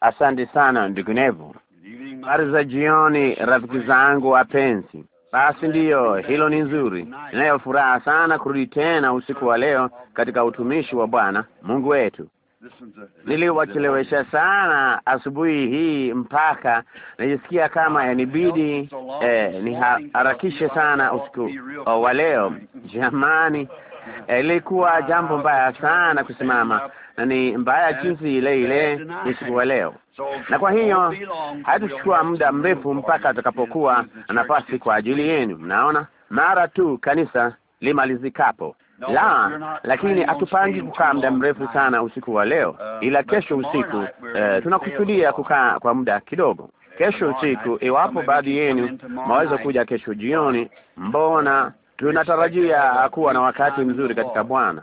Asante sana ndugu Nevu. Habari za jioni, rafiki zangu wapenzi. Basi ndiyo, hilo ni nzuri. Ninayo furaha sana kurudi tena usiku wa leo katika utumishi wa Bwana Mungu wetu. Niliwachelewesha sana asubuhi hii, mpaka najisikia kama yanibidi eh, niharakishe sana usiku oh, wa leo. Jamani, ilikuwa eh, jambo mbaya sana kusimama na ni mbaya jinsi ile ile usiku wa leo, na kwa hiyo haituchukua muda mrefu mpaka atakapokuwa na nafasi kwa ajili yenu. Mnaona, mara tu kanisa limalizikapo la lakini hatupangi kukaa muda mrefu sana usiku wa leo, uh, ila kesho usiku uh, tunakusudia kukaa kwa muda kidogo uh, kesho usiku. Iwapo baadhi yenu maweza kuja kesho jioni, mbona tunatarajia kuwa na wakati mzuri katika Bwana.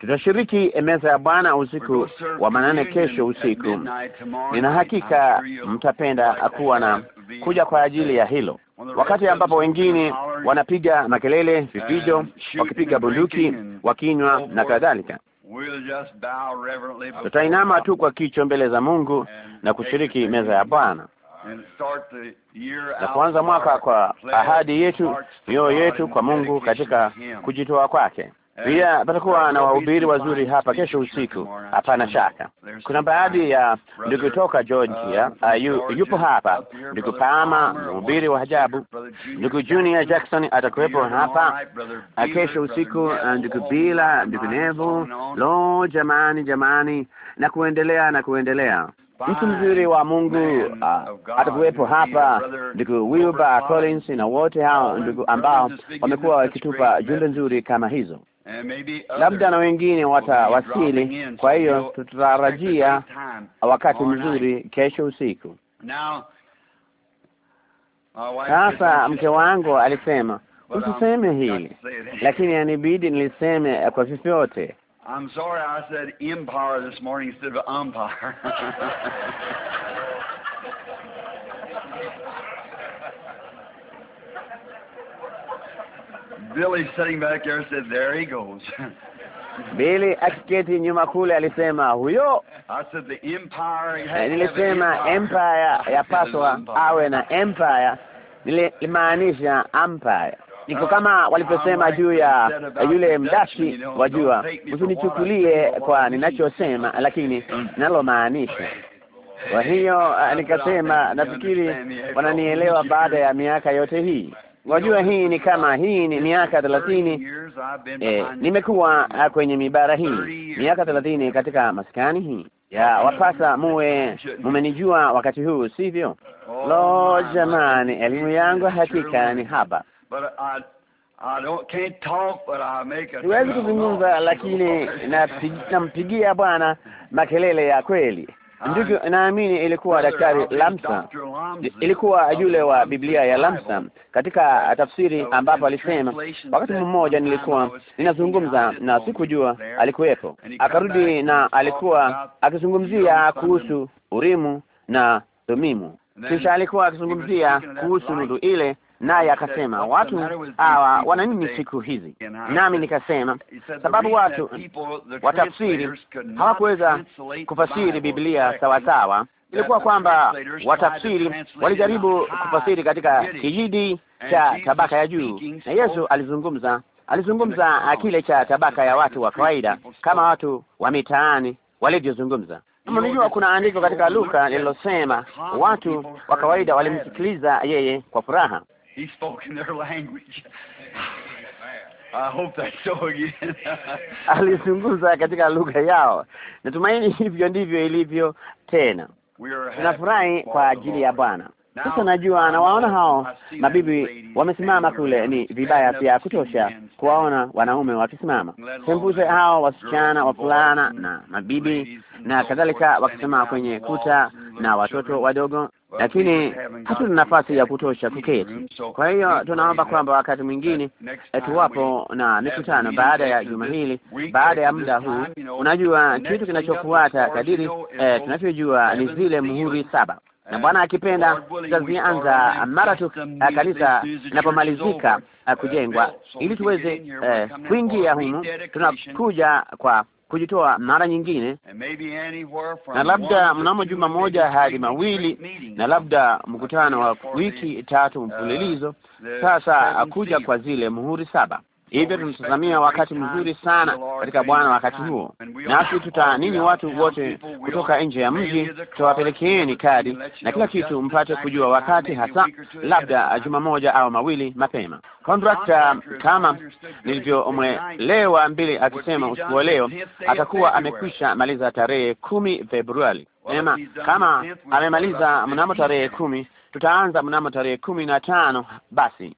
Tutashiriki meza ya Bwana usiku wa manane kesho usiku. Nina hakika mtapenda kuwa na kuja kwa ajili ya hilo, wakati ambapo wengine wanapiga makelele, vifijo, wakipiga bunduki, wakinywa na kadhalika. Tutainama tu kwa kichwa mbele za Mungu na kushiriki meza ya Bwana uh, na kuanza mwaka kwa ahadi yetu, mioyo yetu kwa Mungu katika kujitoa kwake. Eh, Pia patakuwa na wahubiri wazuri hapa kesho usiku, hapana shaka. Kuna baadhi ya uh, ndugu toka Georgia, uh, uh yupo hapa, ndugu Pama, mhubiri wa ajabu. Ndugu Junior Jackson atakuwepo hapa uh, kesho usiku, ndugu Bila, ndugu Nevo. Lo, jamani, jamani, na kuendelea na kuendelea mtu mzuri wa Mungu uh, atakuwepo hapa ndugu Wilbur Collins na wote hao ndugu ambao wamekuwa wakitupa jumbe nzuri kama hizo. Eh, labda na wengine watawasili. Kwa hiyo tutatarajia wakati mzuri kesho usiku. Sasa mke wangu alisema usiseme hili, lakini anibidi niliseme kwa vyovyote. Billy akiketi nyuma kule alisema huyo. Eh, nilisema empire paswa awe na empire, nilimaanisha empire niko ah, kama walivyosema juu ya yule mdashi wajua jua. Usinichukulie kwa ninachosema, lakini ninalomaanisha. Kwa hiyo eh, nikasema, nafikiri wananielewa baada ya miaka yote hii. Wajua, hii ni kama hii ni miaka thelathini eh, eh nimekuwa ah, kwenye mibara hii miaka thelathini katika maskani hii ya wapasa muwe mumenijua wakati huu, sivyo? Lo, jamani, elimu yangu hakika ni haba. Siwezi kuzungumza, lakini nampigia Bwana makelele ya kweli. Ah, ndivyo naamini ilikuwa Daktari Lamsa, ilikuwa yule wa Biblia ya Lamsa katika tafsiri, ambapo alisema, wakati mmoja nilikuwa ninazungumza na sikujua alikuwepo, akarudi na alikuwa akizungumzia kuhusu Urimu na Thumimu, kisha alikuwa akizungumzia kuhusu nuru ile naye akasema watu hawa wana nini siku hizi? Nami nikasema sababu watu watafsiri hawakuweza kufasiri Biblia sawasawa, ilikuwa kwamba watafsiri walijaribu kufasiri katika kijidi cha tabaka ya juu, na Yesu alizungumza alizungumza kile cha tabaka ya watu wa kawaida, kama watu wa mitaani walivyozungumza. Mnajua, kuna andiko katika Luka lililosema watu wa kawaida walimsikiliza yeye kwa furaha. He spoke in their language. I hope that's so again. Alizungumza katika lugha yao. Natumaini hivyo ndivyo ilivyo tena. Tunafurahi kwa ajili ya Bwana. Sasa najua nawaona hao mabibi wamesimama kule, ni vibaya vya kutosha kuwaona wanaume wakisimama. Sembuze hao wasichana wafulana na mabibi na kadhalika wakisema kwenye kuta na watoto wadogo, lakini hatuna nafasi ya kutosha kuketi. Kwa hiyo tunaomba kwamba wakati mwingine tuwapo na mikutano baada ya juma hili, baada ya muda huu. Unajua, kitu kinachofuata kadiri eh, tunavyojua ni zile muhuri saba na Bwana akipenda tutazianza mara tu kanisa linapomalizika uh, kujengwa, uh, ili tuweze uh, kuingia humu. Tunakuja kwa kujitoa mara nyingine, na labda mnamo juma moja hadi mawili, na labda mkutano wa wiki tatu mfululizo. Sasa akuja kwa zile muhuri saba. Hivyo tunatazamia wakati mzuri sana katika Bwana wakati huo, nasi tuta nini watu wote kutoka nje ya mji, tutawapelekeeni kadi na kila kitu, mpate kujua wakati hasa, labda juma moja au mawili mapema. Kontrakta kama nilivyomwelewa mbili akisema usiku wa leo atakuwa amekwisha maliza tarehe kumi Februari. Ema, kama amemaliza mnamo tarehe kumi, tutaanza mnamo tarehe kumi na tano basi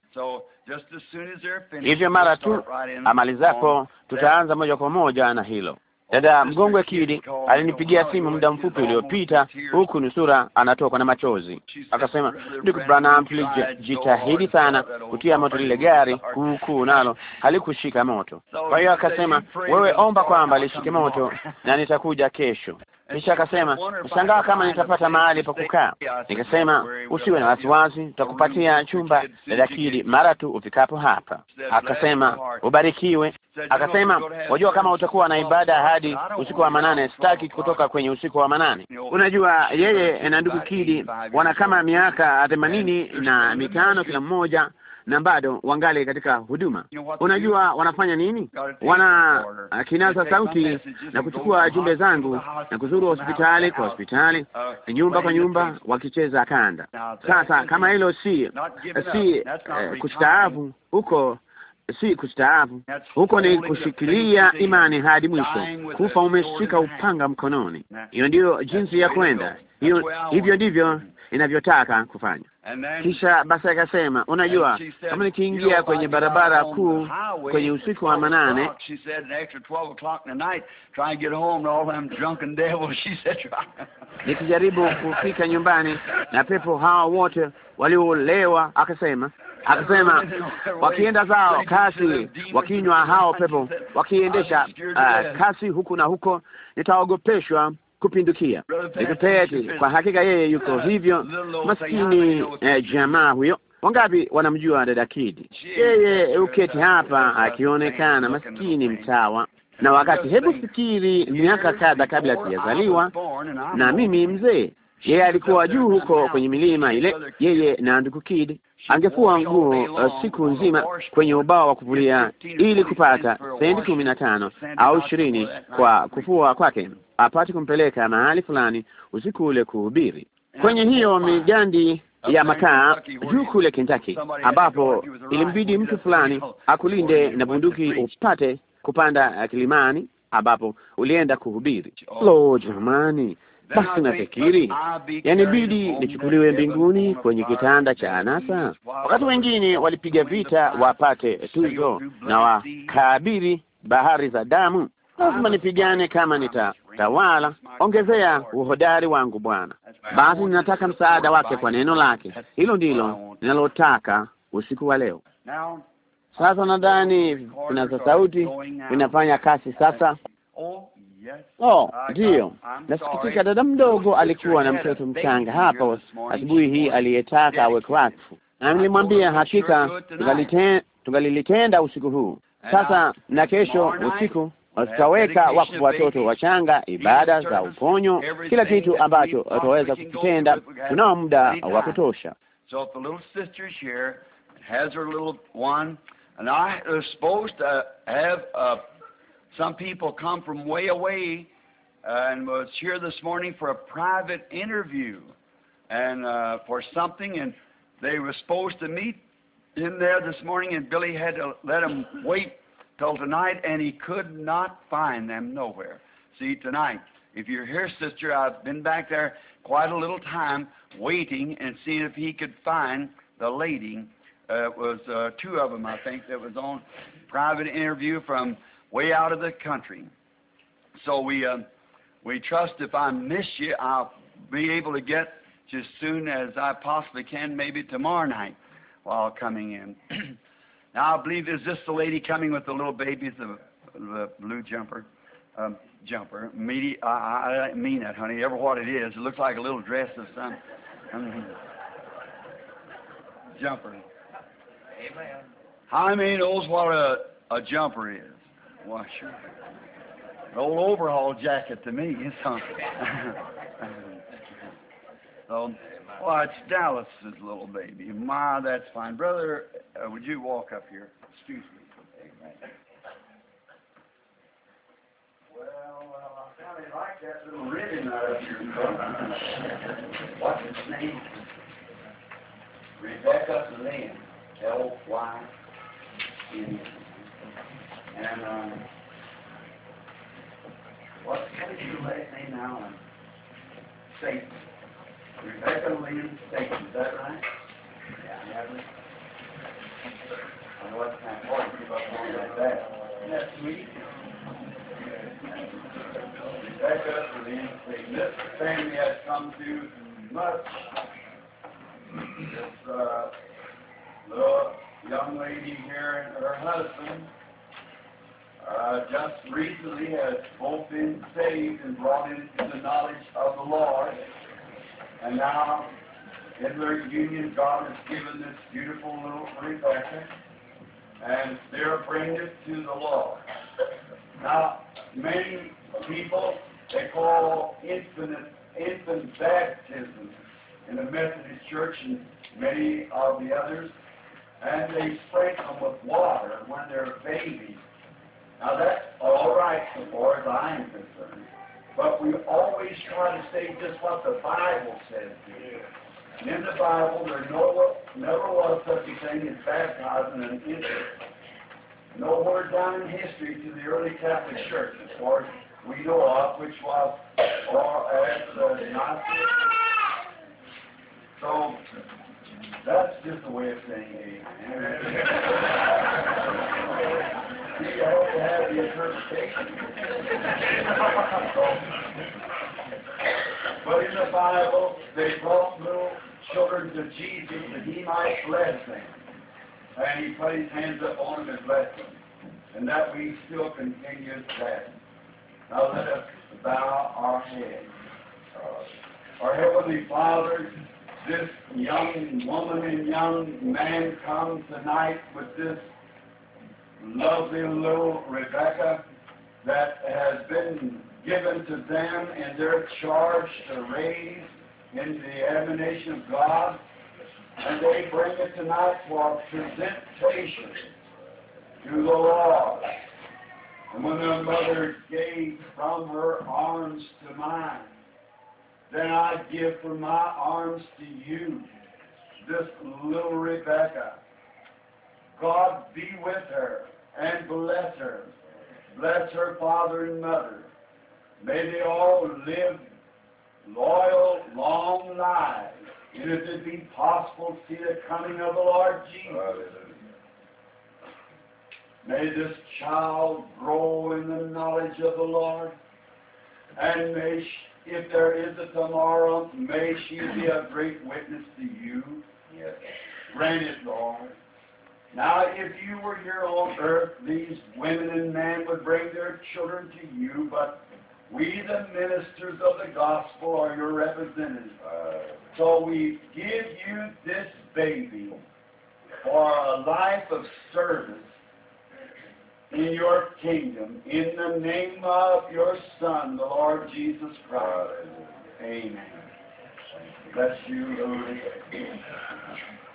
Hivyo mara tu amali zako, tutaanza moja kwa moja na hilo. Dada Mgongwe Kidi alinipigia simu muda mfupi uliopita, huku nusura anatoka na machozi, akasema, ndugu Branham, tulijitahidi sana kutia moto lile gari kuukuu, nalo halikushika moto. Kwa hiyo akasema, wewe omba kwamba lishike moto na nitakuja kesho. Kisha akasema nishangaa kama nitapata mahali pa kukaa. Nikasema usiwe na wasiwasi, tutakupatia chumba la dakili mara tu ufikapo hapa. Akasema ubarikiwe. Akasema wajua, kama utakuwa na ibada hadi usiku wa manane, sitaki kutoka kwenye usiku wa manane. Unajua yeye na ndugu Kidi wana kama miaka themanini na mitano kila mmoja na bado wangali katika huduma. Unajua wanafanya nini? Wana kinasa sauti na kuchukua jumbe zangu na kuzuru hospitali kwa hospitali, uh, nyumba kwa nyumba, wakicheza kanda. Sasa kama hilo si si eh, kustaafu huko si kustaafu huko, ni kushikilia imani hadi mwisho, kufa umeshika upanga mkononi. Hiyo ndiyo jinsi ya kwenda, hiyo hivyo ndivyo inavyotaka kufanya. Kisha basi akasema, unajua, kama nikiingia kwenye barabara kuu kwenye usiku wa manane, nikijaribu kufika nyumbani na pepo hawa wote waliolewa, akasema akasema wakienda zao kasi, wakinywa hao pepo, wakiendesha uh, kasi huku na huko, nitaogopeshwa kupindukia. Ndugu kwa hakika yeye yuko hivyo maskini. Eh, jamaa huyo, wangapi wanamjua dada Kidi? Yeye uketi hapa akionekana maskini mtawa na wakati, hebu fikiri, miaka kadha kabla sijazaliwa na mimi mzee, yeye alikuwa juu huko kwenye milima ile, yeye na ndugu kidi angefua nguo uh, siku nzima kwenye ubao wa kuvulia ili kupata sendi kumi na tano au ishirini kwa kufua kwake, apate kumpeleka mahali fulani usiku ule kuhubiri kwenye hiyo migandi ya makaa juu kule Kentucky, ambapo ilimbidi mtu fulani akulinde na bunduki upate kupanda kilimani ambapo ulienda kuhubiri. Lo, jamani! Basi nafikiri yanibidi nichukuliwe mbinguni kwenye kitanda cha anasa. Wakati wengine walipiga vita wapate tuzo na wakaabiri bahari za damu, lazima nipigane kama nitatawala. Ongezea uhodari wangu Bwana. Basi ninataka msaada wake kwa neno lake. Hilo ndilo ninalotaka usiku wa leo. Sasa nadhani vinaza sauti vinafanya kasi sasa. Oh, ndiyo, nasikitika. Dada mdogo alikuwa na mtoto mchanga hapo asubuhi hii aliyetaka awe wakfu, na nilimwambia hakika tungalilitenda usiku huu sasa na kesho usiku tutaweka wakfu watoto wachanga, ibada za uponyo, kila kitu ambacho tutaweza kukitenda. Tunao muda wa kutosha. Some people come from way away uh, and was here this morning for a private interview and uh, for something, and they were supposed to meet in there this morning, and Billy had to let them wait till tonight, and he could not find them nowhere. See, tonight, if you're here, sister, I've been back there quite a little time waiting and seeing if he could find the lady. Uh, it was uh, two of them, I think, that was on private interview from way out of the country. So we, uh, we trust if I miss you, I'll be able to get as soon as I possibly can, maybe tomorrow night while coming in. now, I believe, is this the lady coming with the little babies, the, the blue jumper? Um, jumper. Medi- I, I, I mean that, honey. Ever what it is. It looks like a little dress of some jumper. Amen. How many knows what a, a jumper is? washer. An old overhaul jacket to me, huh? know. so, well, it's Dallas's little baby. Ma, that's fine. Brother, uh, would you walk up here? Excuse me. Well, I kind of like that little ribbon out of your What's its name? Rebecca Lynn, L-Y-N-N. And um, what, can you let me now? Um, Satan. Rebecca Lynn Satan, is that right? Yeah, I have it. I know it's kind of hard give up on like that. Isn't that sweet? Rebecca Lynn Satan. That's the family has come to much. This uh, little young lady here and her husband. Uh, just recently has both been saved and brought into the knowledge of the Lord. And now, in their union, God has given this beautiful little Rebecca, and they're bringing it to the Lord. Now, many people, they call infinite, infant baptism in the Methodist Church and many of the others, and they sprinkle them with water when they're babies now that's all right as far as I am concerned. But we always try to say just what the Bible says here. And in the Bible, there no, never was such a thing as baptizing an infant. Nowhere down in history to the early Catholic Church, as far as we know of, which was or as uh, not. So that's just the way of saying amen. you hope to have the interpretation. but in the Bible, they brought little children to Jesus that he might bless them. And he put his hands upon them and blessed them. And that we still continue that. Now let us bow our heads. Uh, our Heavenly Father, this young woman and young man come tonight with this lovely little Rebecca that has been given to them and their charge to raise in the admonition of God. And they bring it tonight for presentation to the Lord. And when their mother gave from her arms to mine, then I give from my arms to you, this little Rebecca God be with her and bless her. Bless her father and mother. May they all live loyal, long lives. And if it be possible, see the coming of the Lord Jesus. May this child grow in the knowledge of the Lord. And may, she, if there is a tomorrow, may she be a great witness to you. Yes. Grant it, Lord. Now, if you were here on earth, these women and men would bring their children to you, but we, the ministers of the gospel, are your representatives. So we give you this baby for a life of service in your kingdom, in the name of your Son, the Lord Jesus Christ. Amen. Bless you, Lord.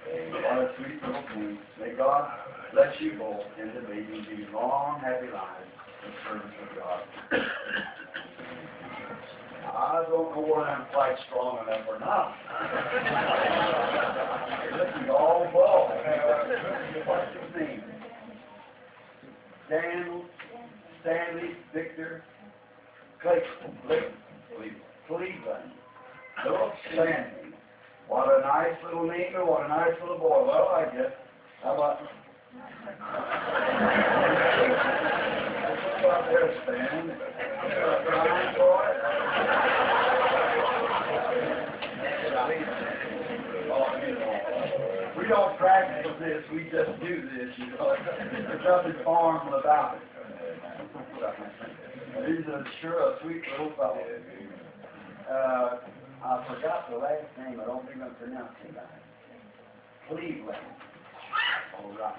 On a sweet little things. May God bless you both and the baby be long, happy lives in service of God. I don't know whether I'm quite strong enough or not. Listen to all well. What's his name? Daniel, Stanley, Victor, Clayton, Cleveland. Cleveland. Philip Stanley. What a nice little neighbor, what a nice little boy. Well, I guess. How about... We don't practice this, we just do this, you know. There's nothing formal about it. He's a sure a sweet little fellow. Uh, I forgot the last name. I don't think I'm pronouncing it right. Cleveland. All right.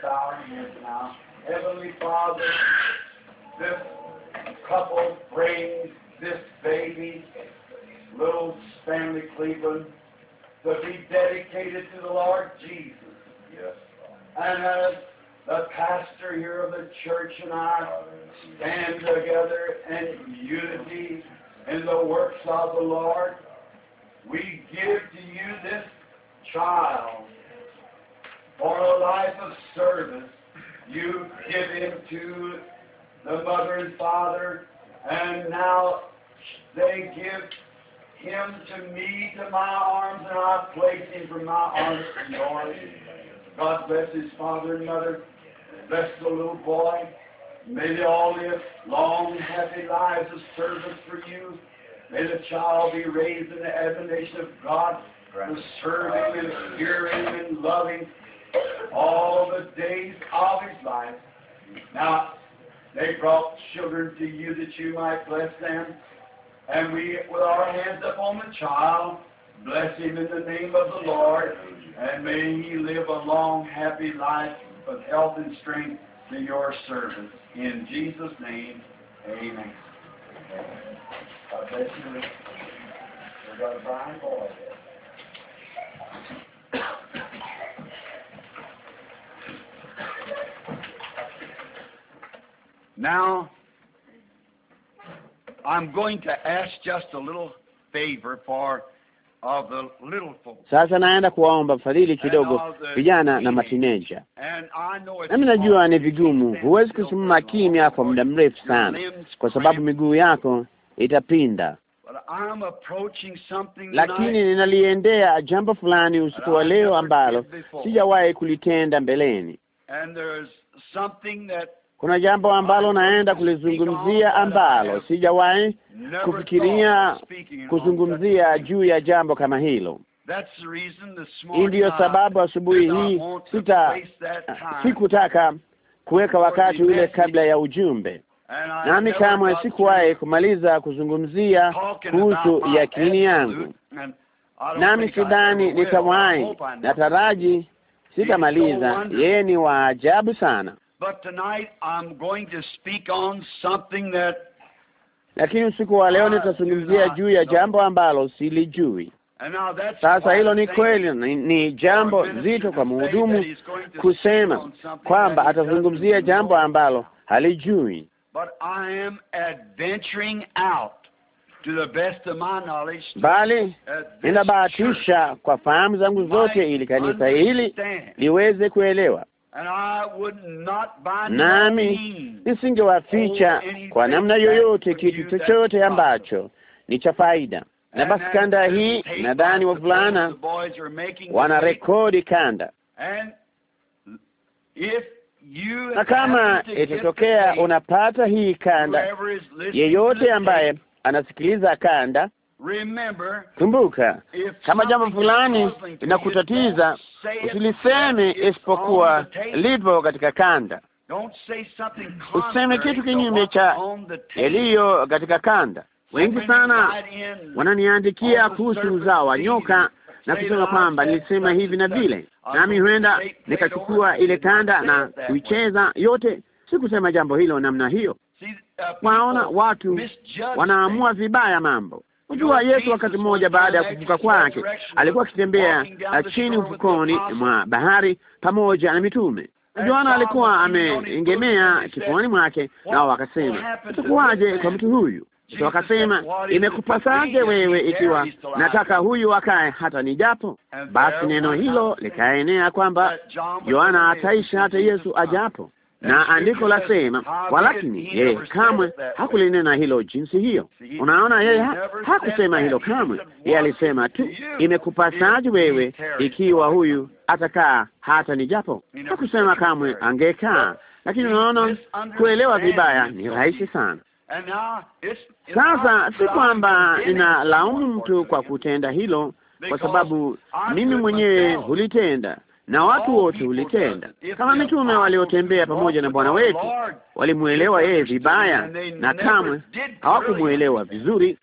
Sound is now. Heavenly Father, this couple brings this baby, little Stanley Cleveland, to be dedicated to the Lord Jesus. Yes. And as the pastor here of the church and I stand together in unity in the works of the Lord. We give to you this child for a life of service. You give him to the mother and father, and now they give him to me to my arms, and I place him from my arms to yours. God bless his father and mother. Bless the little boy. May they all live long, happy lives of service for you. May the child be raised in the admonition of God, for serving and hearing and loving all the days of his life. Now, they brought children to you that you might bless them. And we, with our hands upon the child, bless him in the name of the Lord. And may he live a long, happy life with health and strength to your service. In Jesus' name, amen. God bless you. We've got a Brian Boyd. Now, I'm going to ask just a little favor for Sasa naenda kuwaomba fadhili kidogo vijana na matineja. Nami najua ni vigumu, huwezi kusimama kimya kwa muda mrefu sana, kwa sababu miguu yako itapinda, lakini ninaliendea jambo fulani usiku wa leo ambalo sijawahi kulitenda mbeleni kuna jambo ambalo naenda kulizungumzia ambalo sijawahi kufikiria kuzungumzia juu ya jambo kama hilo. Hii ndiyo sababu asubuhi hii sita, ah, sikutaka kuweka wakati ule kabla ya ujumbe, nami kamwe sikuwahi kumaliza kuzungumzia kuhusu yakini yangu, nami sidhani nitawahi. Nataraji sitamaliza. Yeye ni wa ajabu sana lakini usiku wa leo ah, nitazungumzia juu ya jambo ambalo silijui. Sasa hilo ni kweli, ni, ni jambo zito kwa mhudumu kusema kwamba atazungumzia jambo ambalo halijui, bali ninabahatisha kwa fahamu zangu zote, ili kanisa hili liweze kuelewa nami nisingewaficha oh, kwa namna yoyote kitu chochote ambacho ni cha faida. Na basi kanda hii, nadhani wavulana wana rekodi kanda, na kama itatokea unapata hii kanda, yeyote ambaye anasikiliza kanda Kumbuka, kama jambo fulani linakutatiza usiliseme isipokuwa lipo katika kanda. Usiseme kitu kinyume cha yaliyo katika kanda. Wengi sana wananiandikia kuhusu uzao wa nyoka na kusema kwamba nilisema hivi na vile, nami huenda nikachukua ile kanda na kuicheza yote. Sikusema jambo hilo namna hiyo. Uh, Waona, watu wanaamua vibaya mambo Hujua, Yesu wakati mmoja baada ya kuvuka kwake alikuwa akitembea uh, chini ufukoni mwa bahari pamoja na mitume. Yohana alikuwa ameengemea kifuani mwake, nao wakasema, itakuwaje kwa mtu huyu? So wakasema, imekupasaje wewe ikiwa nataka huyu akae hata ni japo? Basi neno hilo likaenea kwamba Yohana ataisha hata Yesu ajapo na andiko lasema, walakini yeye kamwe hakulinena hilo jinsi hiyo. Unaona, yeye ha hakusema hilo kamwe. Yeye alisema tu, imekupasaje wewe ikiwa huyu atakaa hata ni japo. Hakusema kamwe angekaa, lakini unaona, kuelewa vibaya ni rahisi sana. Sasa si kwamba ninalaumu mtu kwa kutenda hilo, kwa sababu mimi mwenyewe hulitenda na watu wote ulitenda. Kama mitume waliotembea pamoja na Bwana wetu walimwelewa yeye vibaya, na kamwe hawakumwelewa vizuri.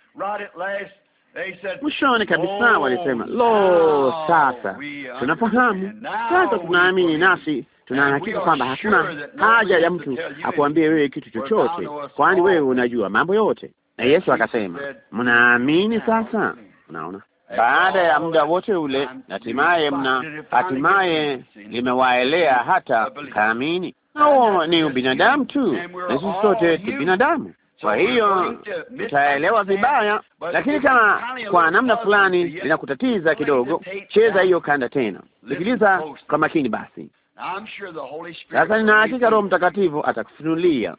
Mwishoni kabisa walisema, lo, sasa tunafahamu, sasa tunaamini, nasi tunahakika kwamba hakuna haja ya mtu akuambie wewe kitu chochote, kwani wewe unajua mambo yote. Na Yesu akasema, mnaamini sasa? Unaona, baada ya muda wote ule, hatimaye mna hatimaye limewaelea hata kaamini. Hao ni ubinadamu tu, na sisi sote ni binadamu. Kwa hiyo tutaelewa vibaya, lakini kama kwa namna fulani linakutatiza kidogo, cheza hiyo kanda tena, sikiliza kwa makini. Basi sasa, nina hakika Roho Mtakatifu atakufunulia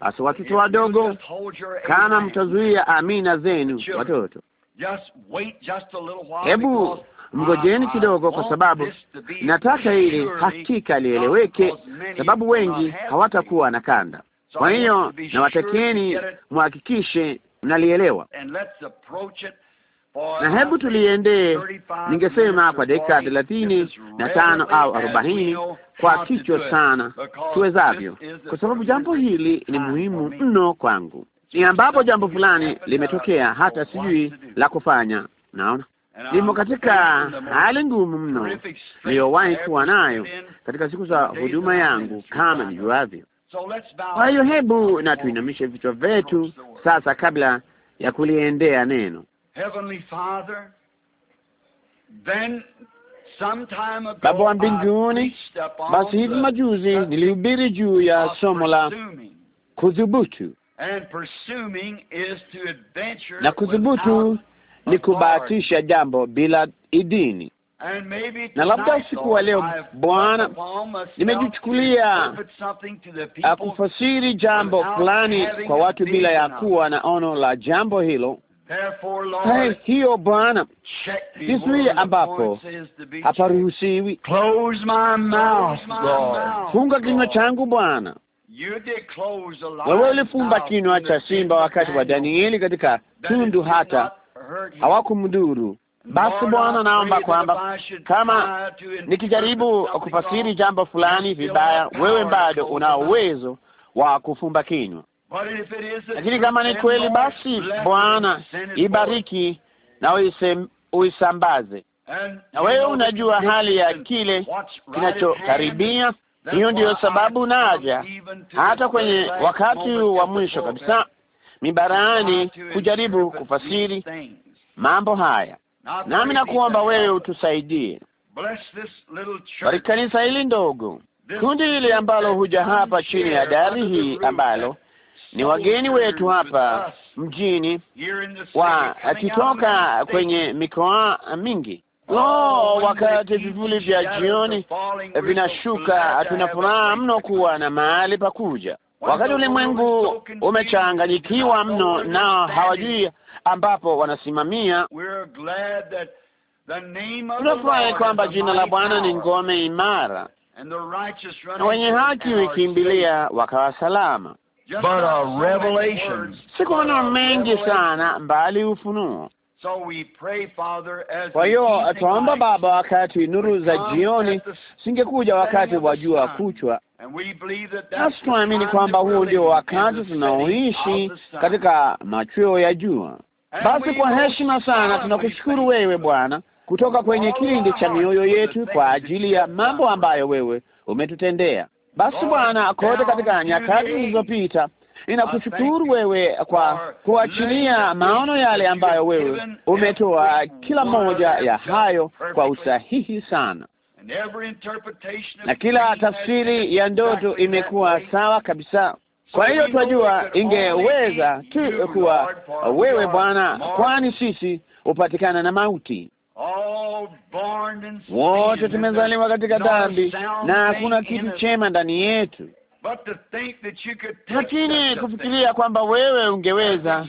Hasa watoto wadogo, kama mtazuia amina zenu. Watoto, hebu mgojeni kidogo, kwa sababu nataka ili hakika lieleweke, sababu wengi hawatakuwa na kanda. Kwa hiyo nawatakieni mhakikishe mnalielewa na hebu tuliendee, ningesema kwa dakika thelathini na tano au arobaini kwa kichwa sana tuwezavyo, kwa sababu jambo hili ni muhimu mno kwangu. Ni ambapo jambo fulani limetokea, hata sijui la kufanya. Naona nimo katika hali ngumu mno niliyowahi kuwa nayo katika siku za huduma yangu, kama nijuavyo. Kwa hiyo hebu na tuinamishe vichwa vyetu sasa, kabla ya kuliendea neno Baba wa mbinguni, basi hivi majuzi nilihubiri juu ya somo la kudhubutu, na kudhubutu ni kubahatisha jambo bila idini na labda usiku wa leo Bwana, nimejichukulia kufasiri jambo fulani kwa watu bila ya kuwa na ono la jambo hilo, Hey, hiyo Bwana, kizuie ambapo haparuhusiwi. Funga kinywa changu Bwana. Wewe ulifumba kinywa cha simba wakati wa Danieli katika tundu, hata hawakumdhuru. Basi Bwana, naomba kwamba kama nikijaribu kufasiri jambo fulani vibaya, wewe bado una uwezo wa kufumba kinywa. Lakini kama ni kweli, basi Bwana ibariki na uisambaze. Na wewe unajua hali ya kile kinachokaribia. Hiyo ndiyo sababu naja hata kwenye wakati wa mwisho kabisa mibarani kujaribu kufasiri mambo haya, nami nakuomba wewe utusaidie. Bariki kanisa hili ndogo, kundi hili ambalo huja hapa chini ya dari hii, ambalo ni wageni wetu hapa mjini, wakitoka kwenye mikoa mingi. Oh, wakati vivuli vya jioni vinashuka, hatuna furaha mno kuwa na mahali pa kuja, wakati ulimwengu umechanganyikiwa mno, nao hawajui ambapo wanasimamia. Tunafurahi kwamba jina la Bwana ni ngome imara, na wenye haki wikimbilia wakawa salama sikuwa na mengi sana mbali ufunuo. Kwa hiyo twaomba Baba wakati nuru za jioni singekuja wakati wa jua kuchwa, nasi tunaamini kwamba huu ndio wakati tunaoishi katika machweo ya jua. Basi kwa heshima sana tunakushukuru wewe Bwana kutoka kwenye kilindi cha mioyo yetu kwa ajili ya mambo ambayo wewe umetutendea. Basi Bwana, kote katika nyakati zilizopita, ninakushukuru wewe kwa kuachilia maono yale ambayo wewe umetoa kila moja ya hayo kwa usahihi sana, na kila tafsiri ya ndoto imekuwa sawa kabisa. Kwa hiyo twajua ingeweza tu kuwa wewe Bwana, kwani sisi hupatikana na mauti wote tumezaliwa katika dhambi na hakuna kitu chema ndani yetu, lakini kufikiria kwamba wewe ungeweza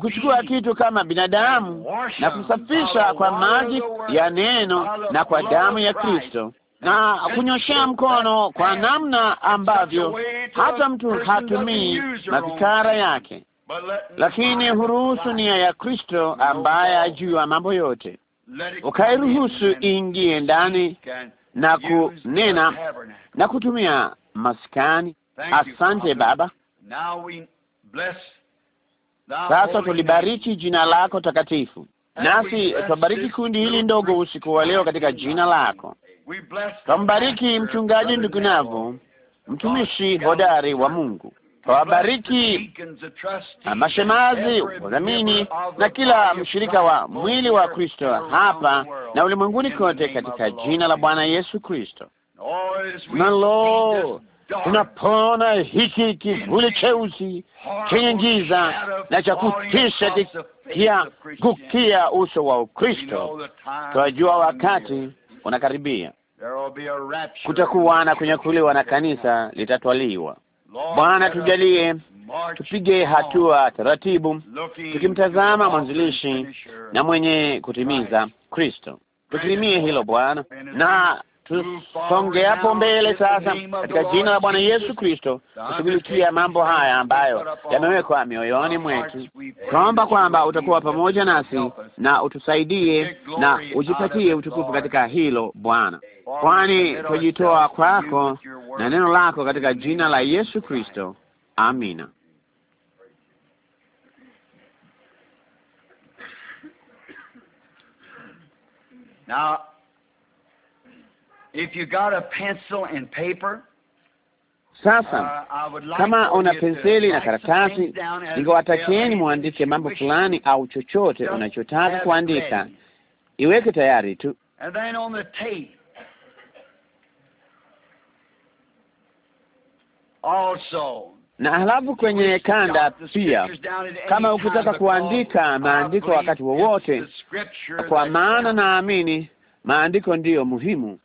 kuchukua kitu kama binadamu na kusafisha kwa maji ya neno na kwa damu ya Kristo na kunyoshea mkono kwa namna ambavyo hata mtu hatumii mavikara yake, lakini huruhusu nia ya Kristo ambaye ajua mambo yote ukairuhusu ingie ndani na kunena na kutumia maskani. Asante Baba, sasa tulibariki jina lako takatifu, nasi twabariki kundi hili ndogo usiku wa leo katika jina lako. Twambariki mchungaji ndugu Navo, mtumishi hodari wa Mungu. Tawabariki mashemazi, wadhamini na kila mshirika wa mwili wa Kristo hapa na ulimwenguni kote, katika jina la Bwana Yesu Kristo. Na lo, tunapona hiki kivuli cheusi chenye giza na cha kutisha kikiangukia uso wa Ukristo. Tunajua wakati unakaribia, kutakuwa na kunyakuliwa na kanisa litatwaliwa. Bwana tujalie tupige hatua taratibu, tukimtazama mwanzilishi na mwenye kutimiza Kristo. Tukirimie hilo Bwana, na tusonge hapo mbele sasa katika jina la Bwana Yesu Kristo kushughulikia mambo haya ambayo yamewekwa mioyoni mwetu, kwamba kwamba utakuwa pamoja nasi na utusaidie na ujipatie utukufu katika hilo Bwana, kwani twajitoa kwako na neno lako katika jina la Yesu Kristo, amina. Now, If you got a pencil and paper, sasa uh, kama una penseli na karatasi, ningewatakieni mwandike mambo fulani au chochote unachotaka kuandika, iweke tayari tu. also, na halafu kwenye kanda pia, kama ukitaka kuandika maandiko wakati wowote, kwa maana naamini maandiko ndiyo muhimu.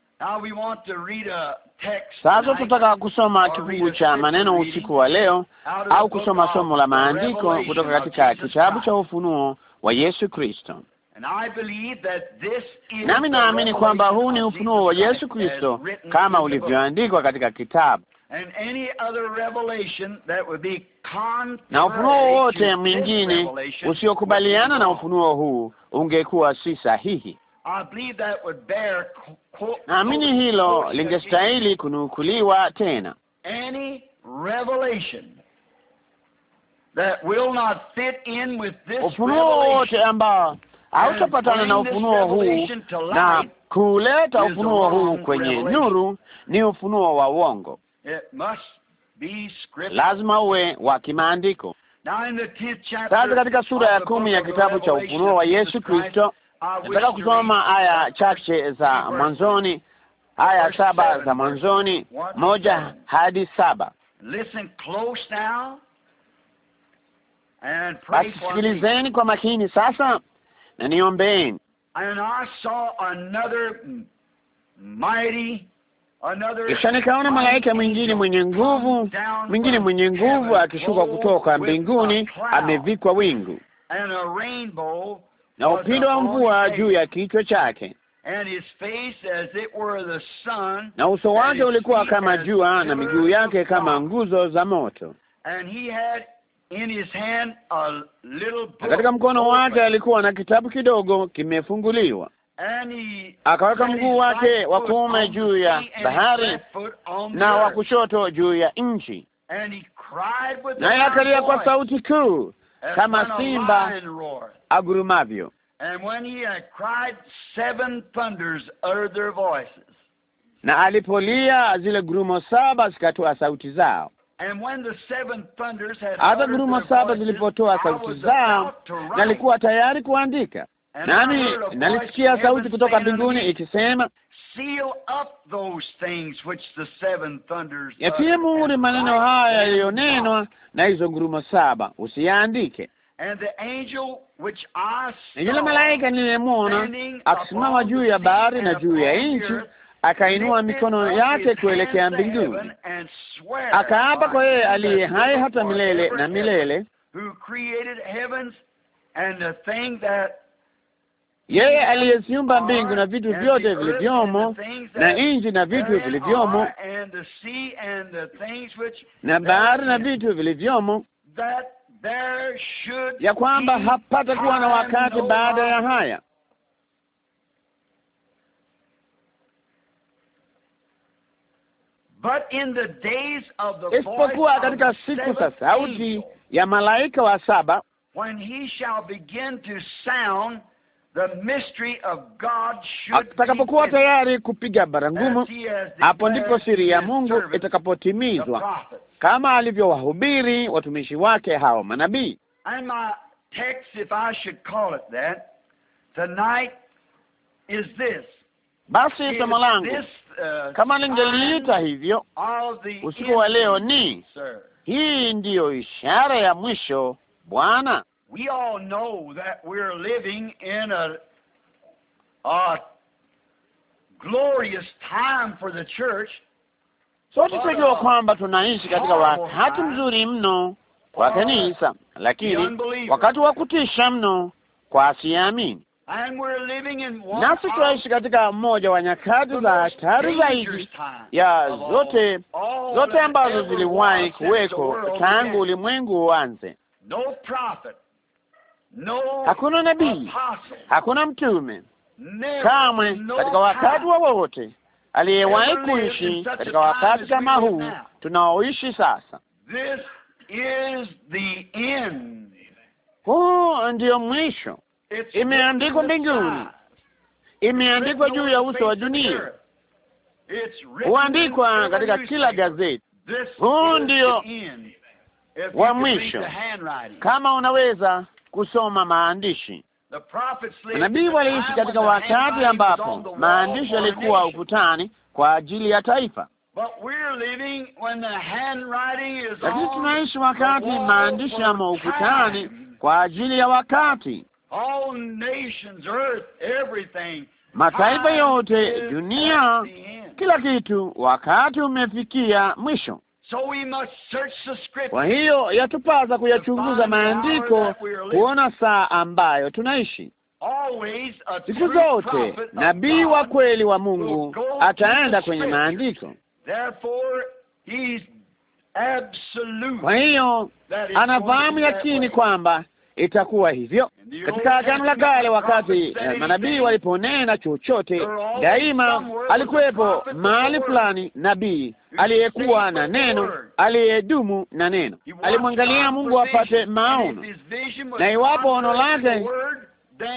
Sasa tutaka kusoma kifungu cha maneno usiku wa leo, au kusoma somo la maandiko kutoka katika kitabu cha Ufunuo wa Yesu Kristo. Nami naamini kwamba huu ni ufunuo wa Yesu Kristo kama ulivyoandikwa katika kitabu, na ufunuo wote mwingine usiokubaliana na ufunuo huu ungekuwa si sahihi. Naamini hilo lingestahili kunukuliwa tena. Ufunuo wote ambao hautapatana na ufunuo huu na kuleta ufunuo huu kwenye nuru ni ufunuo wa uongo, lazima uwe wa kimaandiko. Sasa katika sura ya kumi ya kitabu cha Ufunuo wa Yesu Kristo nataka kusoma aya chache za mwanzoni, aya saba za mwanzoni, moja hadi saba. Basi sikilizeni kwa makini sasa na niombeeni. Kisha nikaona malaika mwingine mwenye nguvu, mwingine mwenye nguvu akishuka kutoka mbinguni, amevikwa wingu na upindo wa mvua juu ya kichwa chake, na uso wake ulikuwa kama jua na miguu yake kama nguzo za moto. Na katika mkono wake alikuwa na kitabu kidogo kimefunguliwa. Akaweka mguu wake wa kuume juu ya bahari na wa kushoto juu ya nchi, naye akalia kwa sauti kuu kama simba agurumavyo. Na alipolia zile gurumo saba zikatoa sauti zao. Hata gurumo saba zilipotoa sauti zao, nalikuwa tayari kuandika, nami nalisikia sauti kutoka mbinguni ikisema Uh, yatie muhuri maneno haya yaliyonenwa na hizo ngurumo saba, usiyaandike. Na yule malaika niliyemwona akisimama juu ya bahari na juu ya nchi, akainua mikono yake kuelekea mbinguni, akaapa kwa yeye aliye hai hata milele na milele, who created heavens and the thing that yeye aliyeziumba mbingu na vitu vyote vilivyomo na nchi na vitu vilivyomo na bahari na vitu vilivyomo, ya kwamba hapata kuwa na wakati baada ya haya. Isipokuwa katika siku za sauti ya malaika wa saba, when he shall begin to sound atakapokuwa tayari kupiga barangumu, hapo ndipo siri ya Mungu itakapotimizwa kama alivyowahubiri watumishi wake hao manabii. Basi somo langu uh, kama ningeliita hivyo usiku wa leo ni sir, hii ndiyo ishara ya mwisho Bwana. We all know that we're living in a, a glorious time for the church. Sote tunajua uh, kwamba tunaishi katika wakati mzuri mno kwa kanisa, lakini wakati wa kutisha mno kwa asiamini. Nasi tunaishi katika mmoja wa nyakati za hatari zaidi ya zote zote ambazo ziliwahi kuweko tangu ulimwengu uanze hakuna nabii, hakuna mtume kamwe katika wakati wowote aliyewahi kuishi katika wakati kama huu tunaoishi sasa. Huu ndiyo mwisho. Imeandikwa mbinguni, imeandikwa juu ya uso wa dunia, huandikwa katika kila gazeti. Huu ndio wa mwisho, kama unaweza kusoma maandishi. Manabii waliishi katika wakati ambapo maandishi yalikuwa ukutani kwa ajili ya taifa, lakini tunaishi wakati maandishi yamo ukutani kwa ajili ya wakati. Mataifa yote, dunia, kila kitu, wakati umefikia mwisho. Kwa hiyo yatupasa kuyachunguza maandiko kuona saa ambayo tunaishi. Siku zote nabii wa kweli wa Mungu ataenda kwenye maandiko. Kwa hiyo anafahamu yakini kwamba itakuwa hivyo. Katika Agano la Kale, wakati manabii waliponena chochote, daima alikuwepo mahali fulani nabii aliyekuwa na neno, aliyedumu na neno. Alimwangalia Mungu apate maono, na iwapo ono lake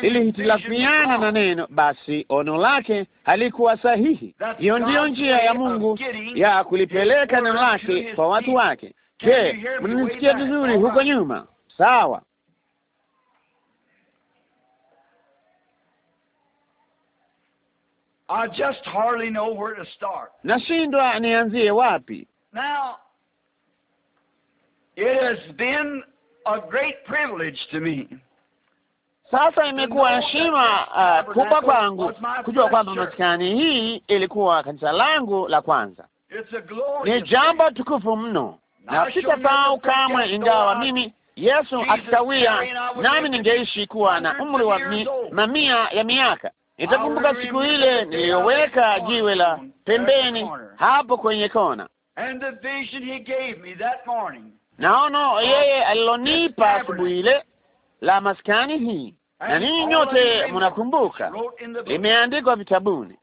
lilihitilafiana na neno, basi ono lake halikuwa sahihi. Hiyo ndiyo njia ya Mungu ya kulipeleka neno lake kwa watu wake. Je, mnisikia vizuri huko nyuma? Sawa. nashindwa nianzie wapi. Now, it has been a great privilege to me. Sasa imekuwa heshima uh, kubwa kwangu kujua kwamba maskani hii ilikuwa kanisa langu la kwanza. Ni jambo tukufu mno, na sitasahau kamwe, ingawa mimi Yesu akikawia nami ningeishi kuwa na umri wa mi, mamia ya miaka Nitakumbuka siku ile niliyoweka jiwe la pembeni hapo kwenye kona, na yeye alilonipa asubuhi ile la maskani hii, na ninyi nyote mnakumbuka, limeandikwa vitabuni,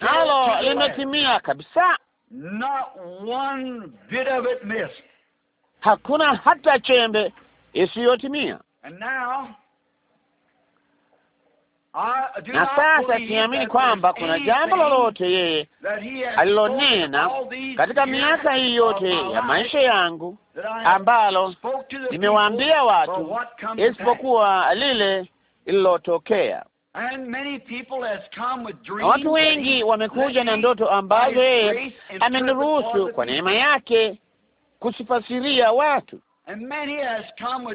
nalo limetimia kabisa. Not one bit of it missed. Hakuna hata chembe isiyotimia. And now na sasa siamini kwamba kuna jambo lolote yeye alilonena katika miaka hii yote ya maisha yangu ambalo nimewaambia watu isipokuwa lile lililotokea. Na watu wengi wamekuja na ndoto ambazo yeye ameniruhusu kwa neema yake kusifasiria watu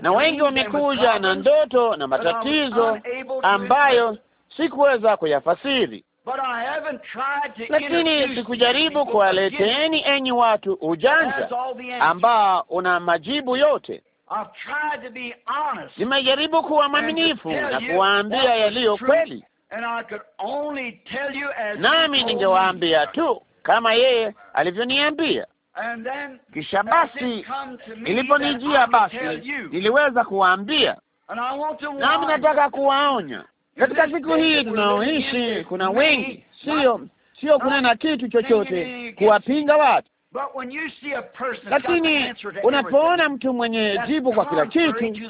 na wengi wamekuja na ndoto na matatizo ambayo sikuweza kuyafasiri, lakini sikujaribu kuwaleteeni enyi watu ujanja ambao una majibu yote. Nimejaribu kuwa mwaminifu na kuwaambia yaliyo kweli, nami ningewaambia tu kama yeye alivyoniambia. Kisha basi iliponijia, basi niliweza kuwaambia, nami nataka kuwaonya katika siku hii tunaoishi. Kuna wengi, sio sio kunena kitu chochote kuwapinga watu, lakini unapoona mtu mwenye jibu kwa kila kitu,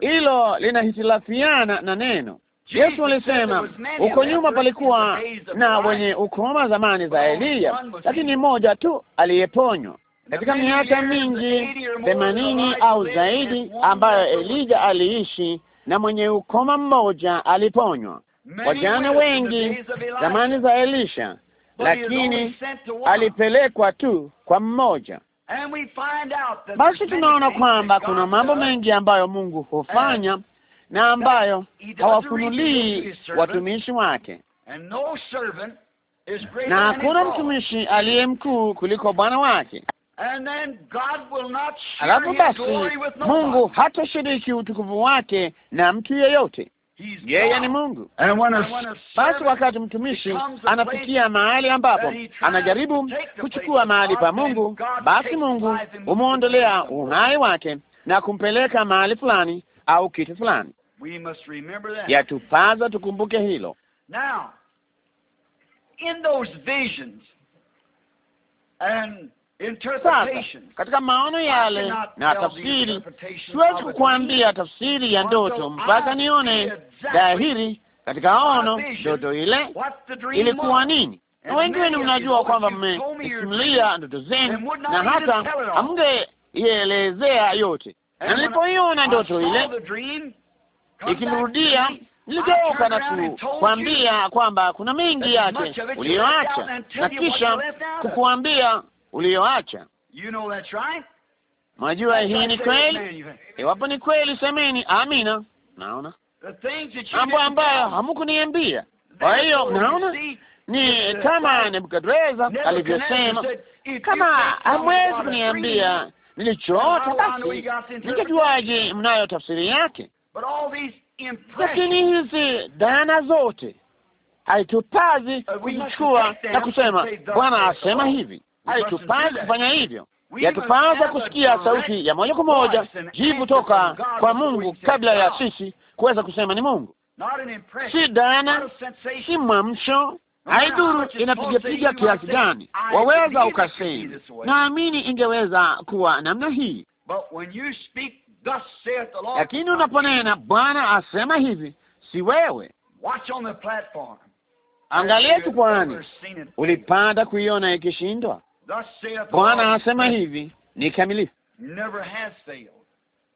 hilo linahitilafiana na neno Yesu alisema huko nyuma palikuwa na wenye ukoma zamani za Eliya, lakini mmoja tu aliyeponywa katika miaka mingi themanini au zaidi ambayo Elija aliishi, na mwenye ukoma mmoja aliponywa. Wajane wengi zamani za Elisha, lakini alipelekwa tu kwa mmoja. Basi tunaona kwamba kuna mambo mengi ambayo Mungu hufanya na ambayo hawafunulii watumishi wake, na hakuna mtumishi aliye mkuu kuliko bwana wake. Alafu basi Mungu hatashiriki utukufu wake na mtu yeyote, yeye ni Mungu. Basi wakati mtumishi anafikia mahali ambapo anajaribu kuchukua mahali pa Mungu, basi Mungu humwondolea uhai wake na kumpeleka mahali fulani au kitu fulani. Yatupaza tukumbuke hilo. Now, in those visions and interpretations, katika maono yale na tafsiri, siwezi kukuambia tafsiri ya ndoto mpaka nione dhahiri katika ono ndoto ile ilikuwa nini. Na wengi wenu mnajua kwamba mmesimulia ndoto zenu na hata hamngeielezea yote, na nilipoiona ndoto ile ikimrudia niligeuka na kukwambia kwamba kuna mengi yake uliyoacha na kisha kukuambia uliyoacha. Mwajua hii ni kweli? Iwapo ni kweli, semeni amina. Naona mambo ambayo hamkuniambia. Kwa hiyo mnaona ni uh, kama Nebukadreza alivyosema, kama hamwezi kuniambia nilichoota, basi nikajuaje mnayo tafsiri yake? Lakini hizi dhana zote haitupazi uh, kuzichukua na kusema Bwana asema hivi, haitupazi kufanya hivyo. Yatupaza kusikia sauti ya moja kwa moja jibu kutoka kwa Mungu kabla ya sisi kuweza kusema ni Mungu. Si dhana, si mwamsho. Haidhuru inapigapiga kiasi gani, waweza ukasema naamini ingeweza kuwa namna hii lakini unaponena Bwana asema hivi, si wewe. Angalia jukwaani, ulipanda kuiona ikishindwa. Bwana asema hivi, ni kamilifu,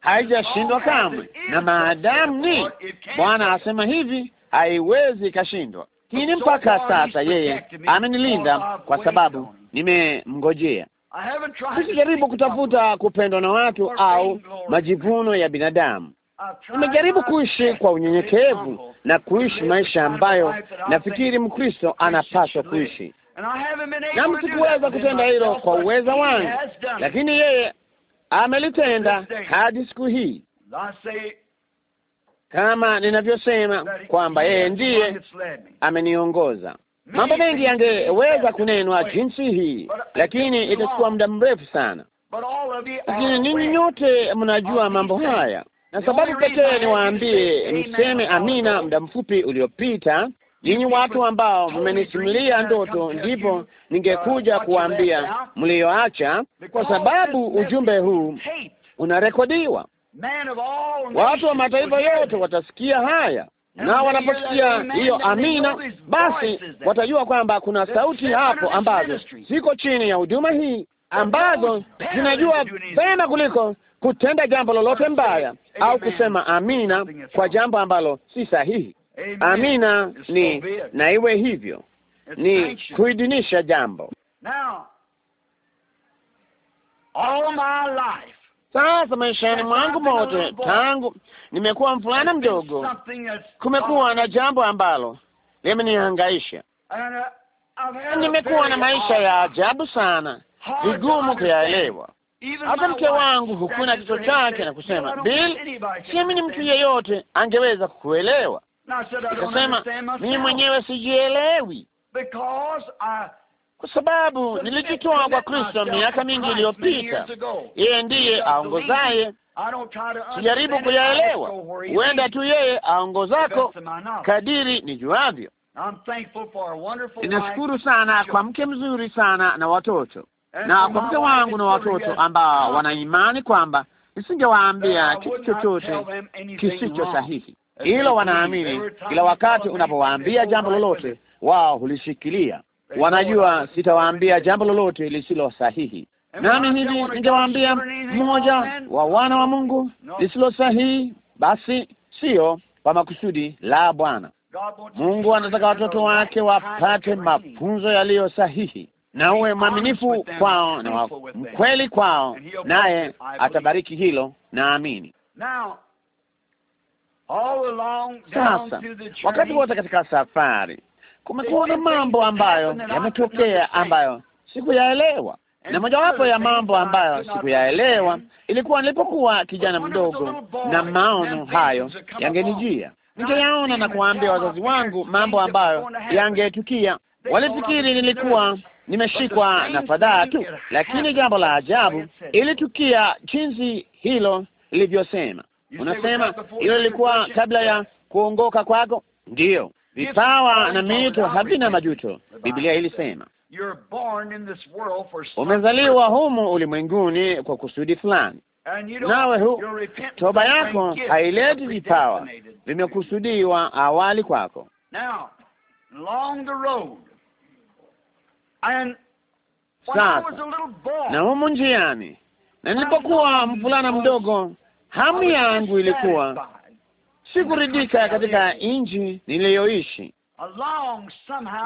haijashindwa kamwe, na maadamu ni Bwana asema hivi, haiwezi ikashindwa. Lakini mpaka sasa yeye amenilinda kwa sababu nimemngojea. Sijajaribu kutafuta kupendwa na watu au majivuno ya binadamu. Nimejaribu kuishi kwa unyenyekevu na kuishi maisha ambayo nafikiri Mkristo anapaswa kuishi, na msikuweza kutenda hilo kwa uweza wangu, lakini yeye amelitenda hadi siku hii, kama ninavyosema kwamba yeye ndiye ameniongoza. Mambo mengi yangeweza kunenwa jinsi hii, lakini itachukua muda mrefu sana. Lakini ninyi nyote mnajua mambo haya, na sababu pekee niwaambie mseme amina. Muda mfupi uliopita, ninyi watu ambao mmenisimulia ndoto, ndipo ningekuja uh, kuwaambia mlioacha, kwa sababu ujumbe huu unarekodiwa, watu wa mataifa yote watasikia haya na wanaposikia hiyo amina, basi watajua kwamba kuna sauti hapo ambazo ziko chini ya huduma hii ambazo zinajua vyema kuliko kutenda jambo lolote mbaya au kusema amina kwa jambo ambalo si sahihi. Amina ni na iwe hivyo, ni kuidhinisha jambo. All my life sasa maishani mwangu mote, tangu nimekuwa mvulana mdogo, kumekuwa na jambo ambalo limenihangaisha. Nimekuwa na maisha ya ajabu sana, vigumu kuyaelewa. Hata mke wangu hukuna kichwa chake na kusema, Bill, siamini mtu yeyote angeweza kukuelewa. Nikasema mimi mwenyewe sijielewi kwa sababu nilijitoa kwa Kristo miaka mingi iliyopita. Yeye ndiye aongozaye, sijaribu kuyaelewa, huenda tu yeye aongozako kadiri nijuavyo. Ninashukuru sana kwa mke mzuri sana na watoto na kwa mke wangu na watoto ambao wanaimani kwamba nisingewaambia uh, kitu chochote kisicho sahihi. Hilo wanaamini, kila wakati unapowaambia jambo lolote, wao hulishikilia wanajua sitawaambia jambo lolote lisilo sahihi, nami hivi ningewaambia mmoja wa wana wa Mungu lisilo sahihi, basi sio kwa makusudi la Bwana Mungu. Anataka watoto wake wapate mafunzo yaliyo sahihi, na uwe mwaminifu kwao na mkweli kwao, naye atabariki hilo, naamini. Sasa wakati wote katika safari kumekuwa na mambo ambayo yametokea ambayo sikuyaelewa, na mojawapo ya mambo ambayo sikuyaelewa ilikuwa nilipokuwa kijana mdogo, na maono hayo yangenijia ningeyaona na kuwaambia wazazi wangu mambo ambayo yangetukia. Walifikiri nilikuwa nimeshikwa na fadhaa tu, lakini jambo la ajabu ilitukia jinsi hilo lilivyosema. Unasema hilo lilikuwa kabla ya kuongoka kwako? Ndiyo, vipawa na mito havina majuto. Biblia ilisema umezaliwa humu ulimwenguni kwa kusudi fulani, nawe hu toba yako haileti vipawa vimekusudiwa awali kwako. Sasa na humu njiani, na nilipokuwa mvulana mdogo, hamu yangu ilikuwa sikuridhika katika nchi niliyoishi.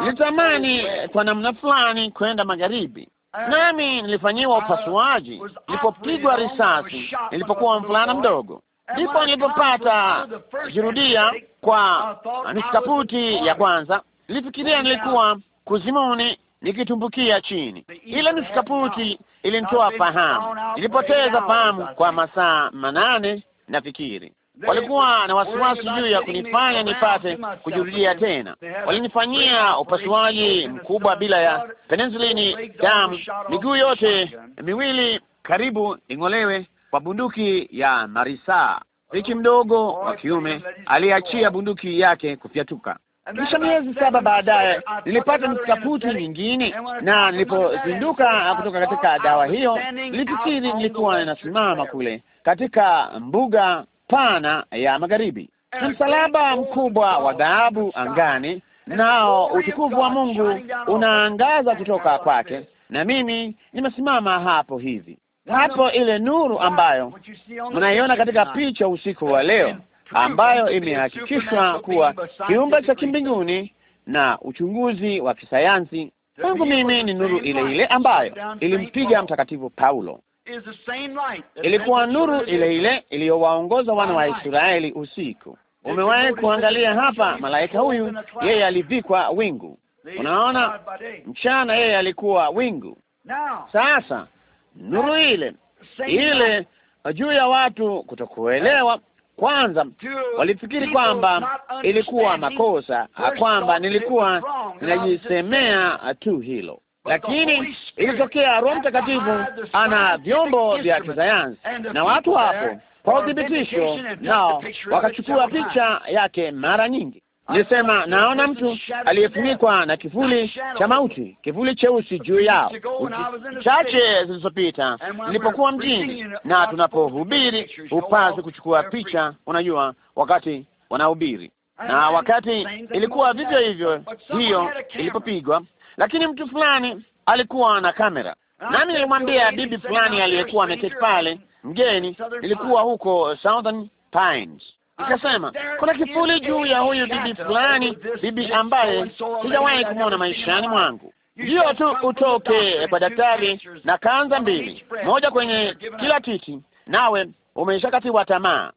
Nilitamani kwa namna fulani kwenda magharibi, nami nilifanyiwa upasuaji nilipopigwa risasi nilipokuwa mvulana mdogo, ndipo nilipopata jirudia kwa miskaputi ya kwanza. Nilifikiria nilikuwa kuzimuni nikitumbukia chini. Ile miskaputi ilinitoa fahamu, nilipoteza fahamu kwa masaa manane na fikiri walikuwa na wasiwasi juu ya kunifanya nipate kujirudia tena. Walinifanyia upasuaji mkubwa bila ya penicillin, damu, miguu yote miwili karibu ing'olewe kwa bunduki ya marisa. Riki mdogo wa kiume aliachia bunduki yake kufyatuka. Kisha miezi saba baadaye nilipata mkaputi nyingine, na nilipozinduka kutoka katika dawa hiyo, nilifikiri nilikuwa ninasimama kule katika mbuga pana ya magharibi na msalaba mkubwa wa dhahabu angani, nao utukufu wa Mungu unaangaza kutoka kwake, na mimi nimesimama hapo hivi hapo, ile nuru ambayo mnaiona katika picha usiku wa leo, ambayo imehakikishwa kuwa kiumbe cha kimbinguni na uchunguzi wa kisayansi kwangu mimi ni nuru ile ile ambayo ilimpiga mtakatifu Paulo ilikuwa nuru ile ile iliyowaongoza wana wa Israeli usiku. Umewahi kuangalia hapa, malaika huyu yeye alivikwa wingu. Unaona, mchana yeye alikuwa wingu. Sasa nuru ile ile juu ya watu kutokuelewa kwanza walifikiri kwamba ilikuwa makosa, kwamba nilikuwa ninajisemea tu hilo lakini ilitokea Roho Mtakatifu ana vyombo vya kisayansi na watu hapo kwa uthibitisho nao wakachukua picha yake. Mara nyingi nilisema, naona mtu aliyefunikwa na kivuli cha mauti, kivuli cheusi juu yao. Chache zilizopita nilipokuwa mjini na tunapohubiri, hupaswi kuchukua picha, unajua, wakati wanahubiri na wakati ilikuwa vivyo hivyo, hiyo ilipopigwa, lakini mtu fulani alikuwa na kamera, ah, nami nilimwambia bibi fulani aliyekuwa ameketi pale, mgeni, ilikuwa huko uh, Southern Pines, nikasema ah, kuna kifuli juu ya huyu bibi fulani, bibi ambaye sijawahi kumwona maishani mwangu. Hiyo tu utoke kwa eh, daktari na kanza mbili, moja kwenye kila titi nawe umeshakatiwa tamaa,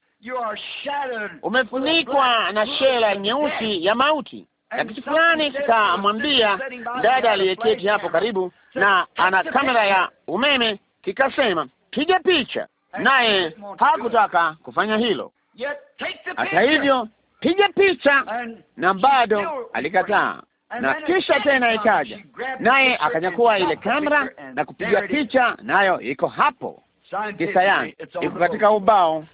umefunikwa na shela nyeusi ya mauti na kitu fulani kikamwambia dada aliyeketi hapo karibu na ana kamera ya umeme, kikasema piga picha, naye hakutaka kufanya hilo. Hata hivyo piga picha, na bado alikataa. Na kisha tena ikaja, naye akanyakua ile kamera na kupiga picha, nayo iko hapo kisayansi, iko katika ubao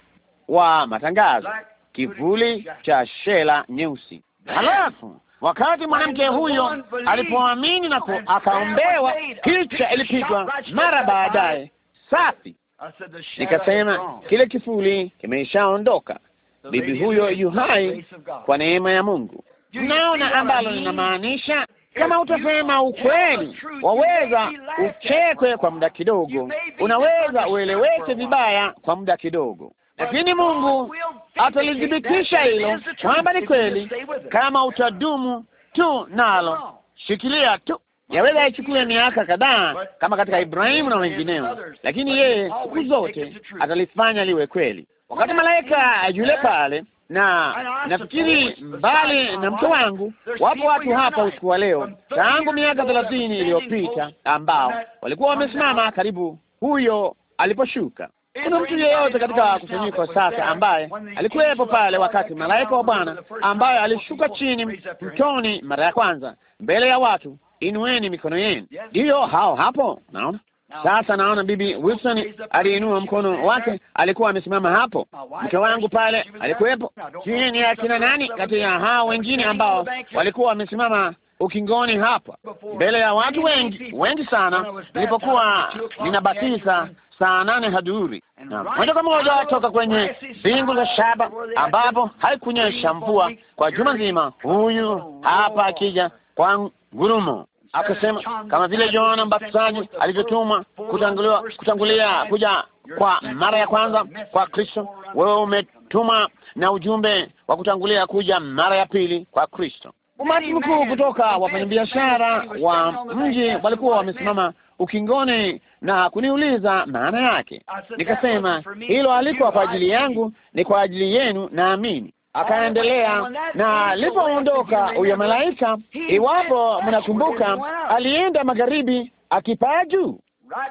wa matangazo, kivuli cha shela nyeusi, halafu Wakati mwanamke huyo alipoamini na akaombewa, picha ilipigwa mara baadaye safi. Nikasema kile kifuli kimeshaondoka, bibi huyo yu hai kwa neema ya Mungu. Naona ambalo linamaanisha kama utasema ukweli, waweza uchekwe kwa muda kidogo, unaweza ueleweke vibaya kwa muda kidogo, lakini Mungu atalithibitisha hilo kwamba ni kweli, kama utadumu tu nalo, shikilia tu. Yaweza yaichukue miaka kadhaa kama katika Ibrahimu na wengineo, lakini yeye siku zote atalifanya liwe kweli. Wakati malaika yule pale, na nafikiri mbali na mke wangu, wapo watu hapa usiku wa leo, tangu miaka thelathini iliyopita, ambao walikuwa wamesimama karibu huyo aliposhuka kuna mtu yeyote katika kufunikwa sasa ambaye alikuwepo pale wakati malaika wa Bwana ambaye alishuka chini mtoni mara ya kwanza mbele ya watu? Inueni mikono yenu. Ndiyo, hao hapo. Naona sasa, naona Bibi Wilson aliinua mkono wake, alikuwa amesimama hapo. Mke wangu pale alikuwepo. Sijui ni akina nani kati ya hao wengine ambao walikuwa wamesimama ukingoni hapa mbele ya watu wengi wengi sana, nilipokuwa ninabatiza saa nane hadhuri, moja kwa moja toka kwenye bingu za shaba ambapo haikunyesha mvua kwa juma nzima. Huyu hapa akija kwa ngurumo, akasema kama vile Yohana Mbatizaji alivyotumwa kutangulia, kutangulia kuja kwa mara ya kwanza kwa Kristo, wewe umetuma na ujumbe wa kutangulia kuja mara ya pili kwa Kristo. Umati mkuu kutoka wafanyabiashara wa mji walikuwa wamesimama ukingoni na kuniuliza maana yake. Nikasema hilo halikuwa kwa ajili yangu, ni kwa ajili yenu, naamini. Oh, Akaendelea na lipoondoka huyo malaika, iwapo mnakumbuka, alienda magharibi akipaa juu,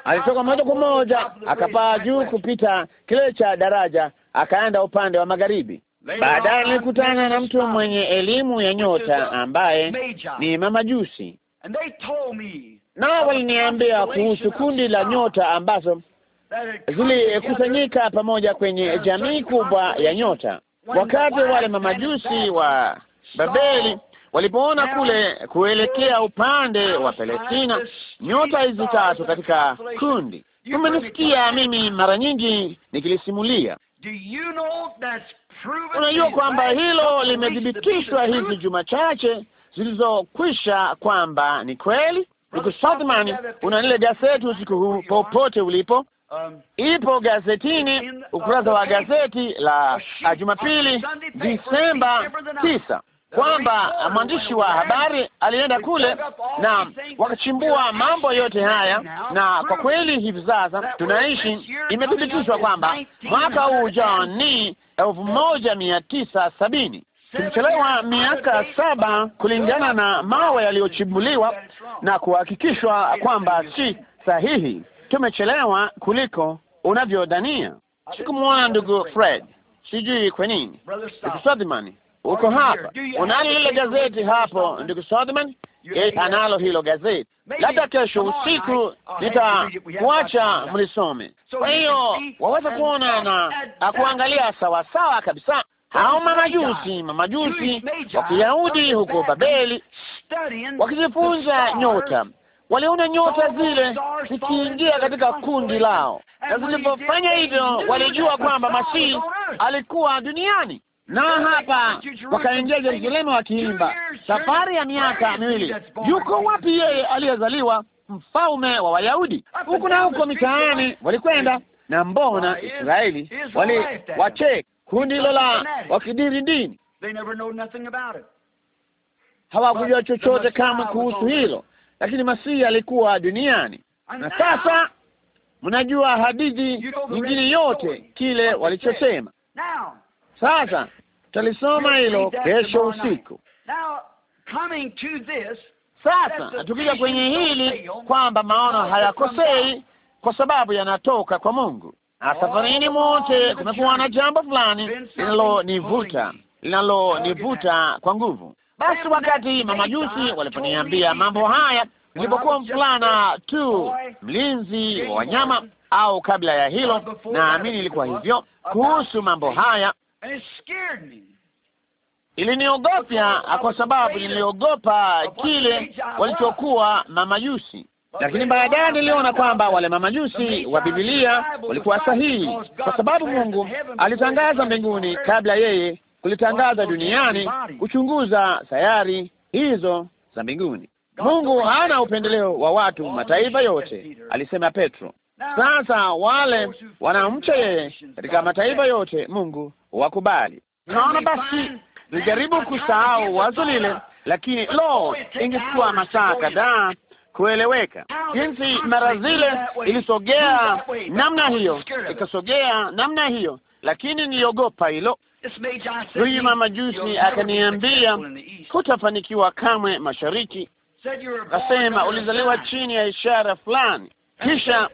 alitoka moja kwa moja akapaa juu kupita kile cha daraja, akaenda upande wa magharibi. Baadaye nilikutana na mtu mwenye elimu ya nyota ambaye ni mamajusi nao waliniambia kuhusu kundi la nyota ambazo zilikusanyika pamoja kwenye jamii kubwa ya nyota, wakati wale mamajusi wa Babeli walipoona kule kuelekea upande wa Palestina nyota hizi tatu katika kundi. Umenisikia mimi mara nyingi nikilisimulia. Unajua kwamba hilo limethibitishwa hizi juma chache zilizokwisha kwamba ni kweli. Ndugu Shadman, una lile gazeti usiku huu popote ulipo, ipo gazetini, ukurasa wa gazeti la Jumapili Disemba tisa kwamba mwandishi wa habari alienda kule na wakachimbua mambo yote haya, na kwa kweli hivi sasa tunaishi, imethibitishwa kwamba mwaka huu ujao ni elfu moja mia tisa sabini tulichelewa miaka saba kulingana na mawe yaliyochimbuliwa na kuhakikishwa kwamba si sahihi. Tumechelewa kuliko unavyodhania. Sikumwona ndugu Fred, sijui kwa nini. Ndugu Sodman, uko hapa, unalo lile gazeti hapo? Ndugu Sodman, analo hilo gazeti. Labda kesho usiku nitakuacha mlisome. Kwa hiyo waweza kuona na kuangalia sawasawa kabisa au mamajusi, mamajusi wa Kiyahudi huko Babeli, wakizifunza nyota waliona nyota zile zikiingia katika kundi lao, na zilipofanya hivyo walijua kwamba Masihi alikuwa duniani. Na hapa wakaingia Yerusalemu wakiimba, safari ya miaka miwili, yuko wapi yeye aliyezaliwa mfalme wa Wayahudi? Huku na huko mitaani walikwenda, na mbona Israeli wali kundi hilo la wakidiri dini hawakujua chochote kama kuhusu hilo, lakini Masihi alikuwa duniani na sasa mnajua hadithi nyingine yote kile walichosema. Sasa tutalisoma hilo kesho usiku. Sasa tukija kwenye hili kwamba maono uh, hayakosei kwa sababu yanatoka kwa Mungu safarini mote kumekuwa na jambo fulani linalonivuta linalonivuta kwa nguvu. Basi wakati mamajusi waliponiambia mambo haya nilipokuwa mfulana tu, mlinzi wa wanyama au kabla ya hilo, naamini ilikuwa hivyo. Kuhusu mambo haya, iliniogopya kwa sababu niliogopa kile walichokuwa mamajusi lakini baadaye niliona kwamba wale mamajusi wa Biblia walikuwa sahihi, kwa sababu Mungu alitangaza mbinguni kabla yeye kulitangaza duniani, kuchunguza sayari hizo za mbinguni. Mungu hana upendeleo wa watu, mataifa yote, alisema Petro. Sasa wale wanaomcha yeye katika mataifa yote Mungu wakubali. Naona basi nijaribu kusahau wazo lile, lakini lo, ingechukua masaa kadhaa kueleweka jinsi mara zile ilisogea namna hiyo, ikasogea namna hiyo, lakini niliogopa hilo. Huyu mama juzi akaniambia, hutafanikiwa kamwe mashariki. Akasema ulizaliwa chini ya ishara fulani, kisha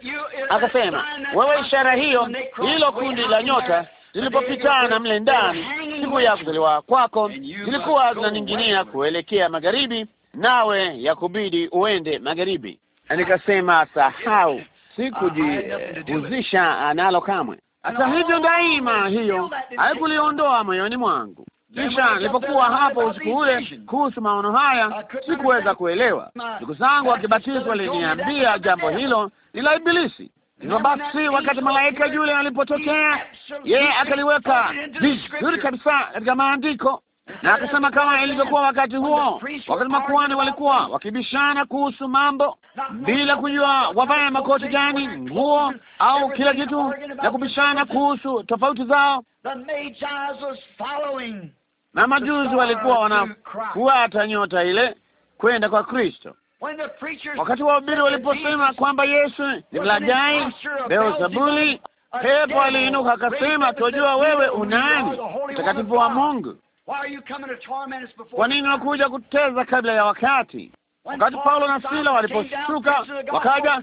akasema wewe, ishara hiyo, hilo kundi la nyota zilipopitana mle ndani siku ya kuzaliwa kwako zilikuwa zinaninginia kuelekea magharibi nawe yakubidi uende magharibi. nikasema sahau, sikujihusisha nalo kamwe. Hata hivyo daima hiyo haikuliondoa moyoni mwangu. Kisha nilipokuwa hapo usiku ule kuhusu maono haya, sikuweza kuelewa. Ndugu zangu wakibatizwa waliniambia jambo hilo ni la Ibilisi. Hivyo basi, wakati malaika yule alipotokea, yeye akaliweka vizuri kabisa katika maandiko na akasema kama ilivyokuwa wakati huo, wakati makuhani walikuwa wakibishana kuhusu mambo bila kujua wavae makoti gani, nguo au kila kitu, na kubishana kuhusu tofauti zao, na majuzi walikuwa wanafuata nyota ile kwenda kwa Kristo. Wakati wa ubiri waliposema kwamba Yesu ni mlaghai Beelzebuli, pepo aliinuka akasema, tojua wewe unani, mtakatifu wa Mungu. Kwa nini unakuja kuteza kabla ya wakati? Wakati Paulo na Sila waliposhuka wakaja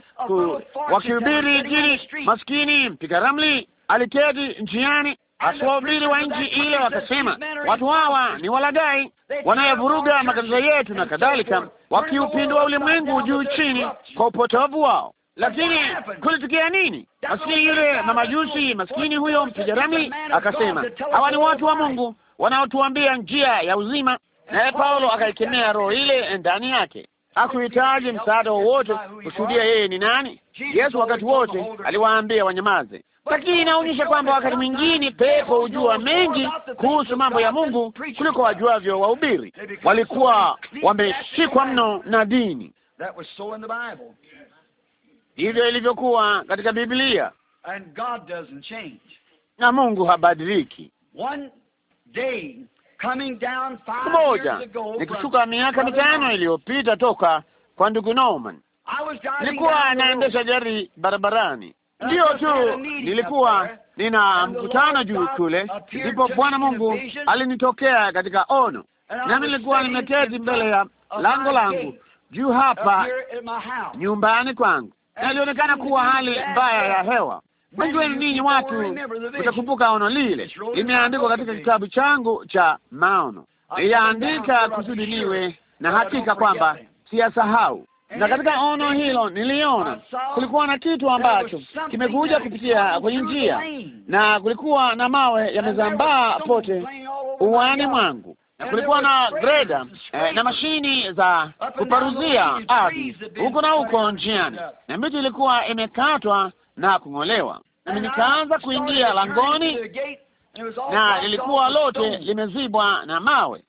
wakihubiri Injili, maskini mpiga ramli aliketi njiani asiwahubiri wa nchi ile, wakasema watu hawa ni walagai wanayevuruga makanisa yetu na kadhalika, wakiupindua ulimwengu juu chini kwa upotovu wao. Lakini kulitukia nini? Maskini yule na majusi, maskini huyo mpiga ramli akasema hawa ni watu wa Mungu wanaotuambia njia ya uzima. Naye Paulo akaikemea roho ile ndani yake. Hakuhitaji msaada wowote kushuhudia yeye ni nani. Yesu wakati wote aliwaambia wanyamaze, lakini inaonyesha kwamba wakati mwingine pepo hujua mengi kuhusu mambo ya Mungu kuliko wajuavyo wahubiri. Walikuwa wameshikwa mno na dini. Hivyo ilivyokuwa katika Biblia, na Mungu habadiliki. Siku moja nikishuka miaka mitano iliyopita toka kwa ndugu Norman, nilikuwa naendesha gari barabarani, ndiyo tu nilikuwa nina mkutano juu kule, ndipo Bwana Mungu alinitokea katika ono, nami nilikuwa nimeketi mbele ya lango langu juu hapa nyumbani kwangu, na ilionekana kuwa hali mbaya ya hewa Mjueni ninyi watu, utakumbuka ono lile, limeandikwa katika kitabu changu cha maono, niliandika kusudi niwe na hakika kwamba siyasahau. Na katika ono hilo niliona kulikuwa na kitu ambacho kimekuja kupitia kwenye njia, na kulikuwa na mawe yamezambaa pote uwani mwangu na kulikuwa na greda eh, na mashini za kuparuzia ardhi huko na huko njiani, na miti ilikuwa imekatwa na kung'olewa. Nami nikaanza kuingia langoni, na lilikuwa lote limezibwa na mawe,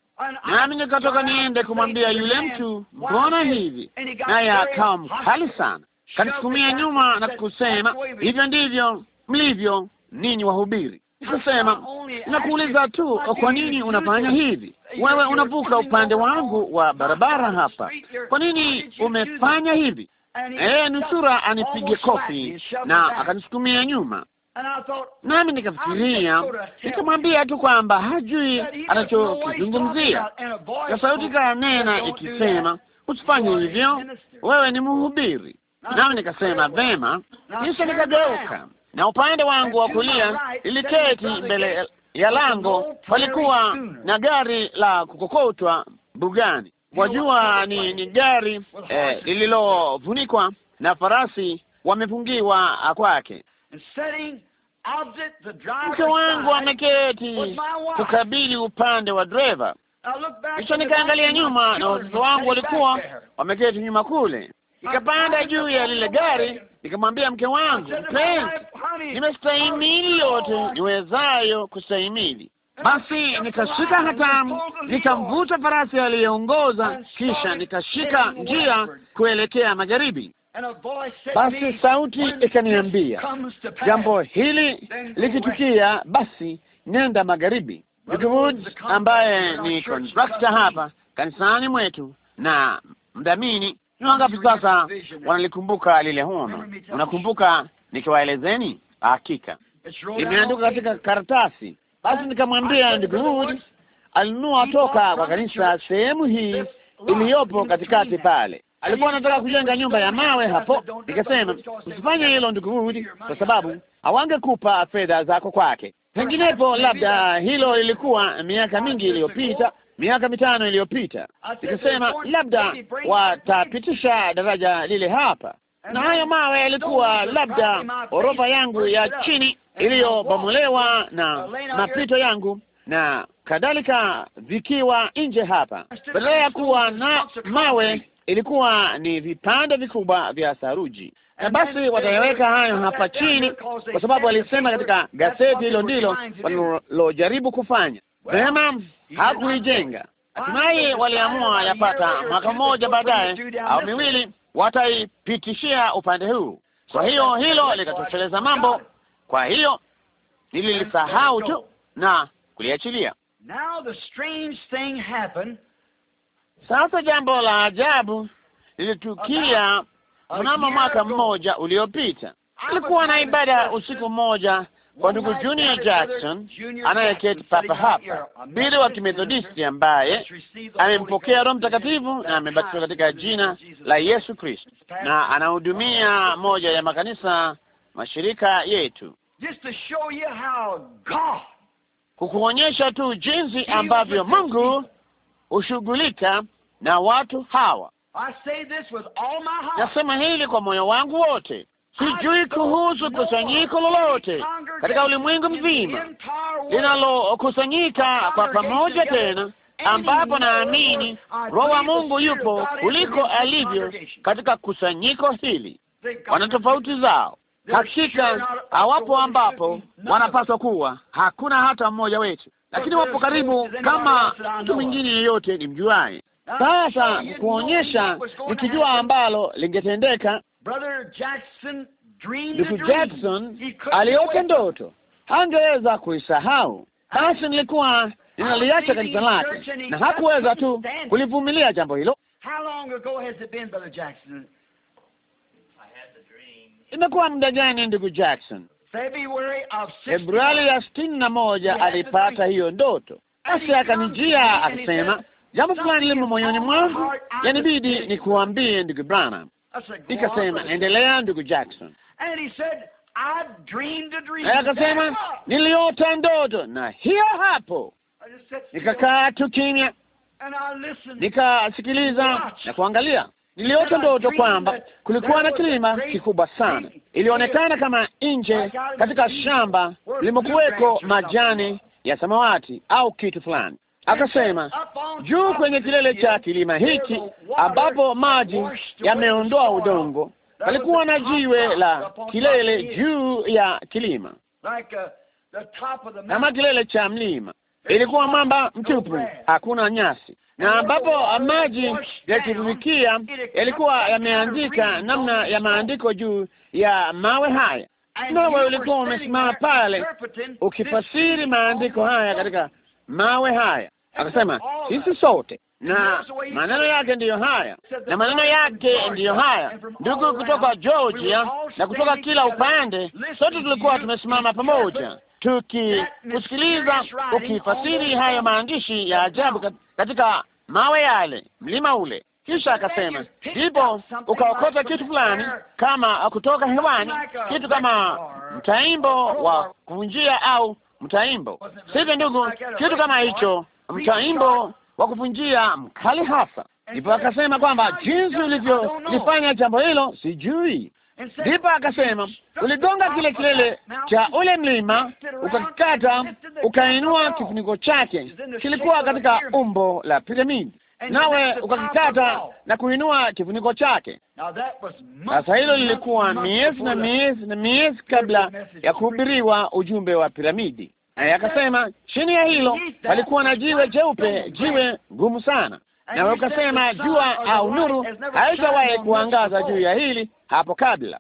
nami nikatoka niende kumwambia yule mtu, mbona hivi? Naye akawa mkali sana, kanisukumia nyuma na kusema, hivyo ndivyo mlivyo ninyi wahubiri. Nikasema, nakuuliza tu, kwa nini unafanya hivi? Wewe unavuka upande wangu wa barabara hapa, kwa nini umefanya hivi? eh, nusura anipige kofi na akanisukumia nyuma, nami nikafikiria, nikamwambia tu kwamba hajui anachokizungumzia, na sauti kaa nena ikisema usifanye hivyo, wewe ni mhubiri. Nami nikasema vema, kisha nikageuka, na upande wangu wa kulia iliketi mbele ya lango palikuwa na gari la kukokotwa bugani. Wajua ni, ni gari eh, na farasi wamefungiwa ah, kwake. Mke wangu ameketi kukabili upande wa dreva kisha nikaangalia nyuma, na watoto wangu walikuwa wameketi nyuma kule. Nikapanda juu ya lile gari, nikamwambia mke wangu nimestahimili yote niwezayo kustahimili basi nikashika hatamu, nikamvuta farasi aliyeongoza, kisha nikashika njia kuelekea magharibi. Basi sauti ikaniambia, jambo hili likitukia, basi nenda magharibi. ambaye ni kontrakta hapa kanisani mwetu na mdhamini, ni wangapi sasa wanalikumbuka lile hono? Unakumbuka nikiwaelezeni? Hakika imeandikwa katika karatasi basi nikamwambia ndugu Hud alinunua toka kwa kanisa sehemu hii iliyopo katikati pale. Alikuwa anataka kujenga nyumba ya mawe hapo. Nikasema usifanye hilo ndugu Rudi, kwa sababu hawangekupa fedha zako kwake. Penginepo labda hilo lilikuwa miaka mingi iliyopita, miaka mitano iliyopita. Nikasema labda watapitisha daraja lile hapa, na hayo mawe yalikuwa labda orofa yangu ya chini iliyobomolewa na mapito yangu na kadhalika, vikiwa nje hapa. Badala ya kuwa na mawe, ilikuwa ni vipande vikubwa vya saruji, na basi uh, watayaweka uh, hayo hapa chini, kwa sababu walisema katika gazeti, hilo ndilo walilojaribu kufanya. Vema, hakuijenga. Hatimaye waliamua yapata mwaka mmoja baadaye au miwili, wataipitishia upande huu. Kwa hiyo hilo likatosheleza mambo kwa hiyo nililisahau tu na kuliachilia. Sasa jambo la ajabu lilitukia mnamo mwaka mmoja uliopita. Nilikuwa na ibada usiku mmoja kwa ndugu Junior Jackson anayeketi papa hapa, bili wa Kimethodisti ambaye amempokea Roho Mtakatifu na amebatizwa katika jina la Yesu Kristo, na anahudumia moja ya makanisa mashirika yetu kukuonyesha tu jinsi ambavyo Mungu hushughulika na watu hawa. Nasema hili kwa moyo wangu wote. Sijui kuhusu kusanyiko lolote katika ulimwengu mzima linalokusanyika kwa pamoja tena, ambapo naamini Roho wa Mungu yupo kuliko alivyo katika kusanyiko hili. Wana tofauti zao hakika hawapo ambapo wanapaswa kuwa, hakuna hata mmoja wetu, lakini wapo karibu kama mtu mwingine yeyote ni nimjuaye. Sasa kuonyesha nikijua ambalo lingetendeka, ndugu Jackson aliota ndoto, hangeweza kuisahau. Basi nilikuwa ninaliacha kanisa lake, na hakuweza tu kulivumilia jambo hilo imekuwa muda gani, ndugu Jackson? Februari ya sitini na moja alipata hiyo ndoto, basi akanijia akasema jambo fulani limo moyoni mwangu, yanibidi nikuambie ndugu Branham. Nikasema, endelea ndugu Jackson. Akasema, niliota ndoto na hiyo hapo. Nikakaa tu kimya, nikasikiliza na kuangalia niliota ndoto kwamba kulikuwa na kilima kikubwa sana, ilionekana kama nje katika shamba limekuweko majani ya samawati au kitu fulani. Akasema juu kwenye kilele cha kilima hiki ambapo maji yameondoa udongo, palikuwa na jiwe la kilele juu ya kilima, uh, kama kilele cha mlima. Ilikuwa mamba mtupu, hakuna nyasi na ambapo maji yakiturukia yalikuwa yameandika namna ya maandiko juu ya mawe haya, nawe ulikuwa umesimama pale ukifasiri maandiko haya katika mawe haya. Akasema sisi sote, na maneno yake ndiyo haya, na maneno yake ndiyo haya. Ndugu kutoka Georgia na kutoka kila upande, sote tulikuwa tumesimama pamoja tukikusikiliza ukifasiri hayo maandishi ya ajabu katika mawe yale, mlima ule. Kisha akasema, ndipo ukaokota kitu fulani kama kutoka hewani, kitu kama mtaimbo wa kuvunjia au mtaimbo, sivyo ndugu? Kitu kama hicho, mtaimbo wa kuvunjia mkali hasa. Ndipo akasema kwamba jinsi ulivyolifanya jambo hilo sijui, Ndipo akasema uligonga kile kilele cha ule mlima, ukakikata, ukainua kifuniko chake, kilikuwa katika umbo la piramidi, nawe ukakikata na kuinua kifuniko chake. Sasa hilo lilikuwa miezi na miezi na miezi kabla ya kuhubiriwa ujumbe wa piramidi. Akasema chini ya hilo palikuwa na jiwe jeupe, jiwe ngumu sana na ukasema jua au nuru haitawahi kuangaza juu ya hili hapo kabla.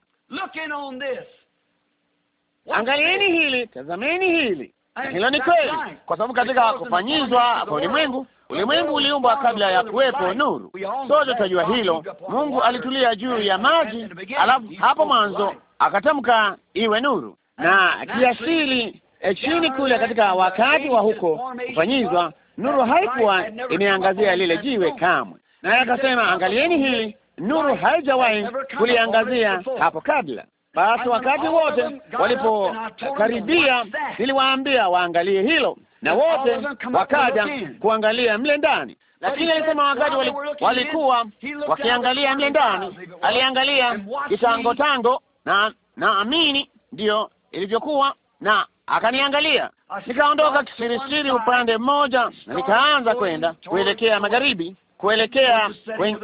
Angalieni hili, tazameni hili. hilo ni kweli, kwa sababu katika kufanyizwa kwa ulimwengu, ulimwengu uliumbwa kabla ya kuwepo nuru. Sote tutajua hilo. Mungu alitulia juu ya maji, alafu hapo mwanzo akatamka iwe nuru, na kiasili eh, chini kule katika wakati wa huko kufanyizwa Nuru haikuwa imeangazia lile jiwe kamwe, naye akasema, angalieni hili, nuru haijawahi kuliangazia hapo kabla. Basi wakati wote walipokaribia, niliwaambia waangalie hilo, na wote wakaja kuangalia mle ndani. Lakini alisema wakati walikuwa wakiangalia mle ndani, aliangalia kitango tango, na naamini ndiyo ilivyokuwa na akaniangalia, nikaondoka kisirisiri upande mmoja na nikaanza kwenda kuelekea magharibi, kuelekea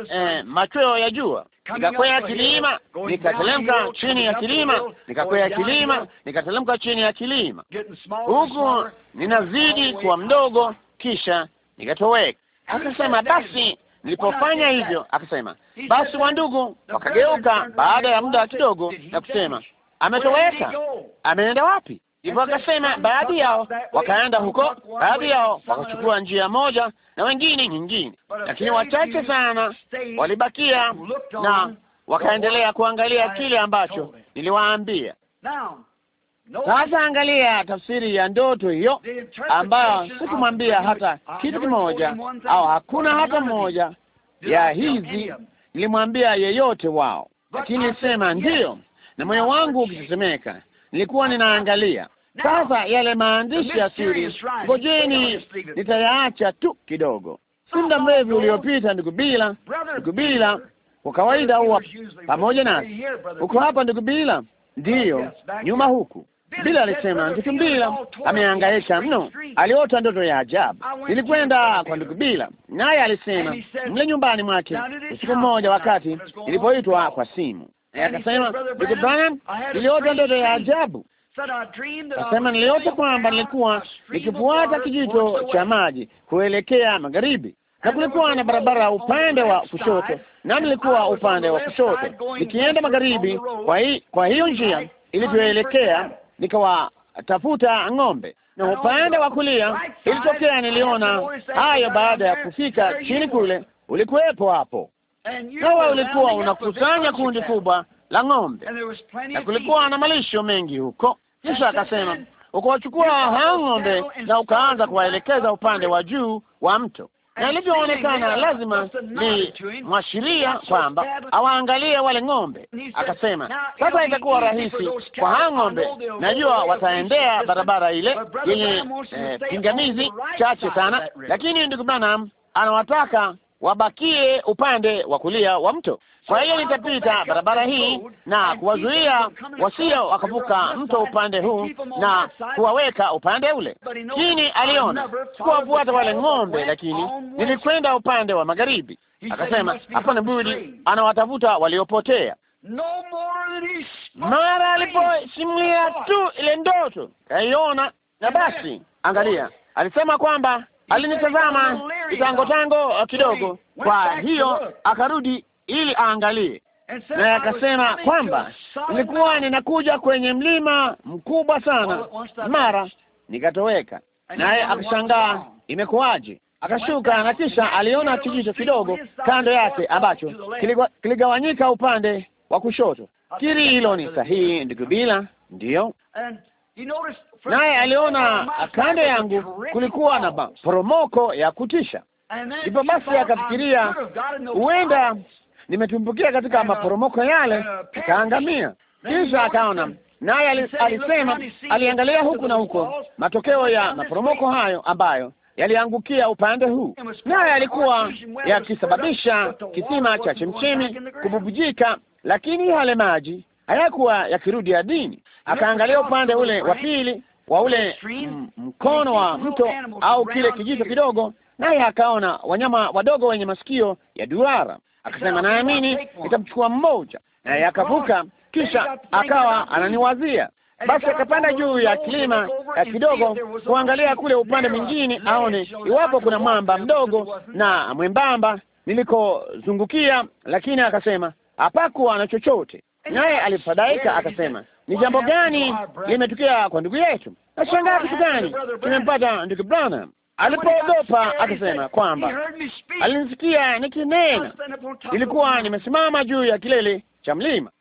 eh, machweo ya jua. Nikakwea kilima, nikatelemka chini ya kilima, nikakwea kilima, nikatelemka chini ya kilima, huku ninazidi kuwa mdogo, kisha nikatoweka. Akasema basi Nilipofanya hivyo akasema, basi wandugu wakageuka baada ya muda kidogo na kusema, ametoweka. Ameenda wapi? Ndipo akasema baadhi yao wakaenda huko, baadhi yao wakachukua njia moja na wengine nyingine, lakini wachache sana walibakia na wakaendelea kuangalia kile ambacho niliwaambia. Sasa angalia tafsiri ya ndoto hiyo ambayo sikumwambia hata kitu kimoja, au hakuna hata moja ya hizi nilimwambia yeyote wao, lakini sema ndiyo, na moyo wangu ukitetemeka, nilikuwa ninaangalia sasa yale maandishi ya siri, ngojeni nitayaacha tu kidogo. Si muda mrefu uliopita, ndugu Bila, ndugu Bila kwa kawaida huwa pamoja nasi huko hapa, ndugu Bila ndiyo nyuma huku bila alisema ndugu Bila amehangaika mno, aliota ndoto ya ajabu. Nilikwenda kwa ndugu Bila naye alisema mle nyumbani mwake usiku mmoja, wakati ilipoitwa kwa simu, akasema ndugu Branham, niliota ndoto ya ajabu, Nasema niliota kwamba nilikuwa nikifuata kijito cha maji kuelekea magharibi, na kulikuwa na barabara upande wa kushoto, na nilikuwa upande wa kushoto nikienda magharibi. Kwa, hi, kwa hiyo njia ilivyoelekea nikawatafuta ng'ombe, na upande wa kulia ilitokea niliona hayo. Baada ya kufika chini kule, ulikuwepo hapo, nawe ulikuwa unakusanya kundi kubwa la ng'ombe, na kulikuwa na malisho mengi huko kisha akasema ukawachukua hao ng'ombe na ukaanza kuwaelekeza upande wa juu wa mto, na ilivyoonekana lazima ni mwashiria kwamba awaangalie wale ng'ombe. Akasema sasa itakuwa rahisi kwa hao ng'ombe, najua wataendea barabara ile yenye eh, pingamizi chache sana, lakini ndugu Branham anawataka wabakie upande wa kulia wa mto. Kwa hiyo nitapita barabara hii na kuwazuia wasio wakavuka mto upande huu na kuwaweka upande ule. Chini aliona sikuwafuata wale ng'ombe, lakini nilikwenda upande wa magharibi. Akasema hapana budi, anawatafuta waliopotea. Mara aliposimulia tu ile ndoto kaiona, na basi, angalia, alisema kwamba alinitazama tango kidogo, kwa hiyo akarudi ili aangalie, naye akasema kwamba nilikuwa ninakuja kwenye mlima mkubwa sana, mara nikatoweka. Naye akashangaa imekuwaje, akashuka na kisha aliona kijito kidogo kando yake ambacho kiligawanyika upande wa kushoto. Kiri hilo ni sahihi, ndugu. Bila ndiyo naye aliona kando yangu kulikuwa na poromoko ya kutisha. Ndipo basi akafikiria huenda nimetumbukia katika uh, maporomoko yale uh, nikaangamia. Kisha akaona naye alisema, aliangalia huku na huko matokeo ya maporomoko hayo ambayo yaliangukia upande huu, naye alikuwa yakisababisha kisima cha chemchemi kububujika, lakini yale maji hayakuwa yakirudi ardhini. Akaangalia upande ule wa pili wa ule mkono wa mto au kile kijito kidogo, naye akaona wanyama wadogo wenye masikio ya duara akasema, naamini nitamchukua mmoja, naye akavuka, kisha akawa ananiwazia basi akapanda juu ya kilima ya kidogo kuangalia kule upande mwingine, aone iwapo kuna mwamba mdogo na mwembamba nilikozungukia, lakini akasema hapakuwa na chochote. Naye alifadhaika akasema, ni jambo gani limetokea kwa ndugu yetu? Nashangaa kitu gani kimempata ndugu Branham? Alipoogopa akasema kwamba alinisikia nikinena, nilikuwa nimesimama juu ya kilele cha mlima,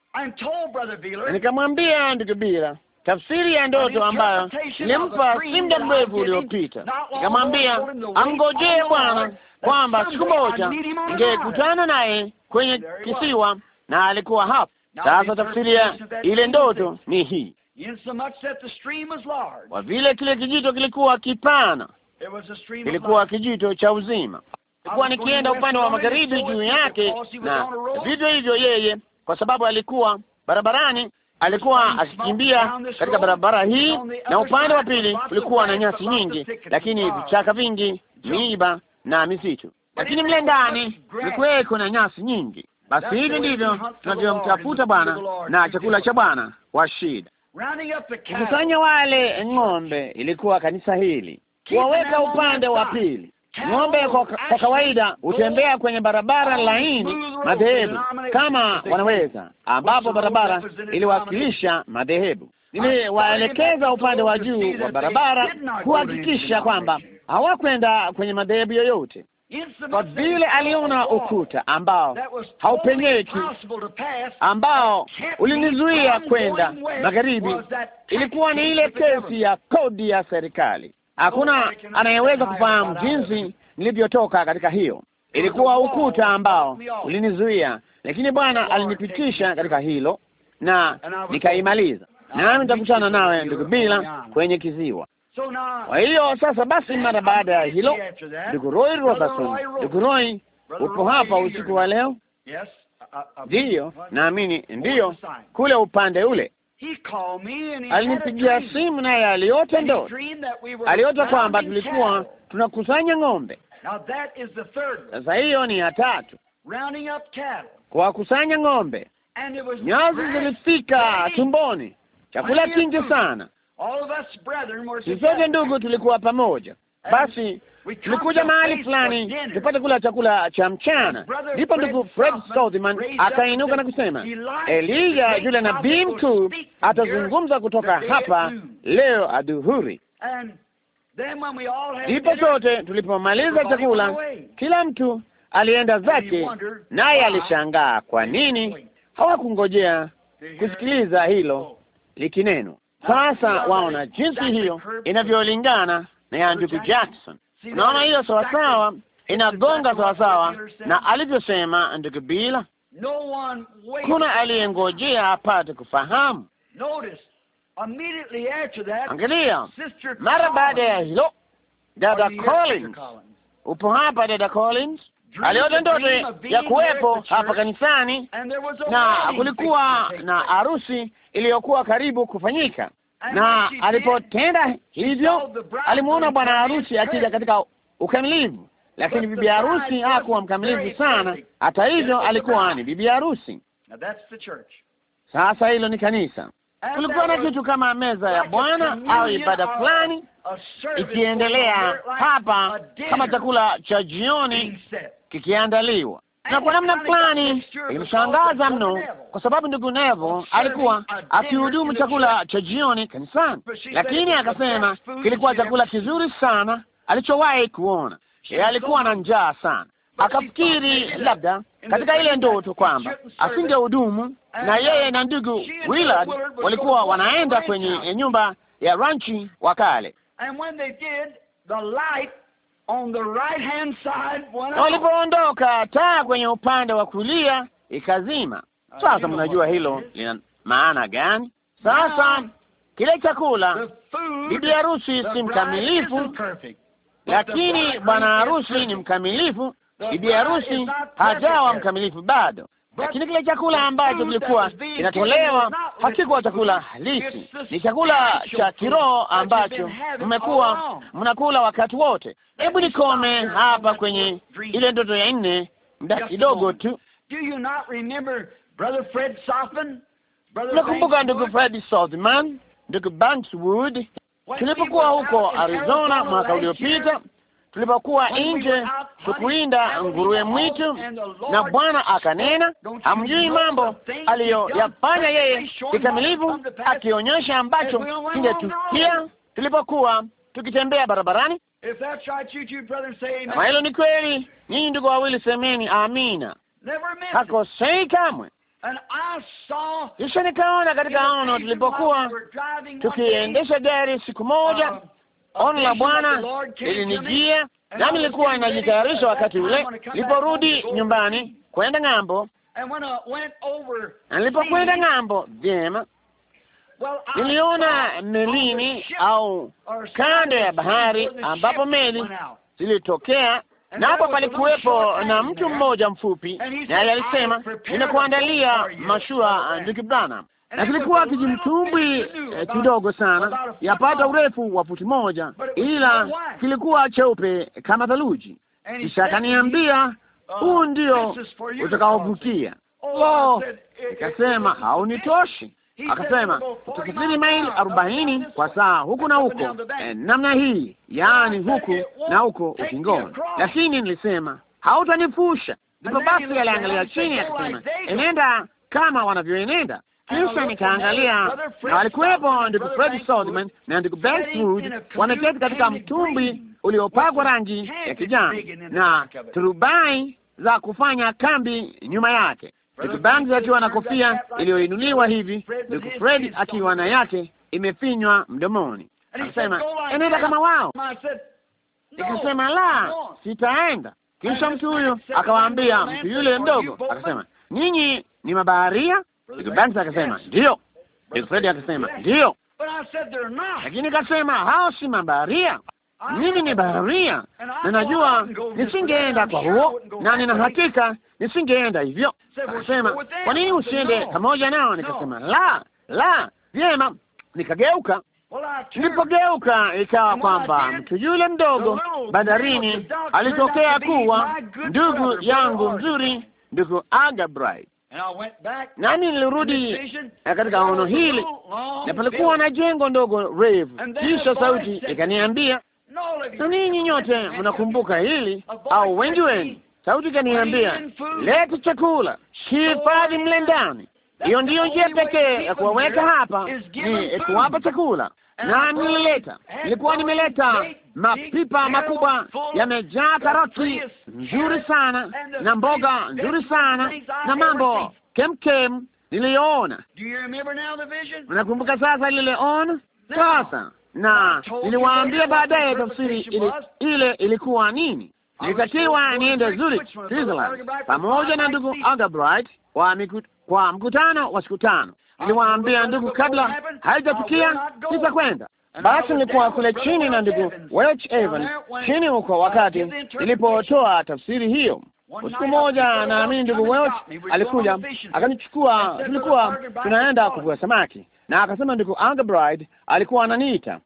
nikamwambia ndugu Bila tafsiri ya ndoto ambayo nilimpa si muda mrefu uliopita. Nikamwambia angojee Bwana kwamba siku moja ningekutana naye kwenye kisiwa, na alikuwa hapa. Sasa tafsiri ya ile ndoto ni hii: kwa vile kile kijito kilikuwa kipana ilikuwa kijito cha uzima. Ilikuwa nikienda upande wa magharibi juu yake, na vivyo hivyo yeye, kwa sababu alikuwa barabarani, alikuwa akikimbia katika barabara hii, na upande wa pili ulikuwa na nyasi nyingi, lakini vichaka vingi, miiba na misitu, lakini mle ndani ilikuwa kuna nyasi nyingi. Basi hivi ndivyo tunavyomtafuta Bwana na chakula cha Bwana wa shida. Kukusanya wale ng'ombe ilikuwa kanisa hili kuwaweka upande wa pili. Ng'ombe kwa, kwa kawaida hutembea kwenye barabara laini madhehebu kama wanaweza, ambapo barabara iliwakilisha madhehebu. Niliwaelekeza upande wa juu wa barabara kuhakikisha kwamba hawakwenda kwenye madhehebu yoyote, kwa vile aliona ukuta ambao haupenyeki, ambao ulinizuia kwenda magharibi. Ilikuwa ni ile kesi ya kodi ya serikali Hakuna anayeweza kufahamu jinsi nilivyotoka katika hiyo. Ilikuwa ukuta ambao ulinizuia, lakini Bwana alinipitisha katika hilo na nikaimaliza. Nami nitakutana nawe ndugu bila kwenye kiziwa. Kwa hiyo sasa basi, mara baada ya hilo, ndugu Roy Robertson, ndugu Roy, upo hapa usiku wa leo? Uh, uh, ndiyo, uh, naamini ndiyo, kule upande ule alinipigia simu naye aliota ndoto, aliota kwamba tulikuwa tunakusanya ng'ombe. Sasa hiyo ni ya tatu, kuwakusanya ng'ombe. Nyazi zilifika tumboni, chakula kingi sana. Sisi sote ndugu tulikuwa pamoja, basi tulikuja mahali fulani tupate kula chakula cha mchana, ndipo ndugu Fred Southman akainuka na kusema, elia yule nabii mkuu atazungumza kutoka hapa leo adhuhuri. Ndipo sote tulipomaliza chakula, kila mtu alienda zake, naye alishangaa kwa nini hawakungojea kusikiliza hilo likinenwa Sasa waona jinsi hiyo inavyolingana na ya ndugu Jackson. Naona hiyo sawasawa, inagonga sawasawa na alivyosema ndugu Bila. Kuna aliyengojea apate kufahamu. Angalia, mara baada ya hilo, dada Collins, upo hapa dada Collins aliota ndoto ya kuwepo hapa kanisani, na kulikuwa na harusi iliyokuwa karibu kufanyika na alipotenda hivyo alimuona bwana harusi akija katika ukamilivu lakini bibi harusi hakuwa mkamilivu sana. Hata hivyo alikuwa ni bibi harusi. Sasa hilo ni kanisa. Kulikuwa na kitu kama meza ya Bwana au ibada fulani ikiendelea hapa, kama chakula cha jioni kikiandaliwa na kwa namna fulani ilimshangaza mno, kwa sababu ndugu Nevo alikuwa akihudumu chakula cha jioni kanisani, lakini akasema kilikuwa chakula kizuri sana alichowahi kuona. Yeye alikuwa na njaa sana, akafikiri labda katika ile ndoto kwamba asingehudumu, na yeye na ndugu Willard walikuwa wanaenda kwenye nyumba ya ranchi wa kale Walipoondoka taa kwenye upande wa kulia ikazima. Ah, Sasa mnajua hilo lina maana gani? Sasa kile chakula, bibi harusi si mkamilifu, lakini bwana harusi ni mkamilifu. Bibi harusi hajawa mkamilifu bado, lakini kile chakula ambacho kilikuwa kinatolewa hakikuwa chakula halisi, ni chakula cha kiroho ambacho mmekuwa mnakula wakati wote. Hebu nikome hapa kwenye ile ndoto ya nne muda kidogo tu. Nakumbuka ndugu Fred Saltman, ndugu Bankswood, tulipokuwa huko Arizona mwaka uliopita tulipokuwa nje tukuinda nguruwe mwitu, na Bwana akanena, hamjui mambo aliyoyafanya yeye kikamilifu, akionyesha ambacho kingetukia tulipokuwa tukitembea barabarani. Kama hilo ni kweli, nyinyi ndugu wawili, semeni amina. Hakosei kamwe. Kisha nikaona katika ono tulipokuwa tukiendesha gari siku moja uh, Ono la Bwana lilinijia, nami nilikuwa najitayarisha wakati ule niliporudi nyumbani kwenda ng'ambo. Na nilipokwenda ng'ambo, vyema, niliona melini au kando ya bahari ambapo meli zilitokea na hapo palikuwepo na mtu mmoja mfupi, naye alisema, ninakuandalia mashua, ndugu Branham na kilikuwa kijimtumbwi kidogo sana, yapata urefu wa futi moja, ila kilikuwa cheupe kama theluji. Kisha akaniambia uh, huu ndio utakaovukia. Oh, nikasema haunitoshi. Akasema utasafiri maili arobaini kwa saa huku na huko, eh, namna hii, yaani huku na huko ukingoni. Lakini nilisema hautanifusha. Ndipo basi aliangalia chini akasema, enenda kama wanavyoenenda. Kisha nikaangalia na walikuwepo ndugu Fred Solomon na ndugu Ben Wood wameketi katika mtumbwi uliopakwa rangi ya kijani na turubai za kufanya kambi nyuma yake, ndugu Banks akiwa na kofia iliyoinuliwa hivi, ndugu Fred akiwa na yake imefinywa mdomoni. Akasema, enenda kama wao. Nikasema, la, sitaenda. Kisha mtu huyu akawaambia mtu yule mdogo, akasema, ninyi ni mabaharia Ndugu Banks akasema ndiyo. Ndugu akasema ndiyo, lakini ikasema hao si mabaharia, mimi ni baharia, na najua nisingeenda kwa huo, na nina hakika nisingeenda hivyo. Akasema kwa nini usiende pamoja nao? Nikasema la, la, vyema. Nikageuka. Nilipogeuka ikawa kwamba mtu yule mdogo bandarini alitokea kuwa ndugu yangu mzuri, ndugu Agabright nami nilirudi eh, katika ono hili, na palikuwa na jengo ndogo refu. Kisha sauti ikaniambia, na ninyi nyote mnakumbuka hili au wengi wenu? Sauti ikaniambia, leta chakula, hifadhi mle ndani. Hiyo ndiyo njia pekee ya kuwaweka hapa, ni kuwapa chakula. Na nilileta, nilikuwa nimeleta mapipa makubwa yamejaa karoti nzuri sana na mboga nzuri sana na mambo kemkem niliyoona. Unakumbuka sasa lililoona sasa, na niliwaambia baadaye tafsiri ili, ile ilikuwa nini. Nilitakiwa niende Zurich, Switzerland pamoja na ndugu Algebright kwa, kwa mkutano wa siku tano. Niliwaambia ndugu, kabla haijatukia sitakwenda basi nilikuwa kule chini na ndugu Welch Evan chini huko, wakati nilipotoa tafsiri hiyo. Usiku mmoja, naamini ndugu Welch alikuja akanichukua, tulikuwa tunaenda kuvua samaki, na akasema ndugu Algebride alikuwa ananiita.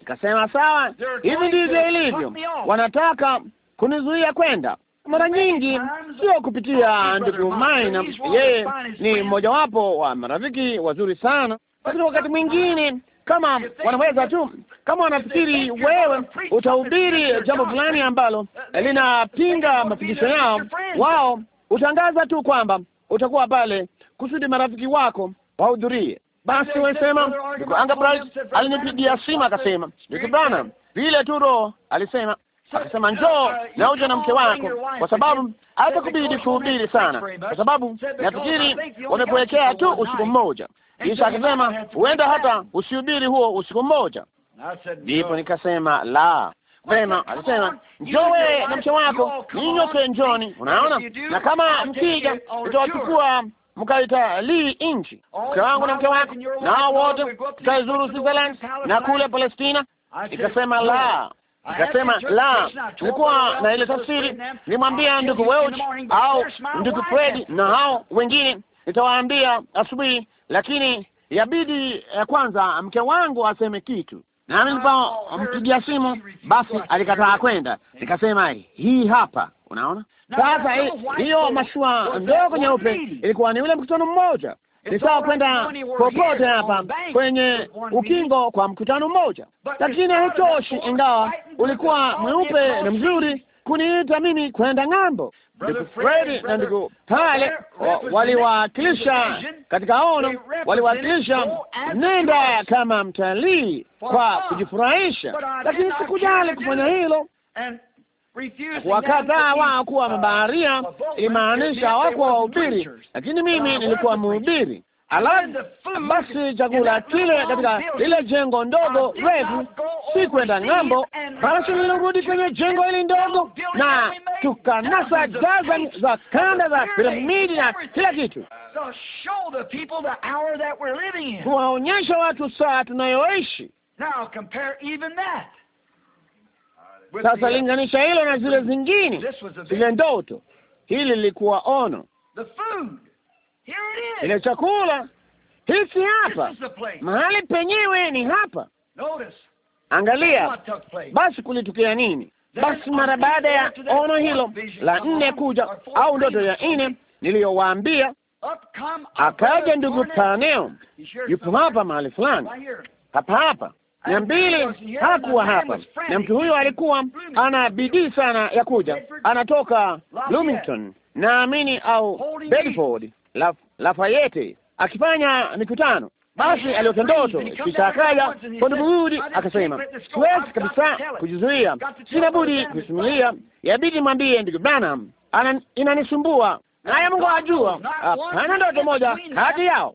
Nikasema sawa, hivi ndivyo ilivyo, wanataka kunizuia kwenda mara nyingi sio kupitia ndugu Maina, yeye ni mmojawapo wa marafiki wazuri sana, lakini wakati mwingine kama wanaweza tu, kama wanafikiri wewe utahubiri jambo fulani ambalo linapinga mafundisho yao, wao utangaza tu kwamba utakuwa pale kusudi marafiki wako wahudhurie. Basi wesema, ndugu Albright alinipigia simu akasema, ndugu bwana, vile tu Roho alisema akasema uh, njoo uh, na uje na mke wako, kwa sababu kubidi kuhubiri sana, kwa sababu nafikiri wamekuwekea tu usiku mmoja. Kisha akasema huenda hata usihubiri huo usiku mmoja. Ndipo nikasema la Vema, alisema njowe na mke wako ninyoke njoni. Unaona, na kama mkija utawachukua mkaitalii nchi, mke wangu na mke wako nao wote, tutaizuru Switzerland na kule Palestina. Nikasema la, nikasema la. Nilikuwa na ile tafsiri, nilimwambia ndugu Welch au ndugu Fredi na hao wengine nitawaambia asubuhi, lakini yabidi ya eh, kwanza mke wangu aseme kitu. Nami nilipompigia simu basi alikataa kwenda, nikasema hii hapa. Unaona sasa, hiyo mashua ndogo nyeupe ilikuwa ni ule mkutano mmoja ni sawa kwenda popote hapa kwenye ukingo kwa mkutano mmoja, lakini hautoshi. Ingawa ulikuwa mweupe na mzuri, kuniita mimi kwenda ng'ambo. Ndugu Fredi na ndugu pale waliwakilisha katika ono, waliwakilisha nenda kama mtalii kwa kujifurahisha, lakini sikujali kufanya hilo. Wakataa wao kuwa mabaharia, ilimaanisha hawakuwa wahubiri, lakini mimi nilikuwa mhubiri. Alafu basi chakula kile katika lile jengo ndogo refu si kwenda ng'ambo, basi nilirudi kwenye jengo hili ndogo, na tukanasa dazan za kanda za piramidi na kila kitu, kuwaonyesha watu saa tunayoishi. Sasa linganisha hilo na zile zingine. Zile ndoto, hili lilikuwa ono. Ile chakula hisi hapa, mahali penyewe ni hapa. Angalia basi kulitukia nini? Basi mara baada ya ono hilo la nne kuja au ndoto ya nne niliyowaambia, akaja ndugu Paneo, yupo hapa mahali fulani hapa hapa na mbili hakuwa hapa, na mtu huyo alikuwa ana bidii sana ya kuja, anatoka Bloomington naamini, au Bedford, Lafayette, akifanya mikutano basi aliota ndoto, kisha akaja kwa akasema, siwezi kabisa kujizuia, sina budi kusimulia, yabidi mwambie ndugu Branham, inanisumbua naye Mungu ajua. Hapana, ndoto moja kati yao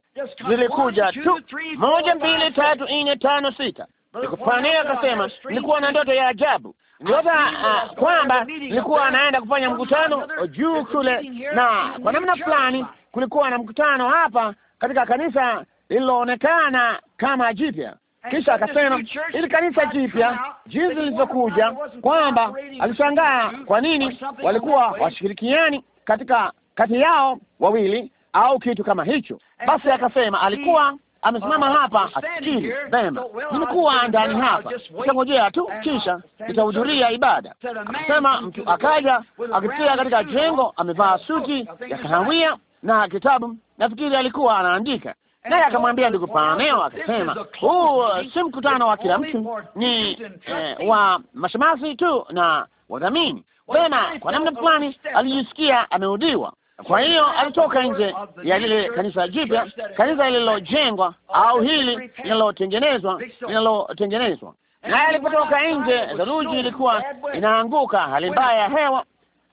zilikuja tu, moja, mbili, tatu, nne, tano, sita. Nikufania akasema nilikuwa na ndoto ya ajabu, niliota ah, kwamba nilikuwa naenda kufanya mkutano juu kule, na kwa namna fulani kulikuwa na mkutano hapa katika kanisa lililoonekana kama jipya. Kisha akasema ili kanisa jipya jinsi lilivyokuja, kwamba alishangaa kwa nini walikuwa washirikiani katika kati yao wawili au kitu kama hicho. Basi akasema alikuwa amesimama uh, hapa akifikiri vema, nimekuwa ndani hapa, nitangojea tu, uh, kisha nitahudhuria ibada. Akasema mtu akaja akipitia katika jengo, amevaa suti ya kahawia na kitabu, nafikiri alikuwa anaandika naye akamwambia ndugu Pameo akasema, huu uh, si mkutano wa kila mtu, ni eh, wa mashemasi tu na wadhamini. Tena kwa namna fulani alijisikia ameudiwa kwa hiyo alitoka nje ya lile kanisa jipya, kanisa lililojengwa au hili linalotengenezwa, linalotengenezwa. Naye alipotoka nje, theluji ilikuwa inaanguka, hali mbaya ya hewa,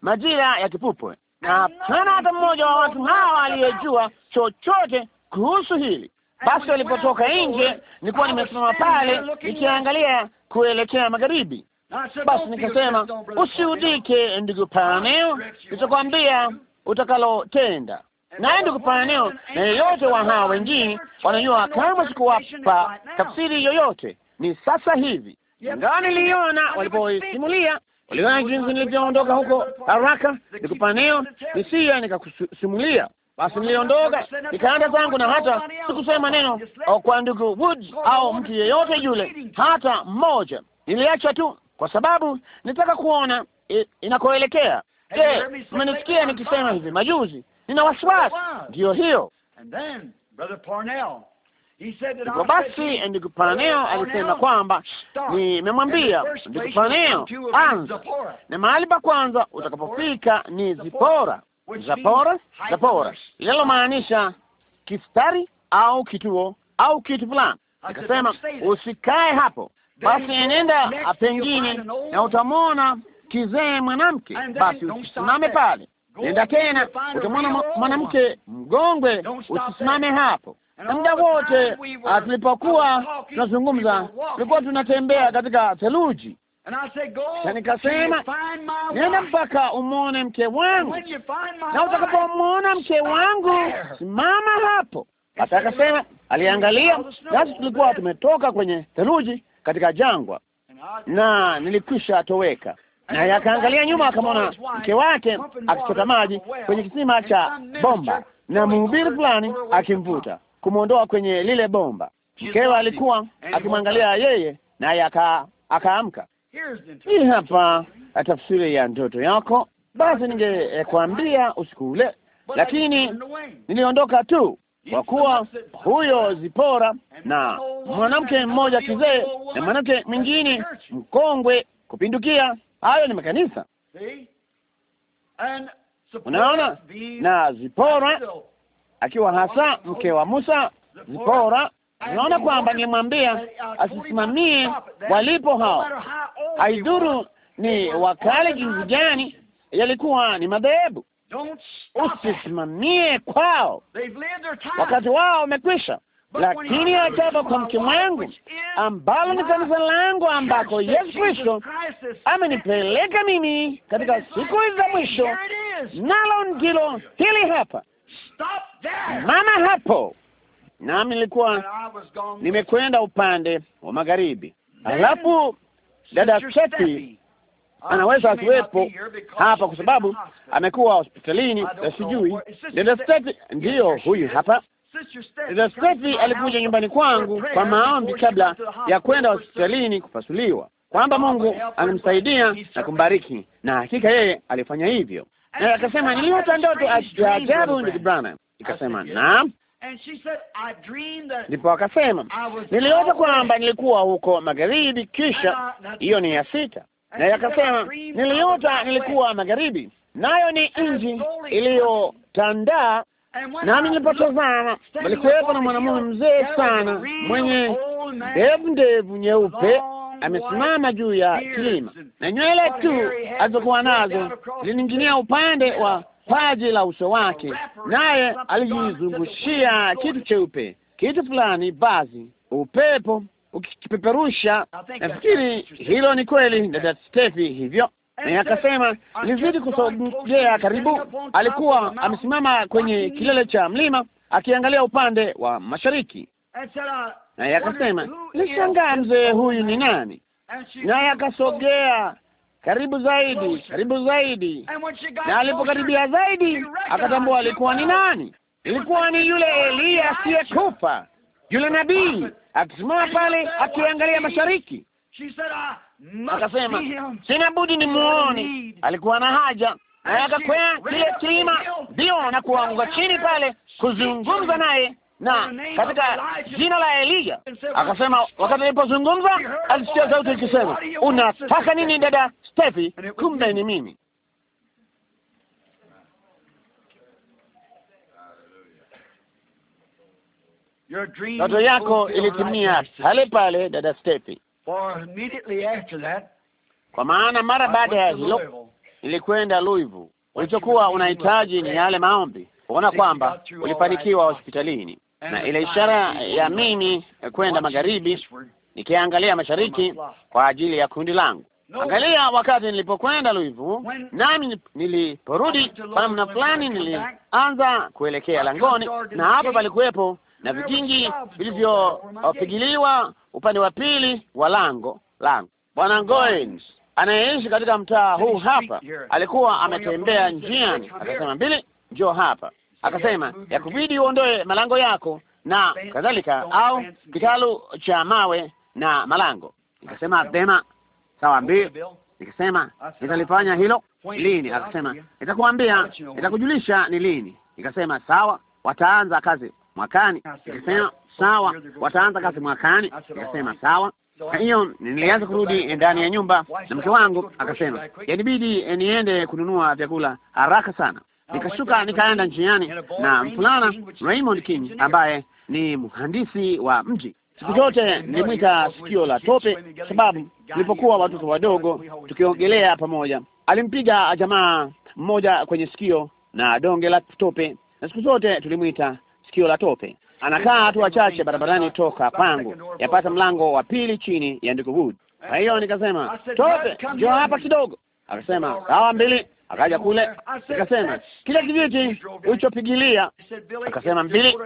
majira ya kipupwe, na hapana hata mmoja wa watu hawa aliyejua chochote kuhusu hili. Basi walipotoka nje, nilikuwa ah, nimesimama pale nikiangalia kuelekea magharibi. Ah, Basi nikasema, usiudike ndugu ah, Paneo, nitakwambia utakalotenda. Naye ndugu Paneo na yeyote wa hawa wengine wanajua kama sikuwapa tafsiri yoyote, ni sasa hivi ingawa niliona walipoisimulia waliona jinsi nilivyoondoka huko haraka, Paneo, nisia nikakusimulia basi niliondoka nikaenda zangu, na hata sikusema neno kwa ndugu Woods au mtu yeyote yule, hata mmoja. Niliacha tu kwa sababu nitaka kuona inakoelekea. Je, mmenisikia nikisema hivi majuzi? Nina wasiwasi, ndiyo hiyo Ndipo basi ndugu Parneo alisema kwamba nimemwambia ndugu Parneo, anza na mahali pa kwanza utakapofika ni Zipora. Zapora, Zapora maanisha kistari au kituo au kitu fulani. Akasema usikae hapo, basi enenda pengine na utamwona kizee mwanamke, basi usisimame pale. Nenda tena utamwona mwanamke mgongwe, usisimame hapo. Na muda wote tulipokuwa tunazungumza, tulikuwa tunatembea katika theluji na nikasema, nenda mpaka umwone mke wangu, na utakapomwona mke wangu simama hapo. Hata akasema aliangalia, nasi tulikuwa tumetoka kwenye theluji katika jangwa na nilikwisha toweka, naye akaangalia nyuma, akamwona mke wake akichota maji kwenye kisima cha bomba, na mhubiri fulani akimvuta kumwondoa kwenye lile bomba. Mkewe alikuwa akimwangalia yeye, naye akaamka. Hii hapa tafsiri ya ndoto yako. Basi ningekwambia usiku ule, lakini niliondoka tu, kwa kuwa huyo Zipora na mwanamke mmoja kizee na mwanamke mwingine mkongwe kupindukia. Hayo ni makanisa, unaona, na Zipora akiwa hasa mke wa Musa. Zipora Unaona kwamba nilimwambia asisimamie walipo hao, haidhuru ni wakale jinsi gani, yalikuwa ni madhehebu. Usisimamie kwao, wakati wao umekwisha. Lakini ajabu kwa mke wangu, ambalo ni kanisa langu, ambako Yesu Kristo amenipeleka mimi katika siku za mwisho, nalo ndilo hili hapa. Mama hapo nami nilikuwa nimekwenda upande wa magharibi. Halafu dada Stephy uh, anaweza asiwepo hapa kwa sababu amekuwa hospitalini, sijui. Dada Stephy ndiyo huyu hapa. Dada Stephy alikuja nyumbani kwangu kwa maombi kabla ya kwenda hospitalini kupasuliwa, kwamba Mungu angemsaidia na kumbariki, na hakika yeye alifanya hivyo. Na akasema niliota ndoto ya ajabu, ndugu Branham. Ikasema naam Ndipo akasema niliota kwamba nilikuwa huko magharibi, kisha uh, hiyo ni ya sita, naye akasema niliota nilikuwa magharibi, nayo ni nchi iliyotandaa nami nilipotazama, walikuwepo na mwanamume mzee sana mwenye ndevu ndevu nyeupe, amesimama juu ya kilima, na nywele tu alizokuwa nazo zilining'inia upande wa paji la uso wake, naye alijizungushia kitu cheupe, kitu fulani, basi upepo ukipeperusha. Nafikiri hilo ni kweli, dada Stefi, hivyo na akasema nilizidi kusogea karibu. Alikuwa amesimama kwenye kilele cha mlima akiangalia upande wa mashariki, naye akasema nishangaa, mzee huyu ni nani? Naye akasogea karibu zaidi, karibu zaidi. Na alipokaribia zaidi, akatambua alikuwa ni nani. Ilikuwa ni yule Eliya asiyekufa, yule nabii akisimama pale akiangalia mashariki. Akasema sina budi ni muone. Alikuwa na haja, naye akakwea kile kilima, ndio na kuanguka chini pale kuzungumza naye na katika jina la Eliya akasema, wakati alipozungumza alisikia sauti ikisema, unataka nini dada Stefi? Kumbe ni mimi. Ndoto yako ilitimia pale pale, dada Stefi, kwa maana mara baada ya hilo ilikwenda Louisville. Ulichokuwa unahitaji ni yale maombi, kuona kwamba ulifanikiwa hospitalini na ile ishara ya mimi kwenda magharibi nikiangalia mashariki kwa ajili ya kundi langu. Angalia, wakati nilipokwenda luivu nami niliporudi kwa namna fulani, nilianza kuelekea langoni, na hapo palikuwepo na vikingi vilivyopigiliwa upande wa pili wa lango lango. Bwana Goins anayeishi katika mtaa huu hapa alikuwa ametembea njiani, akasema, mbili, njoo hapa akasema yakubidi uondoe malango yako na kadhalika, au kitalu cha mawe na malango. Nikasema vema, sawa mbi. Nikasema nitalifanya hilo lini? Akasema nitakuambia, nitakujulisha ni lini. Nikasema sawa, wataanza kazi mwakani. Nikasema sawa, wataanza kazi mwakani. Nikasema sawa. Hiyo nilianza kurudi ndani ya nyumba, na mke wangu akasema yanibidi niende kununua vyakula haraka sana nikashuka nikaenda njiani na mfulana Raymond King ambaye ni mhandisi wa mji. Siku zote nilimwita sikio la tope, sababu tulipokuwa watoto wadogo tukiogelea pamoja, alimpiga jamaa mmoja kwenye sikio na donge la tope, na siku zote tulimwita sikio la tope. Anakaa hatua chache barabarani toka pangu, yapata mlango wa pili chini ya Ndiko Wood. Kwa hiyo nikasema, tope, njoo hapa kidogo. Akasema sawa, mbili Akaja kule akasema kile kijiti ulichopigilia, akasema mbili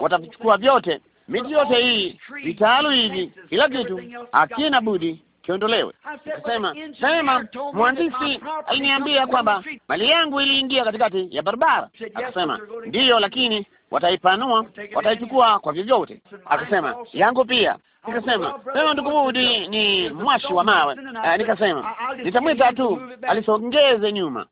watavichukua vyote, miti yote hii, vitalu hivi, kila kitu akina budi kiondolewe. Akasema sema, mhandisi aliniambia kwamba mali yangu iliingia katikati ya barabara. Akasema ndiyo, lakini wataipanua, wataichukua kwa vyovyote. Akasema yangu pia. Nikasema wewe ndugu Budi ni mwashi wa mawe. Eh, nikasema nitamwita tu alisongeze nyuma.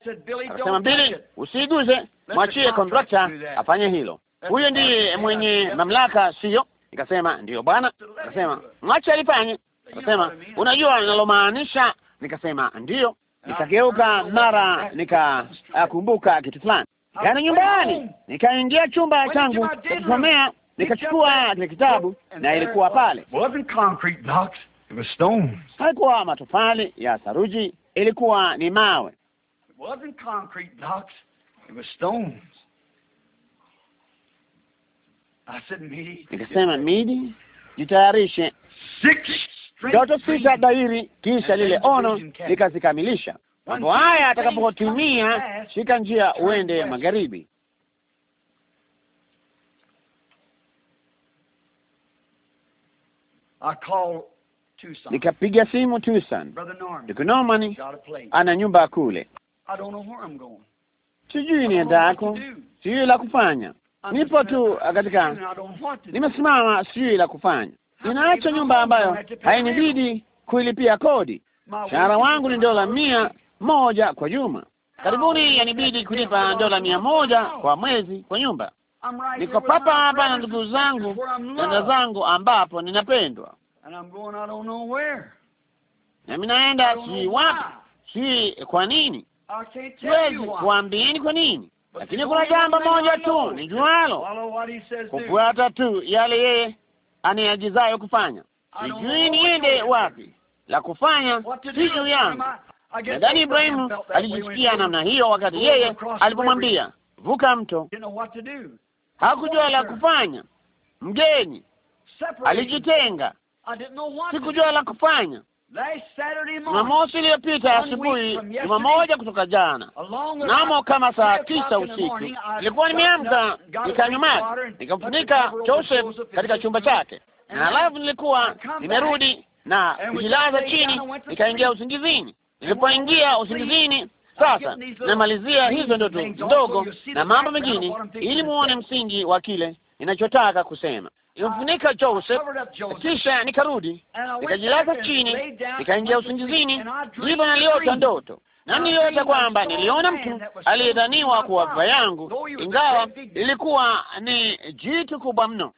Akasema Bili, usiguze mwachie kontrakta afanye hilo, huyo ndiye mwenye mamlaka, sio? Nikasema ndiyo bwana. Akasema mwache alifanye. Akasema unajua ninalomaanisha? Nikasema ndiyo. Nikageuka mara nikakumbuka kitu fulani jana yaani nyumbani, nikaingia chumba changu kusomea, nikachukua kile kitabu na ilikuwa pale. Haikuwa matofali ya saruji, ilikuwa ni mawe. Nikasema, midi jitayarishe ndoto sita dairi, kisha lile ono nikazikamilisha mambo haya atakapotumia, shika njia uende magharibi. Nikapiga simu Tucson, ndugu Norman ana nyumba kule, sijui niendako, sijui la kufanya, nipo tu katika, nimesimama, sijui la kufanya. Ninaacha nyumba ambayo hainibidi kuilipia kodi. Mshahara wangu ni dola mia moja kwa juma. Karibuni ah, yanibidi kulipa dola mia moja kwa mwezi kwa nyumba. Niko papa hapa na ndugu zangu, dada zangu, ambapo ninapendwa, nami naenda si wapi, si kwa nini, siwezi kuambieni kwa nini, lakini kuna jambo moja tu nijualo, kufuata tu yale yeye aniagizayo kufanya. Sijui niende wapi, la kufanya si juu yangu, Nadhani Ibrahimu alijisikia namna hiyo wakati yeye alipomwambia vuka mto, hakujua la kufanya, mgeni alijitenga, sikujua la kufanya. Jumamosi iliyopita asubuhi, juma moja kutoka jana, namo kama saa tisa usiku nilikuwa nimeamka, nikanywa nikamfunika Joseph katika chumba chake, na alafu nilikuwa nimerudi na kujilaza chini, nikaingia usingizini nilipoingia usingizini. Sasa namalizia hizo ndoto ndogo na mambo mengine, ili muone msingi wa kile ninachotaka kusema. Nilimfunika Joseph, kisha nikarudi nikajilaza chini, nikaingia usingizini. Ndivyo naliota ndoto na niliota kwamba niliona mtu aliyedhaniwa kuwa baba yangu, ingawa ilikuwa ni jitu kubwa mno.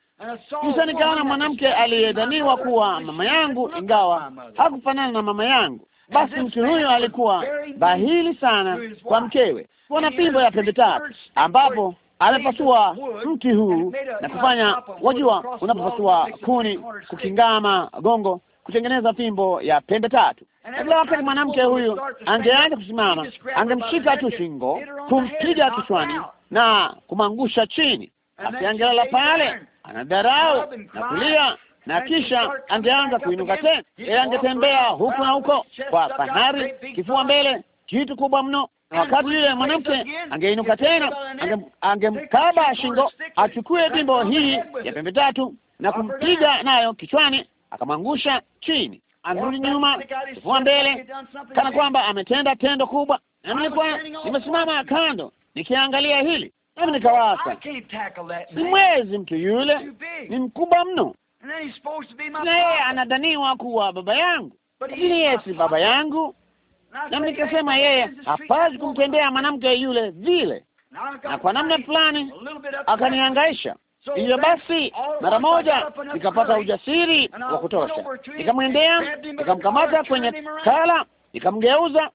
Kisha nikaona mwanamke aliyedhaniwa kuwa mama yangu, ingawa hakufanana na mama yangu. Basi mtu huyo alikuwa bahili sana kwa mkewe, kuna fimbo ya pembe tatu ambapo amepasua mti huu na kufanya, wajua, unapopasua kuni kukingama gongo kutengeneza fimbo ya pembe tatu. Na kila wakati mwanamke huyu angeanza kusimama, angemshika tu shingo, kumpiga kichwani na kumwangusha chini. Asiangelala pale, anadharau na kulia na kisha angeanza kuinuka tena. Yeye angetembea huku na huko kwa fahari, kifua mbele, kitu kubwa mno. Na wakati yule mwanamke angeinuka tena, angemkaba ange shingo, achukue bimbo hii ya pembe tatu na kumpiga nayo kichwani, akamwangusha chini. Anarudi nyuma, kifua mbele, kana kwamba ametenda tendo kubwa. Na nilikuwa nimesimama kando nikiangalia hili, nami nikawaza, simwezi mtu yule, ni mkubwa mno naye anadhaniwa kuwa baba yangu, lakini yeye si baba yangu. Na nikasema yeye hapazi kumtendea mwanamke yule vile, na kwa namna fulani akanihangaisha. Hivyo basi, mara moja nikapata ujasiri wa kutosha, nikamwendea, nikamkamata kwenye kala, nikamgeuza,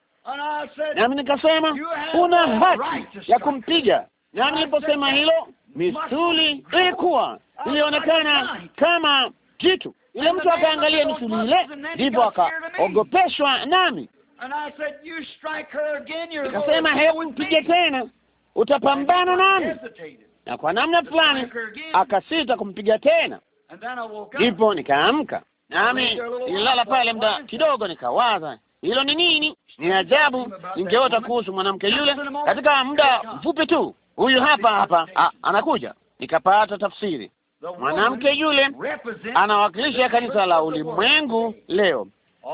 nami nikasema una haki ya kumpiga. Na niliposema hilo, misuli ilikuwa ilionekana kama kitu ile mtu akaangalia ni ile, ndipo akaogopeshwa nami. Akasema, hebu mpige tena, utapambana nami. Na kwa namna fulani akasita kumpiga tena, ndipo nikaamka nami nililala pale muda kidogo, nikawaza hilo ni nini? Ni ajabu, ningeota kuhusu mwanamke yule katika muda mfupi tu. Huyu hapa hapa ha, anakuja. Nikapata tafsiri Mwanamke yule anawakilisha kanisa la ulimwengu leo,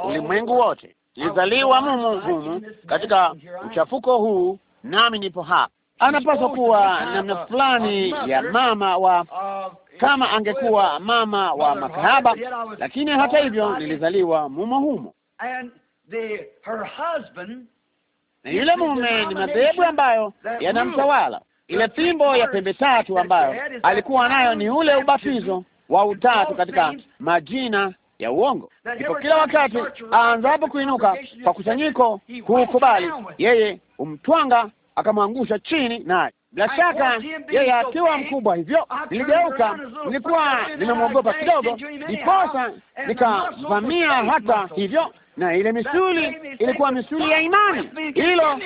ulimwengu wote. Nilizaliwa mumu humu katika mchafuko huu, nami nipo hapa. Anapaswa kuwa namna fulani ya mama wa kama angekuwa mama wa makahaba, lakini hata hivyo nilizaliwa mumo humo. Na yule mume ni madhehebu ambayo yanamtawala ile fimbo ya pembe tatu ambayo alikuwa nayo ni ule ubatizo wa utatu katika majina ya uongo. Ndipo kila wakati aanzapo kuinuka kwa kusanyiko kukubali yeye umtwanga akamwangusha chini, naye bila shaka yeye akiwa mkubwa hivyo. Niligeuka, nilikuwa nimemwogopa kidogo, ndiposa nikavamia hata hivyo, na ile misuli ilikuwa misuli ya imani. Hilo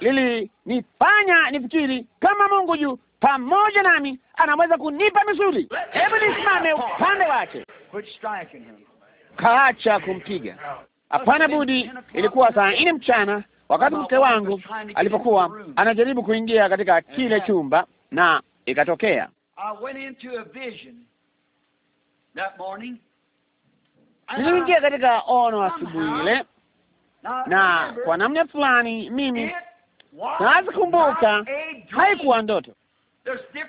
lilinifanya nifikiri kama Mungu juu pamoja nami anaweza kunipa misuli. Hebu nisimame upande wake, kaacha kumpiga. Hapana budi, ilikuwa saa nne mchana wakati mke wangu alipokuwa anajaribu kuingia katika kile chumba, na ikatokea niliingia katika ono asubuhi ile, na kwa namna fulani mimi naweza kumbuka, haikuwa ndoto.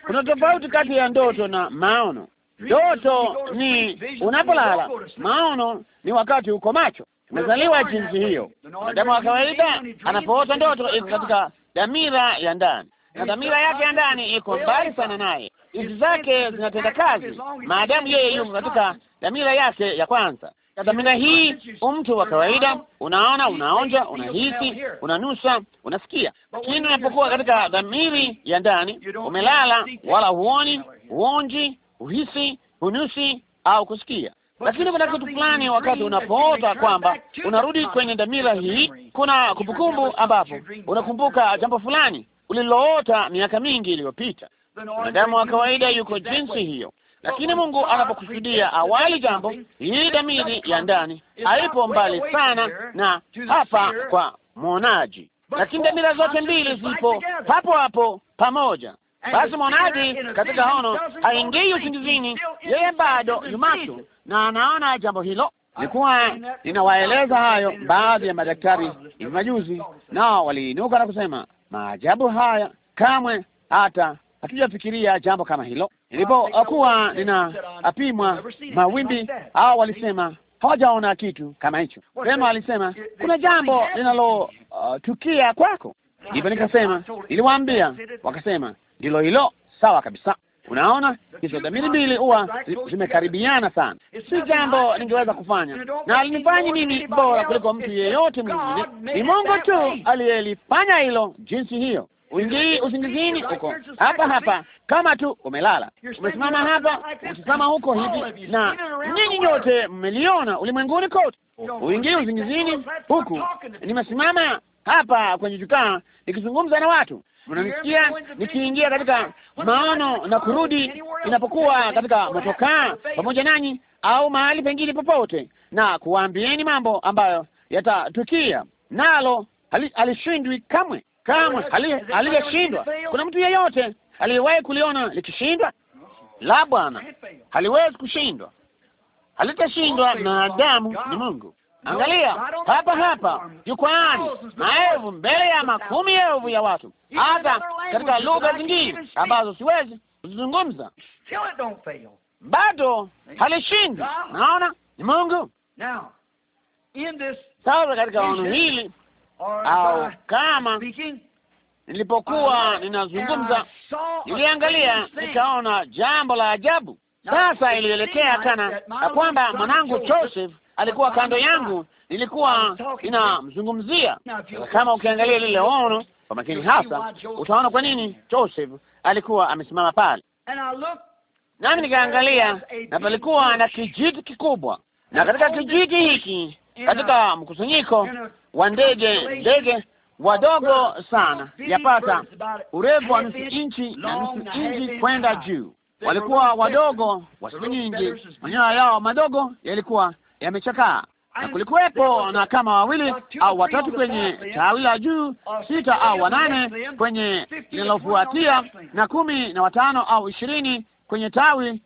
Kuna tofauti kati ya ndoto na maono. Ndoto ni unapolala, maono ni wakati uko macho. Umezaliwa jinsi hiyo. Mwanadamu wa kawaida anapoota ndoto iko katika dhamira ya ndani, na dhamira yake ya ndani iko mbali sana naye jinsi zake zinatenda kazi, maadamu yeye yuko katika dhamira yake ya kwanza. Na dhamira hii umtu wa kawaida unaona, unaonja, unahisi, unanusa, unasikia, lakini unapokuwa katika dhamiri ya ndani, umelala, wala huoni, huonji, huhisi, hunusi au kusikia lakini kuna kitu fulani wakati unapoota kwamba unarudi kwenye dhamira hii. Kuna kumbukumbu ambapo unakumbuka jambo fulani uliloota miaka mingi iliyopita. Binadamu wa kawaida yuko jinsi hiyo, lakini Mungu anapokusudia awali jambo, hii dhamiri ya ndani haipo mbali sana na hapa kwa mwonaji, lakini dhamira zote mbili zipo papo hapo pamoja. Basi mwonaji katika hono haingii usingizini, yeye bado yumacho na anaona jambo hilo. Nilikuwa ninawaeleza hayo baadhi ya madaktari hivi majuzi, nao waliinuka na kusema maajabu haya kamwe hata hatujafikiria jambo kama hilo. Ah, Nilipokuwa nina apimwa mawimbi, hao walisema hawajaona kitu kama hicho. Sema walisema kuna jambo linalotukia uh, kwako. Ndipo ah, nikasema, niliwaambia, wakasema ndilo hilo. Sawa kabisa. Unaona, hizo dhamiri mbili huwa zimekaribiana sana. Si jambo ningeweza kufanya na alinifanyi mimi bora kuliko mtu yeyote mwingine. Ni Mungu tu aliyelifanya hilo jinsi hiyo uingii usingizini huko hapa hapa, kama tu umelala. Umesimama hapa ukitazama huko hivi, na nyinyi nyote mmeliona ulimwenguni kote. Uingii usingizini huku, nimesimama hapa kwenye jukwaa nikizungumza na watu, mnanisikia nikiingia katika maono na kurudi, inapokuwa katika motokaa pamoja nanyi au mahali pengine popote, na kuwaambieni mambo ambayo yatatukia, nalo halishindwi kamwe kamwe halijashindwa. Kuna mtu yeyote aliyewahi kuliona likishindwa? La, Bwana, haliwezi kushindwa, halitashindwa na Adamu ni Mungu. Angalia hapa hapa jukwaani, maelfu mbele ya makumi elfu ya watu, hata katika lugha zingine ambazo siwezi kuzizungumza, bado halishindwi. Naona ni Mungu. Sasa katika ono hili au kama nilipokuwa ninazungumza, niliangalia nikaona jambo la ajabu. Sasa ilielekea kana ya kwamba mwanangu Joseph alikuwa kando yangu, nilikuwa ninamzungumzia. Kama ukiangalia lile ono kwa makini hasa, utaona kwa nini Joseph alikuwa amesimama pale. Nami nikaangalia na palikuwa na kijiti kikubwa, na katika kijiti hiki, katika mkusanyiko wa ndege ndege wadogo sana, yapata urefu wa nusu inchi na nusu inchi kwenda juu. Walikuwa wadogo wa siku nyingi, manyoya yao madogo yalikuwa yamechakaa, na kulikuwepo na kama wawili au watatu kwenye tawi la juu, sita au wanane kwenye linalofuatia, na kumi na watano au ishirini kwenye tawi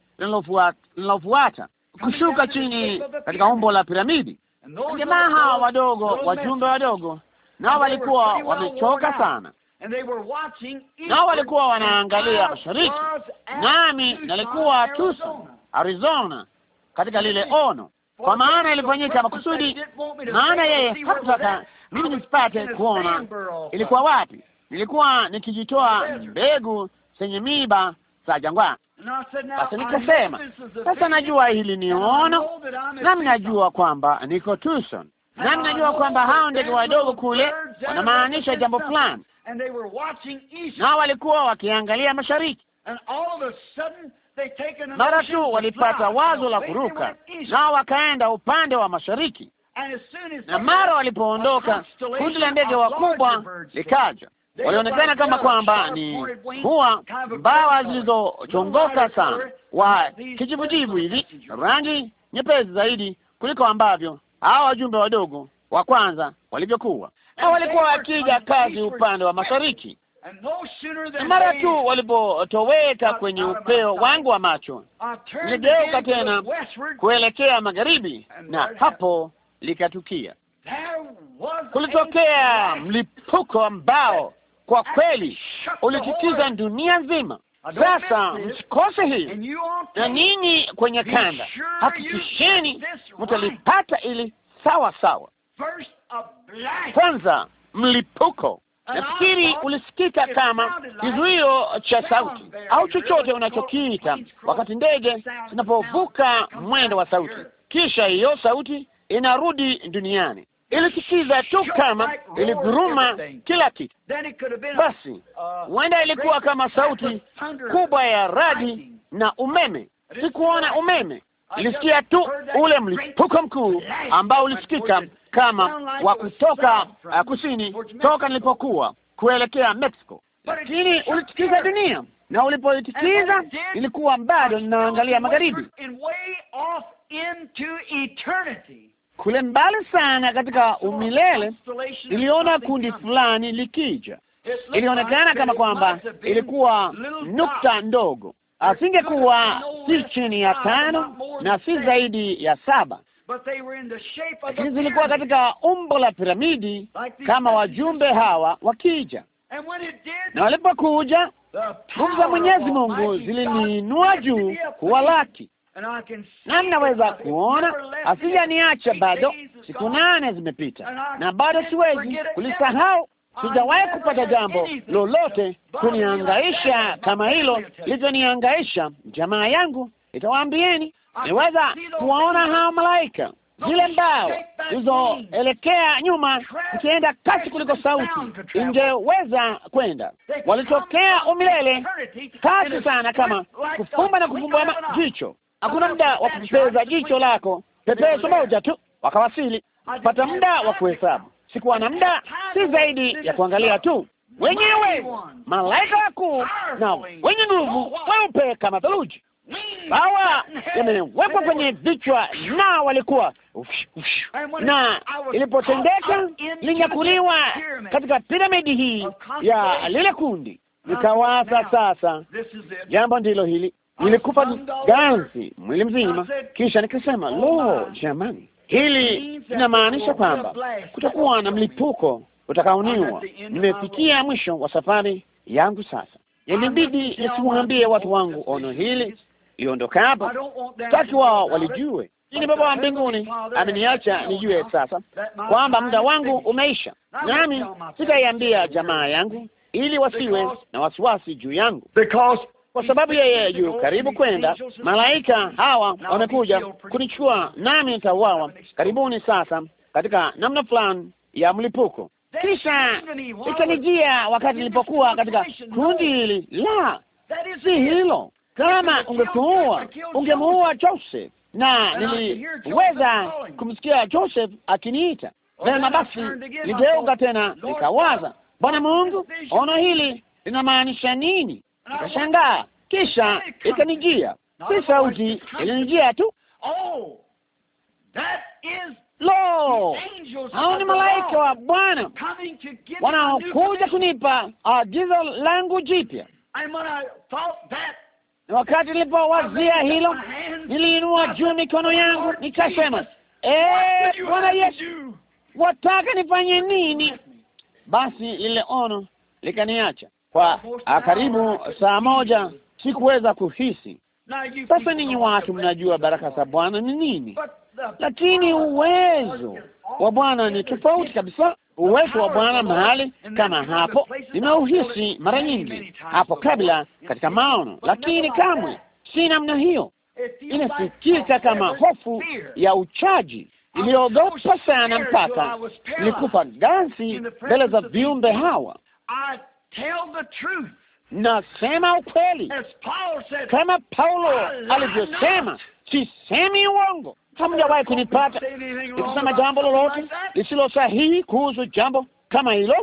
linalofuata, kushuka chini katika umbo la piramidi. Jamaa hawa wadogo, wajumbe wadogo, nao walikuwa wamechoka sana, nao walikuwa wanaangalia mashariki, nami nalikuwa Tucson, Arizona, katika lile ono, kwa maana ilifanyika makusudi, maana yeye hakutaka mimi nisipate kuona ilikuwa wapi. Nilikuwa nikijitoa mbegu zenye miba za jangwani. Basi nikasema sasa, najua hili ni ono, nami najua kwamba niko Tucson, nami najua kwamba hao ndege wadogo kule wanamaanisha jambo fulani, na walikuwa wakiangalia mashariki. Mara tu walipata wazo la kuruka, nao wakaenda upande wa mashariki, na mara walipoondoka, kundi la ndege wakubwa likaja walionekana kama kwamba ni huwa mbawa zilizochongoka sana wa kijivujivu hivi, rangi nyepesi zaidi kuliko ambavyo hawa wajumbe wadogo wa kwanza walivyokuwa, na walikuwa wakija kazi upande wa mashariki. Mara tu walipotoweka kwenye upeo wangu wa macho, uh, niligeuka tena kuelekea magharibi, na hapo likatukia, kulitokea mlipuko ambao kwa kweli ulitikisa dunia nzima. Sasa msikose hili, na ninyi kwenye kanda, hakikisheni mtalipata ili sawa sawa. Kwanza mlipuko, nafikiri ulisikika kama kizuio cha sauti au chochote unachokiita wakati ndege zinapovuka mwendo wa sauti, kisha hiyo sauti inarudi duniani ilisikiza tu kama iliguruma kila kitu. Basi uh, huenda ilikuwa kama sauti kubwa ya radi na umeme. Sikuona umeme, ilisikia tu ule mlipuko mkuu ambao ulisikika kama wa kutoka uh, kusini toka nilipokuwa kuelekea Mexico, lakini ulitikiza dunia, na ulipoitikiza ilikuwa bado ninaangalia magharibi kule mbali sana katika umilele, iliona kundi fulani likija. Ilionekana kama kwamba ilikuwa nukta ndogo, asingekuwa si chini ya tano na si zaidi ya saba, lakini zilikuwa katika umbo la piramidi, kama wajumbe hawa wakija. Na walipokuja, nguvu za Mwenyezi Mungu ziliniinua juu kuwalaki na mnaweza kuona asijaniacha bado. Siku nane zimepita na bado siwezi kulisahau. Sijawahi kupata jambo lolote kuniangaisha kama hilo lilivyonihangaisha jamaa yangu. Itawaambieni, niweza kuwaona hao malaika, zile mbao zilizoelekea nyuma zikienda kasi kuliko sauti ingeweza kwenda. Walitokea umilele kasi sana, kama kufumba na kufumbua jicho hakuna muda wa kupepeza jicho lako, pepezo moja tu. Wakawasili pata muda wa kuhesabu. Sikuwa na muda, si zaidi ya kuangalia tu wenyewe, malaika wakuu na wenye nguvu, weupe kama theluji, bawa yamewekwa kwenye vichwa, na walikuwa Na ilipotendeka linyakuliwa katika piramidi hii ya lile kundi, nikawaza sasa, jambo ndilo hili nilikufa ganzi mwili mzima, kisha nikasema, oh, lo, jamani, hili linamaanisha kwamba kutakuwa na mlipuko utakaoniwa. Nimefikia mwisho wa safari yangu sasa. ilibidi nisimwambie watu wangu ono hili liondoka hapa, taki wao walijue ini Baba wa mbinguni ameniacha nijue sasa kwamba muda wangu umeisha, nami sitaiambia jamaa yangu ili wasiwe na wasiwasi juu yangu, because kwa sababu yeye yu karibu kwenda. Malaika hawa wamekuja kunichukua, nami nitauawa karibuni sasa, katika namna fulani ya mlipuko. Kisha ikanijia wakati nilipokuwa katika kundi hili la, si hilo. Kama ungetuua ungemuua Joseph, na niliweza kumsikia Joseph akiniita oh, vema. Basi nigeuka tena nikawaza, Bwana Mungu, ono hili linamaanisha nini? Nikashangaa, kisha ikanijia, si sauti, ilinijia tu oh, Lo, hao ni malaika wa Bwana wanaokuja kunipa agizo langu jipya. ni wakati nilipowazia hilo, niliinua juu mikono yangu nikasema, eh, Bwana Yesu, wataka nifanye nini? Basi ile ono likaniacha kwa ah, karibu saa moja sikuweza kuhisi. Sasa ninyi watu mnajua baraka za Bwana ni nini, lakini uwezo wa Bwana ni tofauti kabisa. Uwezo wa Bwana mahali kama hapo nimeuhisi mara nyingi hapo kabla katika maono, lakini kamwe si namna hiyo. Inasikika kama hofu ya uchaji iliyoogopa sana, mpaka nilikufa ganzi mbele za viumbe hawa. Tell the truth. Nasema ukweli kama Paulo alivyosema, sisemi uongo. Hamjawahi kunipata nikisema jambo lolote lisilo sahihi kuhusu jambo kama hilo.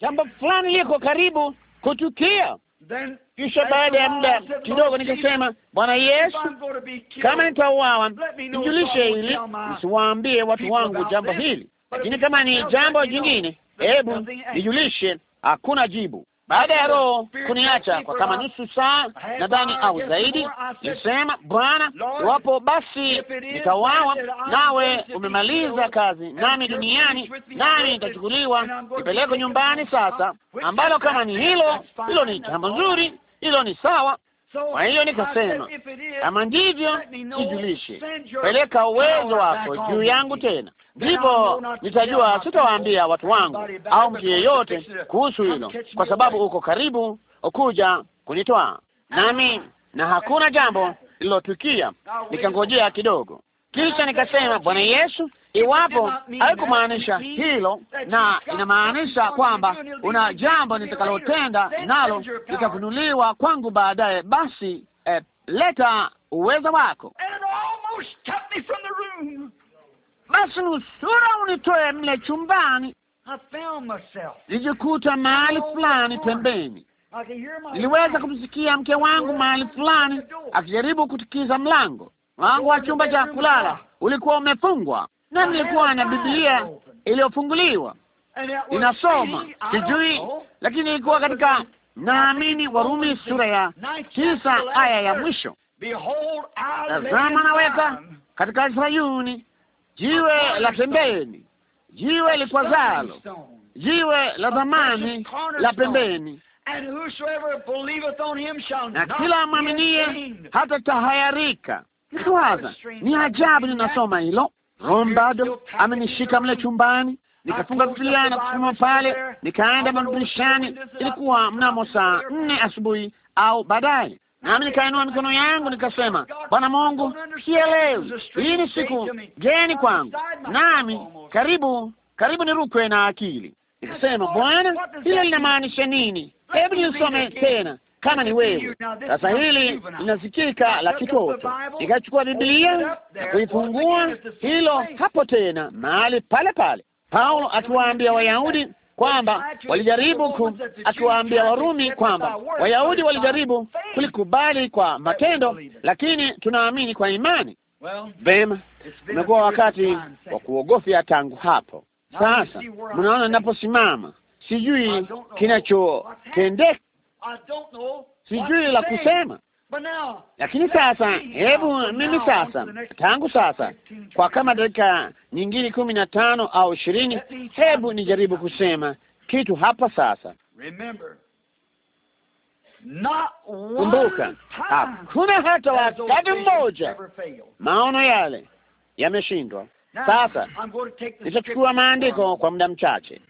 Jambo fulani liko karibu kutukia. Kisha baada ya muda kidogo nikasema, Bwana Yesu, kama nitauawa, nijulishe hili, nisiwaambie watu wangu jambo hili, lakini kama ni jambo jingine hebu nijulishe. Hakuna jibu. Baada ya Roho kuniacha kwa kama nusu saa nadhani au zaidi, nisema Bwana, iwapo basi nitawawa nawe umemaliza kazi nami duniani, nami nitachukuliwa nipelekwe nyumbani sasa, ambalo kama ni hilo hilo ni jambo nzuri, hilo ni sawa, kwa hiyo nikasema, kama ndivyo, sijulishe, peleka uwezo wako juu yangu tena, ndipo nitajua. Sitawaambia watu wangu au mtu yeyote kuhusu hilo, kwa sababu uko karibu ukuja kunitwaa nami, na hakuna jambo lililotukia. Nikangojea kidogo, kisha nikasema, Bwana Yesu, iwapo haikumaanisha hilo, na inamaanisha kwamba una jambo nitakalotenda nalo litafunuliwa kwangu baadaye, basi eh, leta uweza wako basi nusura unitoe mle chumbani. Nijikuta mahali fulani pembeni, niliweza kumsikia mke wangu mahali fulani akijaribu kutikiza mlango. Mlango wa chumba cha kulala ulikuwa umefungwa na nilikuwa na Biblia iliyofunguliwa inasoma, sijui lakini ilikuwa katika, naamini Warumi sura ya tisa aya ya mwisho, tazama naweka katika Sayuni jiwe la pembeni, jiwe likwazalo, jiwe la dhamani la pembeni na kila mwaminie hata tahayarika. Nikawaza, ni ajabu, ninasoma hilo Roho bado amenishika mle chumbani, nikafunga Biblia na kusimama pale, nikaenda madirishani. Ilikuwa mnamo saa nne asubuhi au baadaye, nami nikainua mikono yangu nikasema, Bwana Mungu, sielewi, hii ni siku geni kwangu, nami karibu karibu nirukwe na akili. Nikasema, Bwana, hilo linamaanisha nini? Hebu nilisome tena kama ni wewe. Sasa hili linasikika la kitoto. Nikachukua Biblia na kuifungua, hilo hapo tena, mahali pale pale, Paulo akiwaambia Wayahudi kwamba walijaribu ku, akiwaambia Warumi kwamba Wayahudi walijaribu kulikubali kwa matendo, lakini tunaamini kwa imani. Vema, umekuwa wakati wa kuogofya tangu hapo. Sasa mnaona, ninaposimama sijui kinachotendeka sijui la kusema. Lakini sasa, hebu mimi sasa, tangu sasa kwa kama dakika nyingine kumi na tano au ishirini, hebu nijaribu kusema kitu hapa sasa. Kumbuka, hakuna hata wakati mmoja maono yale yameshindwa. Sasa nitachukua maandiko kwa muda mchache,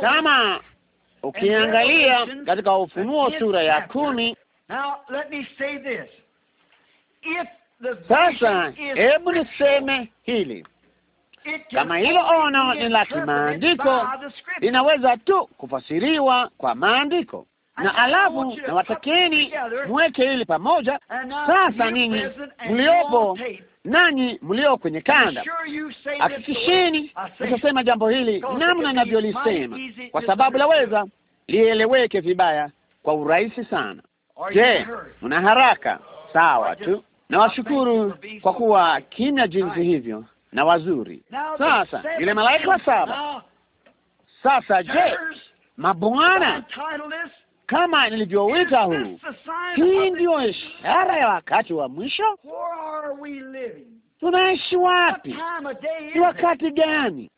kama Ukiangalia katika Ufunuo sura ya kumi. Sasa hebu niseme hili, kama hilo ono ni la kimaandiko, linaweza tu kufasiriwa kwa maandiko na alafu na watakeni mweke hili pamoja. Sasa ninyi mliopo nanyi mlio kwenye kanda, hakikisheni utasema jambo hili namna ninavyolisema, kwa sababu laweza lieleweke vibaya kwa urahisi sana. Je, mna haraka? Sawa tu. Nawashukuru kwa kuwa kimya jinsi hivyo na wazuri. Sasa yule malaika wa saba sasa, je mabwana kama nilivyowita huu. Hii ndiyo ishara ya wakati wa mwisho. Tunaishi wapi? Ni wakati gani?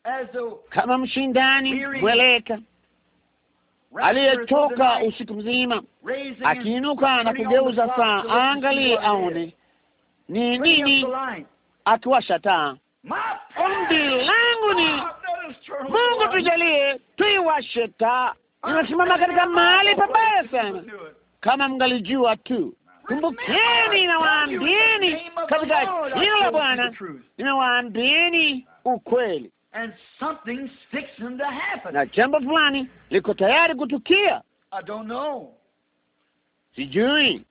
Kama mshindani mweleka aliyetoka usiku mzima akiinuka na kugeuza saa, angalie aone ni nini, akiwasha taa. Ombi langu ni Mungu, tujalie tuiwashe taa inasimama katika mahali pabaya sana, kama mngalijua tu. Kumbukeni, nawaambieni katika jina la Bwana, ninawaambieni ukweli, na jambo fulani liko tayari kutukia. Sijui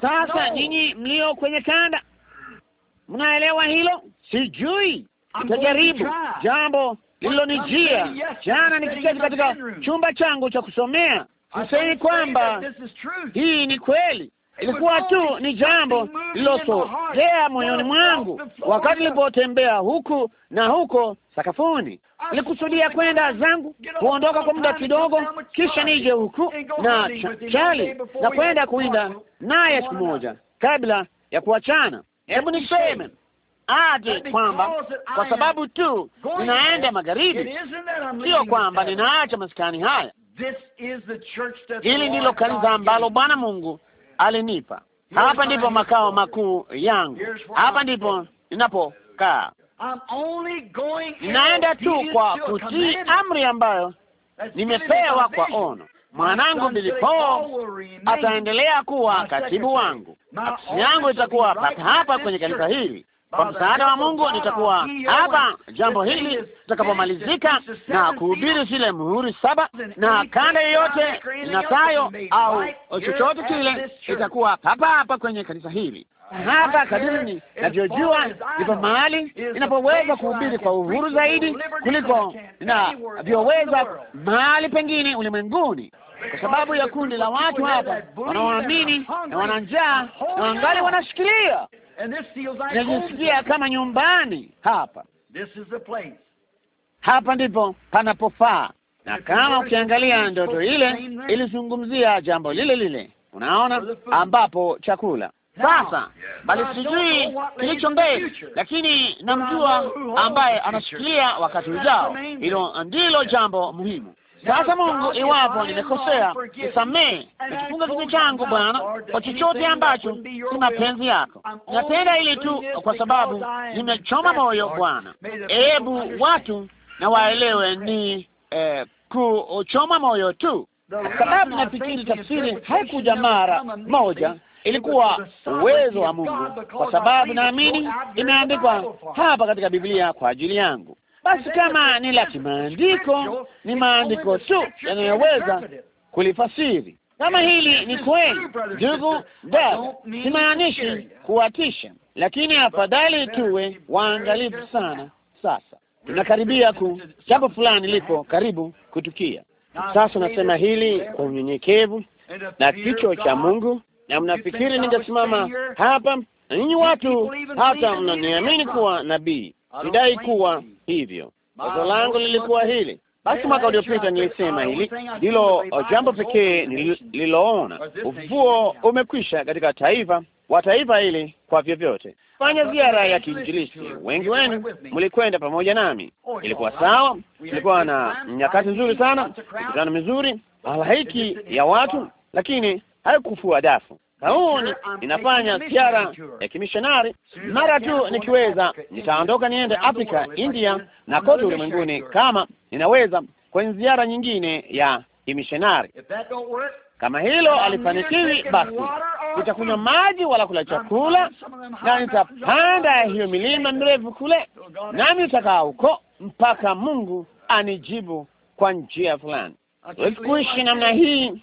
sasa, nyinyi mlio kwenye kanda, mnaelewa hilo? Sijui, tajaribu jambo lililonijia jana nikiketi katika chumba changu cha kusomea. Kusema kwamba hii ni kweli, ilikuwa tu ni jambo lililotokea moyoni mwangu wakati nilipotembea huku na huko sakafuni. Nilikusudia kwenda zangu kuondoka kwa muda kidogo, kisha nije huku na chali na kwenda kuinda naye siku moja kabla ya kuachana. Hebu niseme aje kwamba kwa sababu tu ninaenda magharibi, sio kwamba ninaacha maskani haya. Hili ndilo kanisa ambalo Bwana Mungu alinipa. Hapa ndipo makao makuu yangu, hapa ndipo ninapokaa. Ninaenda tu kwa kutii amri ambayo nimepewa kwa ono. Mwanangu Bilipo ataendelea kuwa katibu wangu, afisi yangu itakuwa papa hapa kwenye kanisa hili. Kwa msaada wa Mungu nitakuwa hapa jambo hili litakapomalizika na kuhubiri zile muhuri saba, na kanda yoyote inatayo au chochote kile itakuwa hapa hapa kwenye kanisa hili hapa. Kadiri ninavyojua, ndipo mahali inapoweza kuhubiri kwa uhuru zaidi kuliko inavyoweza mahali pengine ulimwenguni kwa sababu ya kundi la watu hapa wanaoamini na wananjaa na wangali wanashikilia najisikia kama nyumbani hapa. Hapa ndipo panapofaa. Na kama ukiangalia ndoto ile ilizungumzia jambo lile lile, unaona, ambapo chakula sasa bali sijui kilicho mbele, lakini namjua ambaye anashikilia wakati ujao. Hilo ndilo jambo muhimu. Sasa Mungu, iwapo nimekosea, nisamehe, nikifunga kinywa changu Bwana kwa chochote ambacho si mapenzi yako. Napenda ili tu kwa sababu nimechoma moyo Bwana. Hebu watu na waelewe ni eh, kuchoma moyo tu, sababu nafikiri tafsiri haikuja mara moja ilikuwa uwezo wa Mungu, kwa sababu naamini imeandikwa hapa katika Biblia kwa ajili yangu. Basi kama ni la kimaandiko, ni maandiko tu yanayoweza kulifasiri. Kama hili ni kweli, ndugu dada, simaanishi kuwatisha, lakini afadhali tuwe waangalifu sana. Sasa tunakaribia ku jambo fulani liko karibu kutukia. Sasa nasema hili kwa unyenyekevu na kicho cha Mungu, na mnafikiri ningesimama hapa na ninyi watu hata mnaniamini kuwa nabii Sidai kuwa hivyo. Wazo langu lilikuwa hili. Basi mwaka uliopita nilisema hili ndilo jambo pekee nililoona, ufufuo umekwisha katika taifa wa taifa hili kwa vyovyote. Fanya ziara ya kiinjilisti. Wengi wenu mlikwenda pamoja nami, ilikuwa sawa. Ilikuwa na nyakati nzuri sana, mikutano mizuri, halaiki ya watu, lakini haikufua dafu. Sauni, inafanya ziara ya kimishonari. Mara tu nikiweza, nitaondoka niende Afrika, India na kote ulimwenguni kama ninaweza, kwenye ziara nyingine ya kimishonari. Kama hilo alifanikiwi, basi nitakunywa maji wala kula chakula, na nitapanda hiyo milima mirefu kule, nami nitakaa huko mpaka Mungu anijibu kwa njia fulani. Wezi kuishi namna hii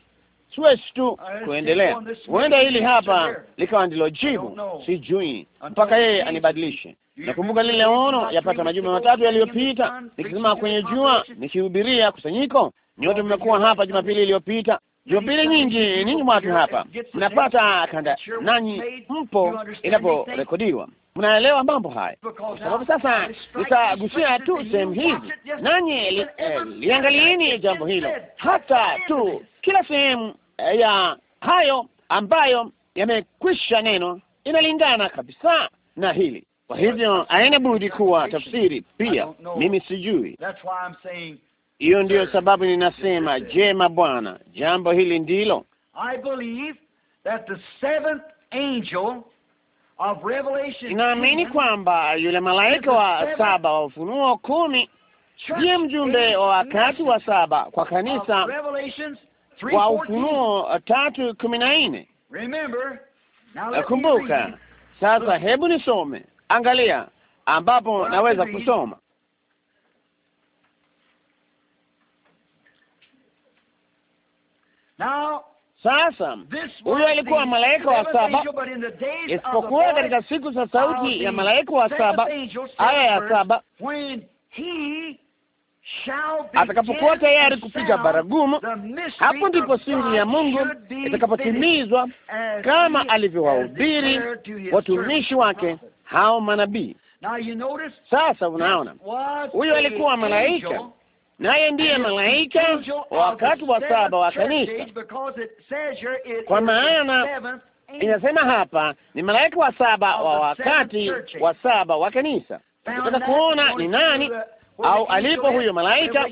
siwezi tu kuendelea. Huenda hili hapa likawa ndilo jibu, sijui mpaka yeye anibadilishe. Nakumbuka lile ono yapata majuma matatu yaliyopita, nikisimama kwenye jua nikihubiria kusanyiko. Nyote mmekuwa hapa Jumapili iliyopita, Jumapili nyingi. Ninyi watu hapa mnapata kanda, nanyi mpo inaporekodiwa mnaelewa mambo haya, kwa sababu sasa nitagusia tu sehemu hizi, nanyi eh, liangalieni jambo hilo hata tu kila sehemu eh, ya hayo ambayo yamekwisha neno inalingana kabisa na hili. Kwa hivyo haina budi kuwa tafsiri pia. Mimi sijui. Hiyo ndiyo sababu ninasema, jema Bwana, jambo hili ndilo inaamini kwamba yule malaika wa saba wa Ufunuo kumi ndiye mjumbe wa wakati wa saba kwa kanisa wa Ufunuo tatu kumi na nne. Kumbuka sasa, hebu nisome, angalia ambapo naweza kusoma Now, sasa huyo alikuwa malaika wa saba, isipokuwa katika siku za sauti ya malaika wa saba, aya ya saba, atakapokuwa tayari kupiga baragumu, hapo ndipo siri ya Mungu itakapotimizwa kama alivyowahubiri watumishi wake hao manabii. Sasa unaona, huyo alikuwa malaika naye ndiye malaika wakati wa saba wa kanisa, kwa maana inasema hapa ni malaika wa saba wa wakati wa saba wa kanisa. Nataka kuona ni nani au alipo huyo malaika.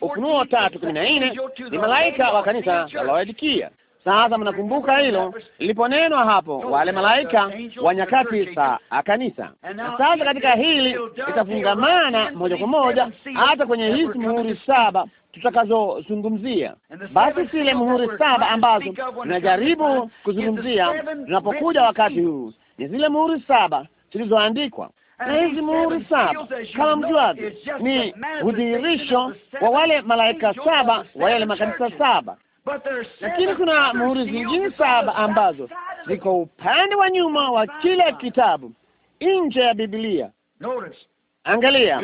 Ufunuo tatu kumi na nne ni malaika wa kanisa la Laodikia. Sasa mnakumbuka hilo liliponenwa hapo, wale malaika wa nyakati za kanisa. Na sasa katika hili itafungamana moja kwa moja hata kwenye hizi muhuri saba tutakazozungumzia. Basi zile muhuri saba ambazo tunajaribu kuzungumzia tunapokuja wakati huu ni zile muhuri saba zilizoandikwa na hizi muhuri saba kama mjuavyo, ni udhihirisho wa wale malaika saba wa yale makanisa saba, lakini kuna muhuri zingine saba ambazo ziko upande wa nyuma wa kila kitabu nje ya Biblia. Angalia,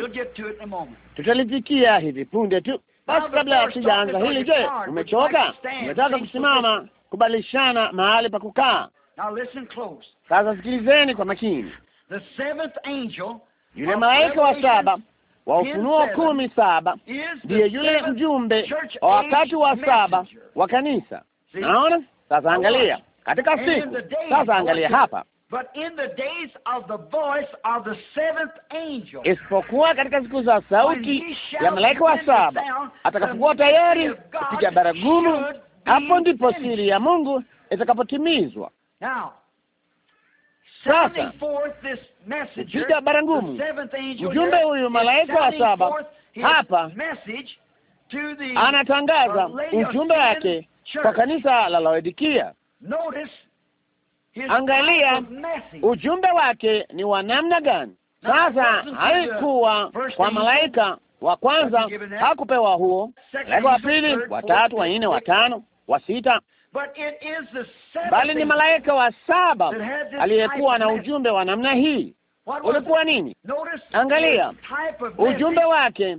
tutalifikia hivi punde tu. Basi kabla ya kuanza hili, je, umechoka? Umetaka kusimama kubadilishana mahali pa kukaa? Sasa sikilizeni kwa makini. Yule malaika wa saba wa Ufunuo kumi saba ndiye yule mjumbe wa wakati wa saba wa kanisa. Naona sasa, angalia katika siku sasa, angalia hapa isipokuwa katika siku za sauti ya malaika wa saba atakapokuwa tayari kupiga baragumu, hapo ndipo siri ya Mungu itakapotimizwa. Sasa bara ngumu, mjumbe huyu, malaika wa saba hapa anatangaza ujumbe wake kwa kanisa la Laodikia. Angalia ujumbe wake ni wa namna gani? Sasa haikuwa kwa malaika wa kwanza, hakupewa huo, malaika wa pili, wa tatu, wa nne, wa tano, wa sita bali ni malaika wa saba aliyekuwa na ujumbe wa namna hii. Ulikuwa nini? Angalia ujumbe wake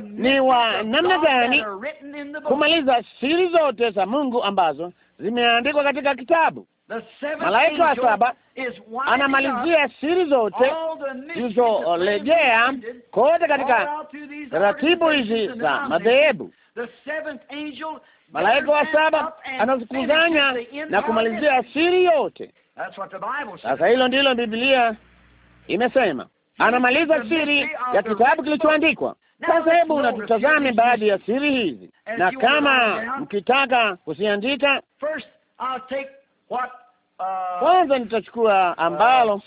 ni wa namna gani, kumaliza siri zote za Mungu ambazo zimeandikwa katika kitabu. Malaika wa saba anamalizia siri zote zilizolegea kote katika taratibu hizi za madhehebu. Malaika wa saba anazikusanya na kumalizia asiri yote. Sasa hilo ndilo Biblia imesema, anamaliza siri ya kitabu kilichoandikwa. Sasa hebu natutazame baadhi ya siri hizi, na kama mkitaka kuziandika, kwanza nitachukua ambalo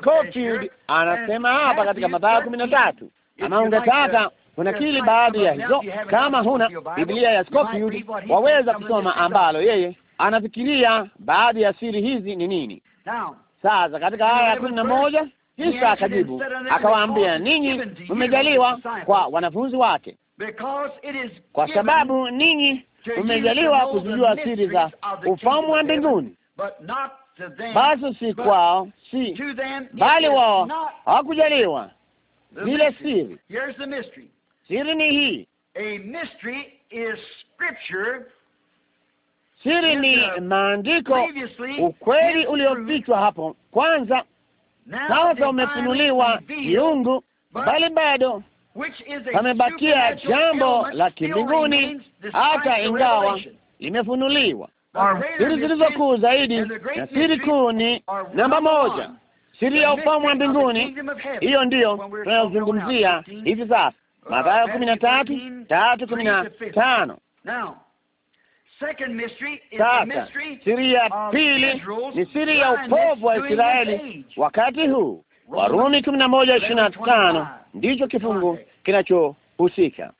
Scofield anasema hapa katika mabaya kumi na tatu. Kama ungetaka kili baadhi ya hizo. Kama huna Biblia ya Scofield, waweza kusoma ambalo yeye anafikiria baadhi ya siri hizi ni nini. Sasa katika aya ya kumi na moja kisha akajibu akawaambia, ninyi mmejaliwa kwa wanafunzi wake, kwa sababu ninyi mmejaliwa kuzijua siri za ufalme wa mbinguni, basi si kwao, si bali wao hawakujaliwa zile siri. Siri ni hii. A mystery is scripture. Siri ni maandiko, ukweli uliofichwa hapo kwanza, sasa umefunuliwa kiungu, bali bado pamebakia jambo la kimbinguni, hata ingawa limefunuliwa. Siri zilizokuu zaidi na siri kuu ni namba moja, siri ya ufalme wa mbinguni. Hiyo ndiyo tunayozungumzia hivi sasa. Mathayo kumi na tatu tatu kumi na tano. Sasa siri ya pili ni siri ya upovu wa Israeli wakati huu. Warumi kumi na moja ishirini na tano ndicho kifungu kinachohusika.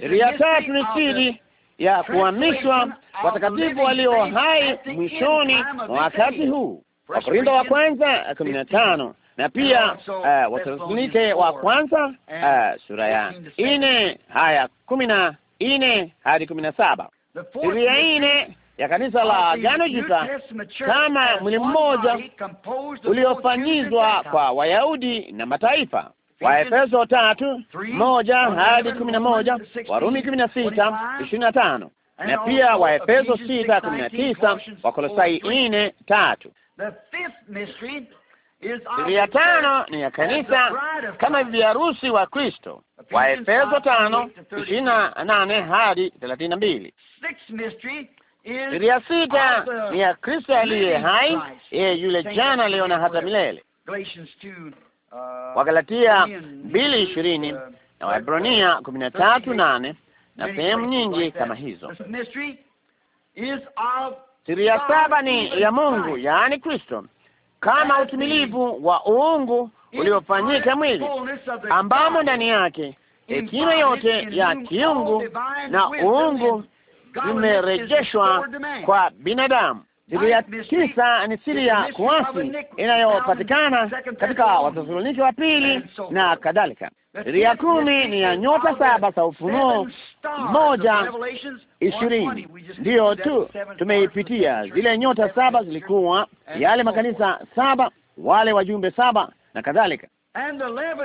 Siri ya tatu ni siri ya kuhamishwa watakatifu walio hai mwishoni mwa wakati huu. Wakorintho wa kwanza kumi na tano na pia uh, Wathesalonike wa kwanza uh, sura ya nne haya kumi na nne hadi kumi na saba ya nne ya kanisa la Agano Jipya kama mwili mmoja uliofanyizwa kwa Wayahudi na mataifa Waefeso tatu moja hadi kumi na moja Warumi kumi na sita ishirini na tano na pia Waefeso sita kumi na tisa Wakolosai nne tatu Biblia ya tano ni ya kanisa kama bibi harusi wa Kristo, wa Efeso tano ishirini na nane hadi thelathini na mbili. Biblia sita ni ya Kristo aliye hai, yeye yule jana, leo na hata milele. Uh, Wagalatia mbili ishirini uh, na Waebrania kumi na tatu nane na sehemu nyingi kama hizo. Siri ya saba ni ya Mungu, yaani Kristo kama utimilivu wa uungu uliofanyika mwili, ambamo ndani yake hekima yote ya kiungu na uungu zimerejeshwa kwa binadamu. Siku ya tisa ni siri ya kuasi inayopatikana katika Wathesalonike wa pili na kadhalika. Siri ya kumi ni ya nyota saba za Ufunuo moja ishirini. Ndiyo tu tumeipitia zile nyota saba, zilikuwa yale makanisa saba, wale wajumbe saba na kadhalika.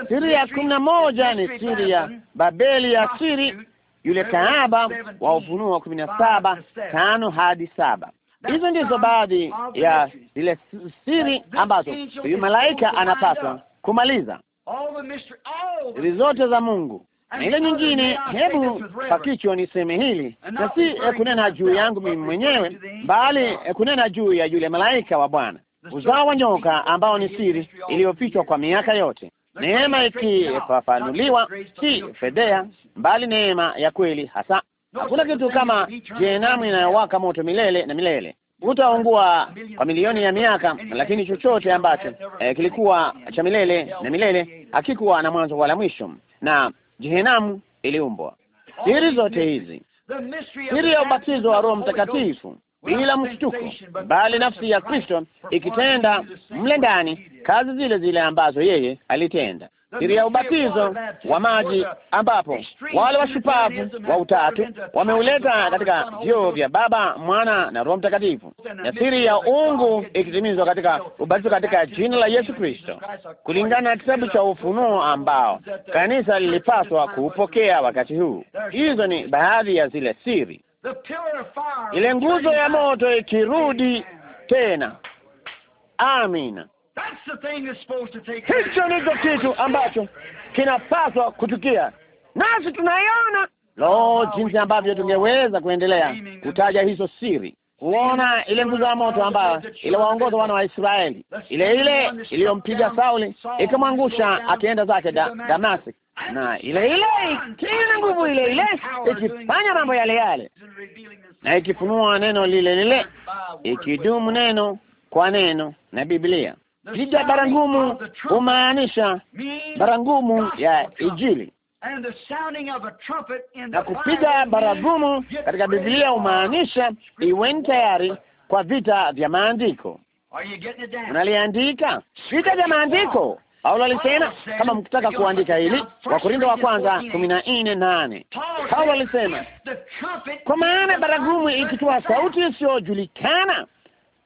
Siri ya kumi na moja ni siri ya Babeli ya siri, yule kaaba wa Ufunuo kumi na saba tano hadi saba. Hizo ndizo baadhi ya zile siri ambazo huyu malaika anapaswa kumaliza, siri zote za Mungu na ile nyingine. Hebu ni niseme hili, na si kunena juu yangu mimi mwenyewe, bali kunena juu ya yule malaika wa Bwana, uzao wa nyoka, ambao ni siri iliyofichwa kwa miaka yote, neema ikifafanuliwa, si fedhea, bali neema ya kweli hasa Hakuna kitu kama jehanamu inayowaka moto milele na milele, utaungua kwa milioni ya miaka, lakini chochote ambacho eh, kilikuwa cha milele na milele hakikuwa na mwanzo wala mwisho, na jehanamu iliumbwa. Siri zote hizi, siri ya ubatizo wa Roho Mtakatifu bila mshtuko, bali nafsi ya Kristo ikitenda mle ndani kazi zile zile ambazo yeye alitenda siri ya ubatizo wa maji, ambapo wale washupavu wa utatu wameuleta katika vyuo vya Baba, Mwana na Roho Mtakatifu, na siri ya uungu ikitimizwa katika ubatizo katika jina la Yesu Kristo, kulingana na kitabu cha Ufunuo ambao kanisa lilipaswa kuupokea wakati huu. Hizo ni baadhi ya zile siri. Ile nguzo ya moto ikirudi tena, amina. Hicho ndicho kitu ambacho kinapaswa kutukia, nasi tunaiona. Lo, jinsi ambavyo tungeweza kuendelea kutaja hizo siri, kuona ile nguzo ya moto ambayo iliwaongoza wana wa Israeli, ile ile iliyompiga Sauli ikamwangusha akienda zake da, Damascus, na ile ile ikina nguvu ile ile ikifanya mambo yale yale na ikifunua neno lile lile, ikidumu neno kwa neno na Biblia Shida barangumu humaanisha barangumu ya Injili, na kupiga baragumu katika Biblia humaanisha iweni tayari kwa vita vya maandiko. Unaliandika vita vya maandiko? Paulo alisema kama mkitaka kuandika hili, Wakorintho wa kwanza kumi na nne nane Paulo alisema, kwa maana baragumu ikitoa sauti isiyojulikana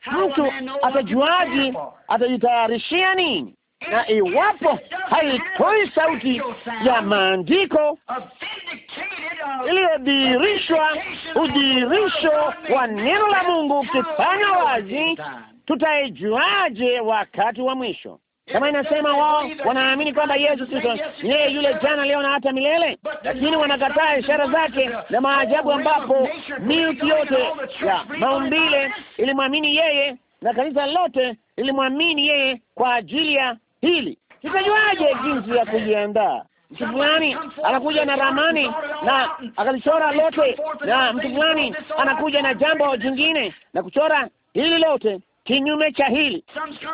mtu atajuaje, atajitayarishia nini? Na iwapo haitoi sauti ya maandiko uh, iliyodhihirishwa, udhihirisho wa neno la Mungu ukifanywa wazi, tutaijuaje wakati wa mwisho? Kama inasema wao wanaamini kwamba Yesu Kristo ni yeye yule jana, leo na hata milele, lakini wanakataa ishara zake na maajabu, ambapo milki yote ya maumbile ilimwamini yeye na kanisa lote ilimwamini yeye kwa ajili ya hili. Tutajuaje jinsi ya kujiandaa? Mtu fulani anakuja na ramani na akalichora lote, na mtu fulani anakuja na jambo jingine na kuchora hili lote kinyume cha hili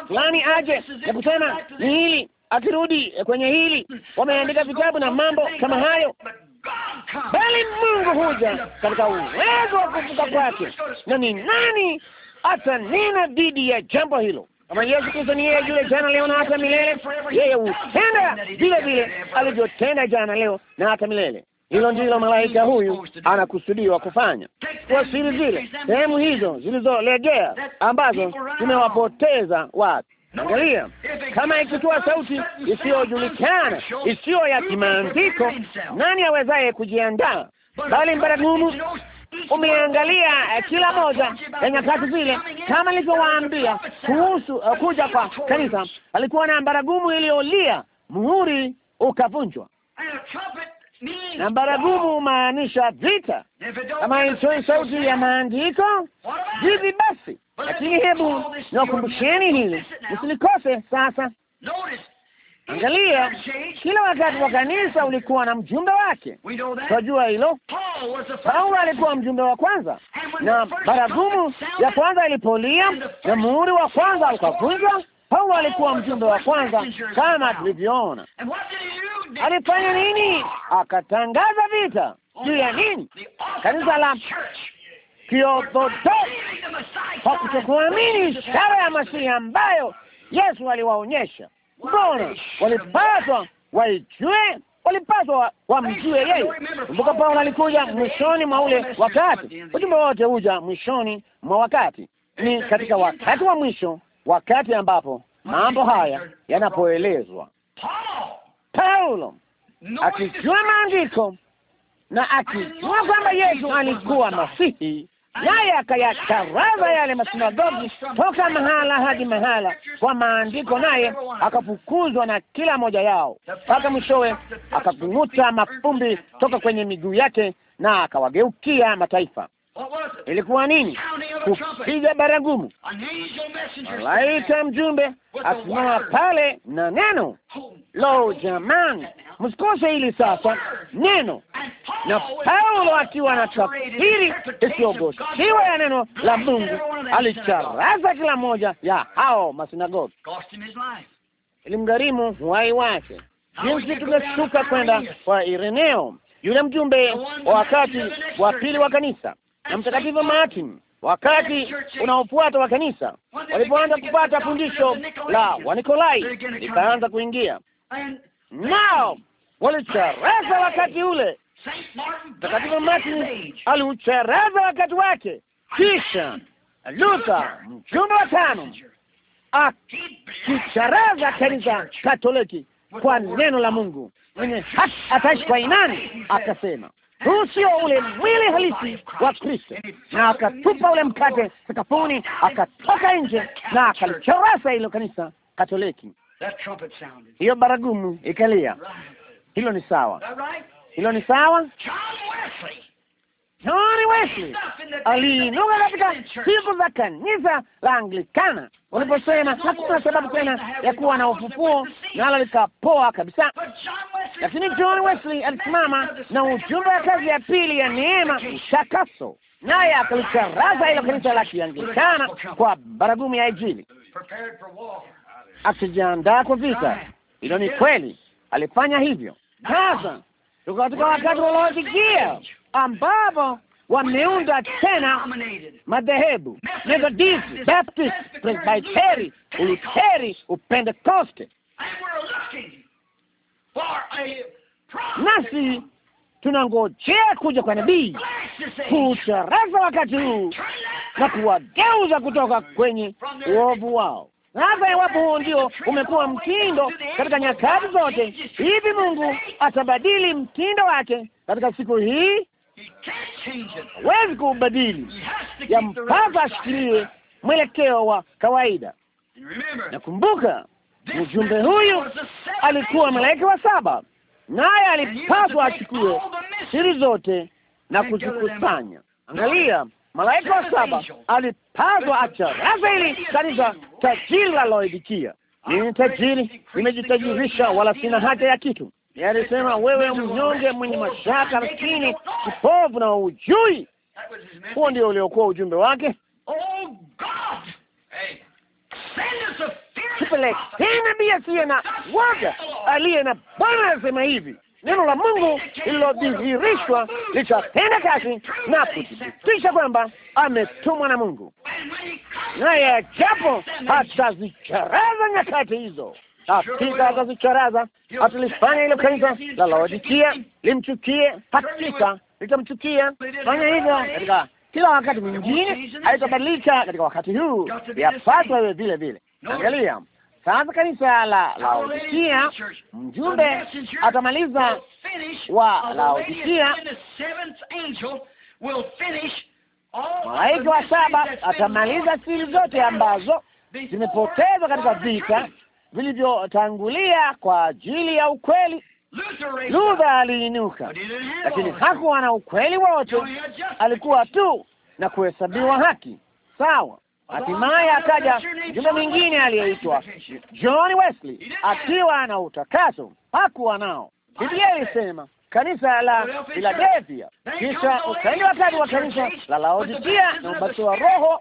fulani aje na kusema ni hili, akirudi eh, kwenye hili. Wameandika vitabu na mambo kama hayo, bali Mungu huja katika uwezo wa kufuka kwake, na ni nani atanena dhidi ya jambo hilo? Kama Yesu Kristo ni yeye yule jana, leo na hata milele, yeye hutenda vile vile alivyotenda jana, leo na hata milele. Hilo ndilo malaika huyu anakusudiwa kufanya, kwa siri zile sehemu hizo zilizolegea ambazo tumewapoteza watu. Angalia, kama ikitoa sauti isiyojulikana isiyo ya kimaandiko, nani awezaye kujiandaa? Bali mbaragumu umeangalia eh, kila moja ya nyakati zile, kama nilivyowaambia kuhusu uh, kuja kwa kanisa, alikuwa na mbaragumu iliyolia, muhuri ukavunjwa na baragumu humaanisha vita. Kama itoi sauti ya maandiko vivi basi, lakini hebu niwakumbusheni hili, msilikose. Sasa angalia, kila wakati wa kanisa ulikuwa na mjumbe wake. Tunajua hilo. Paulo alikuwa mjumbe wa kwanza, na baragumu ya kwanza ilipolia na muhuri wa kwanza ukavunjwa Paulo alikuwa mjumbe wa kwanza kama tulivyoona. Alifanya nini? Akatangaza vita juu ya nini? Kanisa la Kiorthodoksi kwa kutokuamini ishara ya Masihi ambayo Yesu aliwaonyesha. Mbona walipaswa waijue, walipaswa wamjue yeye. Kumbuka, Paulo alikuja mwishoni mwa ule wakati. Ujumbe wote huja mwishoni mwa wakati, ni katika wakati wa mwisho wakati ambapo mambo haya yanapoelezwa, Paulo akijua maandiko na akijua kwamba Yesu alikuwa Masihi, naye akayacharaza yale masinagogi toka mahala hadi mahala kwa maandiko, naye akafukuzwa na kila moja yao, mpaka mwishowe akakung'uta mapumbi toka kwenye miguu yake na akawageukia mataifa ilikuwa nini? Kupiga baragumu, malaika mjumbe akisimama pale na neno. Lo, jamani, msikose hili sasa neno, na Paulo akiwa na tafsiri isiogosiwa ya neno la Mungu, alicharaza kila moja ya hao masinagogi, ilimgharimu uhai wake. Jinsi tungeshuka kwenda kwa Ireneo, yule mjumbe wa wakati wa pili wa kanisa na Mtakatifu Martin wakati unaofuata wa kanisa walipoanza kupata fundisho la Wanikolai likaanza kuingia nao, walichereza wakati ule. Mtakatifu Martin aliuchereza wakati wake, kisha Luther mjumbe wa tano akichereza kanisa Katoliki kwa neno la Mungu, mwenye haki ataishi kwa imani, akasema huu sio ule mwili halisi wa Kristo. Na akatupa ule mkate sakafuni, akatoka nje na akalichorasa hilo kanisa Katoliki. Hiyo baragumu ikalia. Hilo ni sawa, hilo ni sawa. Johnny Wesley aliinuka katika siku za kanisa la Anglikana waliposema hakuna sababu tena ya kuwa na ufufuo, nalo likapoa kabisa. Lakini John Wesley alisimama na ujumbe wa kazi ya pili ya neema, takaso, naye akalicharaza ilo kanisa la Kianglikana kwa baragumu ya Injili, akijiandaa kwa vita. Ilo ni kweli, alifanya hivyo. Sasa tuko katika wakati unaofikia ambapo wameunda tena madhehebu Methodist, Baptist, Presbyteri, Uluteri, Upentekoste. Nasi tunangojea kuja kwa nabii kuuchereza wakati huu na kuwageuza kutoka kwenye uovu wao. Sasa iwapo huo ndio umekuwa mtindo katika nyakati zote, hivi Mungu atabadili mtindo wake katika siku hii? hawezi ya yampasa ashikilie mwelekeo wa kawaida. Na kumbuka, mjumbe huyu alikuwa malaika wa saba, naye alipaswa achukue siri zote na kuzikusanya. Angalia, malaika wa saba alipaswa acharaza ili kanisa tajiri laloidikia. Mimi tajiri, nimejitajirisha, wala sina haja ya kitu alisema yaani wewe mnyonge, mwenye mashaka, lakini kipofu na ujui. Huo ndio uliokuwa ujumbe wake. Tupelekee nabii asiye na woga aliye na Bwana asema hivi, neno la Mungu lililodhihirishwa litatenda kazi na kuthibitisha kwamba ametumwa na Mungu, naye ajapo hatazikaraza nyakati hizo hakika atazicharaza. Hatulifanya hilo kanisa la Laodikia, limchukie, hakika litamchukia. Fanya hivyo katika kila wakati mwingine, haitabadilika katika wakati huu, yapaswa iwe vile vile. Angalia sasa, kanisa la Laodikia, mjumbe atamaliza wa Laodikia malaika wa saba atamaliza siri zote ambazo zimepotezwa katika vita vilivyotangulia kwa ajili ya ukweli. Luther aliinuka, lakini hakuwa na ukweli wote, alikuwa tu na kuhesabiwa haki sawa. Hatimaye akaja mjumbe mwingine aliyeitwa John Wesley akiwa na utakaso, hakuwa nao. Biblia ilisema kanisa la Philadelphia, kisha ukaili wakati wa kanisa la Laodikia na ubatizo wa Roho,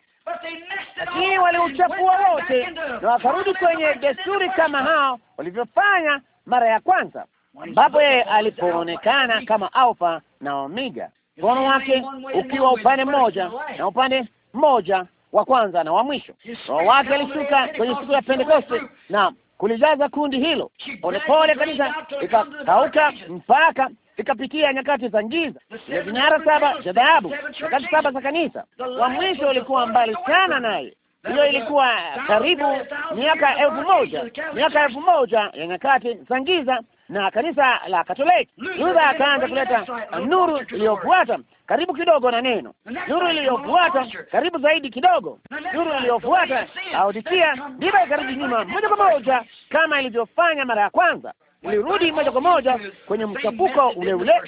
lakini waliuchafua wote na wakarudi kwenye desturi kama hao walivyofanya mara ya kwanza, ambapo yeye alipoonekana kama Alfa na Omega, mkono wake ukiwa upande mmoja na upande mmoja wa kwanza na wa mwisho. Roho wake alishuka kwenye siku ya Pentekoste na kulijaza kundi hilo polepole kabisa, ikakauka mpaka ikapitia nyakati za giza, ya vinyara saba vya dhahabu, nyakati saba za kanisa. Wa mwisho ulikuwa mbali sana naye, hiyo ilikuwa karibu miaka elfu moja miaka elfu moja ya nyakati za giza na kanisa la Katoliki. Luther akaanza kuleta nuru iliyofuata karibu kidogo na neno, nuru iliyofuata karibu zaidi kidogo, nuru iliyofuata audikia, ndipo ikarudi nyuma moja kwa moja kama ilivyofanya mara ya kwanza. Ilirudi moja kwa moja kwenye mchapuko ule ule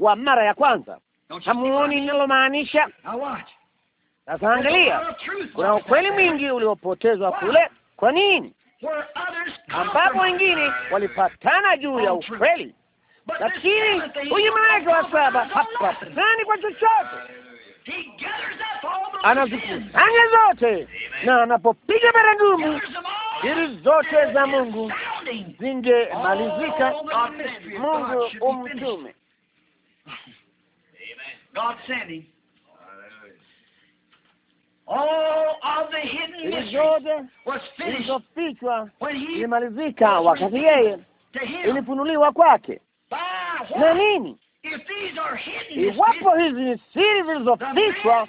wa mara ya kwanza. Hamuoni linalomaanisha sasa angalia, kuna ukweli mwingi uliopotezwa kule. Kwa nini? Ambapo wengine walipatana juu ya ukweli, lakini huyu malaika wa saba hapatani kwa chochote. Anazikusanya zote na anapopiga baragumu siri zote za Mungu zingemalizika. Mungu umtume zote zilizofichwa ilimalizika wakati yeye ilifunuliwa kwake. Na nini? Iwapo hizi ni siri zilizofichwa,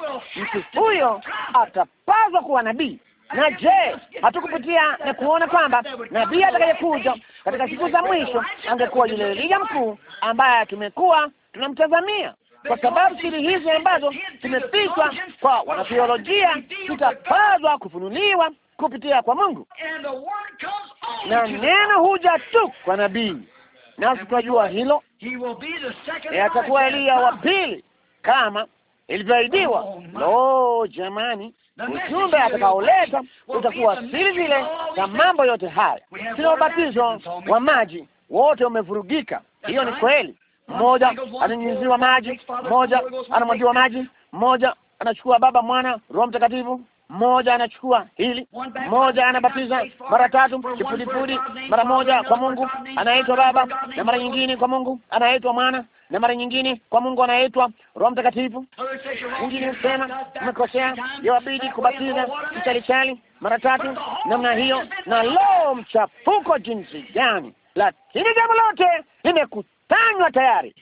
mtu huyo atapazwa kuwa nabii. Na je, hatukupitia na kuona kwamba nabii atakayekuja katika siku za mwisho angekuwa yule Elija mkuu ambaye tumekuwa tunamtazamia? kwa sababu siri hizi ambazo zimefichwa kwa wanatheolojia zitapaswa kufunuliwa kupitia kwa Mungu, na neno huja tu kwa nabii, nasi tunajua hilo. Atakuwa Elia wa pili kama ilivyoahidiwa. Lo, jamani, ujumbe atakaoleta utakuwa siri zile za mambo yote haya. Sina ubatizo wa maji, wote umevurugika. Hiyo ni kweli, mmoja ananyunyiziwa maji, mmoja anamwagiwa maji, mmoja anachukua Baba, Mwana, Roho Mtakatifu, mmoja anachukua hili, mmoja anabatiza mara tatu kifudifudi, mara moja kwa Mungu anaitwa Baba na mara nyingine kwa Mungu anaitwa Mwana na mara nyingine kwa Mungu anaitwa Roho Mtakatifu. Mwingine husema mmekosea, yawabidi kubatiza kichalichali mara tatu namna hiyo, na lo, mchafuko jinsi gani! Lakini jambo lote limeku imefanywa tayari.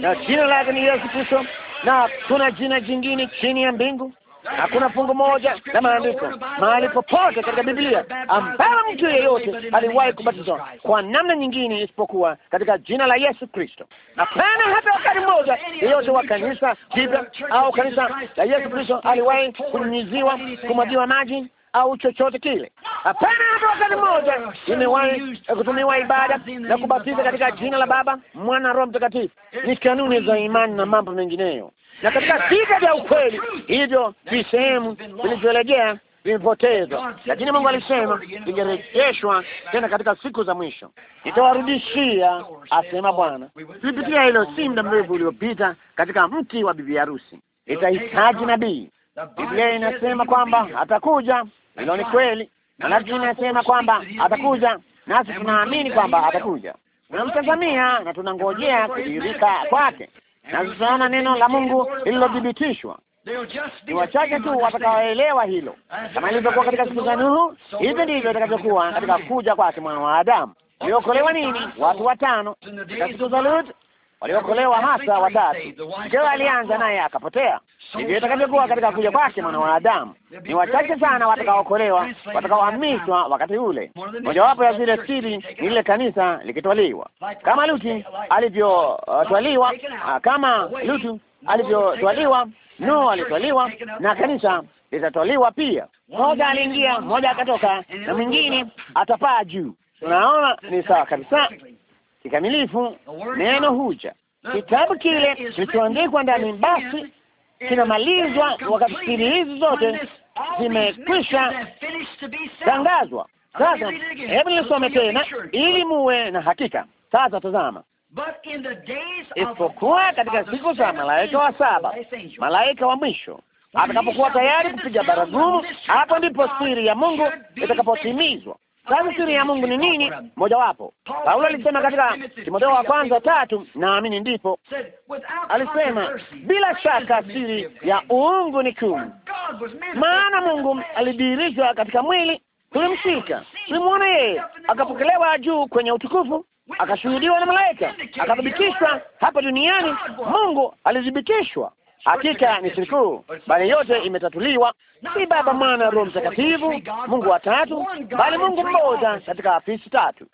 Na jina lake ni Yesu Kristo, na kuna jina jingine chini ya mbingu. Hakuna fungu moja la maandiko mahali popote katika Biblia ambalo mtu yeyote aliwahi kubatizwa kwa namna nyingine isipokuwa katika jina la Yesu Kristo. Hapana hata wakati mmoja yeyote wa kanisa jipya au kanisa la Yesu Kristo aliwahi kunyunyiziwa, kumwagiwa maji au chochote kile. Hapana, hata wakati mmoja nimewahi kutumiwa ibada na kubatiza katika jina la Baba, Mwana, Roho Mtakatifu. Ni kanuni za imani na mambo mengineyo, na katika vita vya ukweli hivyo visehemu vilivyorejea vimepotezwa, lakini Mungu alisema vingerejeshwa tena katika siku za mwisho, nitawarudishia, asema Bwana. Tulipitia hilo si muda mrefu uliopita katika mti wa bibi harusi. Itahitaji nabii. Biblia inasema kwamba atakuja hilo ni kweli, manake inasema kwamba atakuja, nasi tunaamini kwamba atakuja. Tunamtazamia na tunangojea kudhihirika kwake, na tutaona neno la Mungu lililothibitishwa. Ni wachache tu watakaoelewa hilo, kama ilivyokuwa katika siku za Nuhu, hivi ndivyo itakavyokuwa katika kuja kwake mwana wa Adamu. Iliokolewa nini? Watu watano. Katika siku za Lut waliokolewa hasa watatu. Mkewe alianza naye akapotea. Ndivyo itakavyokuwa katika kuja kwake mwana wa Adamu. Ni wachache sana watakaokolewa, watakaohamishwa wakati ule. Mojawapo ya zile siri ni lile kanisa likitwaliwa, kama luti alivyotwaliwa, uh, uh, kama Lutu alivyotwaliwa, Nuhu alitwaliwa na kanisa litatwaliwa pia. Mmoja aliingia, mmoja akatoka, na mwingine atapaa juu. Tunaona ni sawa kabisa kikamilifu neno huja. Kitabu kile kilichoandikwa ndani basi kinamalizwa, wakati siri hizi zote zimekwisha tangazwa. Sasa hebu nilisome tena ili muwe na hakika. Sasa tazama, isipokuwa katika siku za malaika wa saba, malaika wa mwisho atakapokuwa tayari kupiga baragumu, hapo ndipo siri ya Mungu itakapotimizwa sasa siri ya Mungu ni nini? Mojawapo Paulo alisema katika Timotheo wa kwanza tatu, naamini ndipo alisema, bila shaka siri ya uungu ni kuu, maana Mungu alidirishwa katika mwili, tulimshika, tulimwona yeye, akapokelewa juu kwenye utukufu, akashuhudiwa na malaika, akathibitishwa hapa duniani. Mungu alithibitishwa Hakika ni sikukuu, bali yote imetatuliwa, si Baba, Mwana, Roho Mtakatifu, Mungu wa tatu, bali Mungu mmoja katika afisi tatu: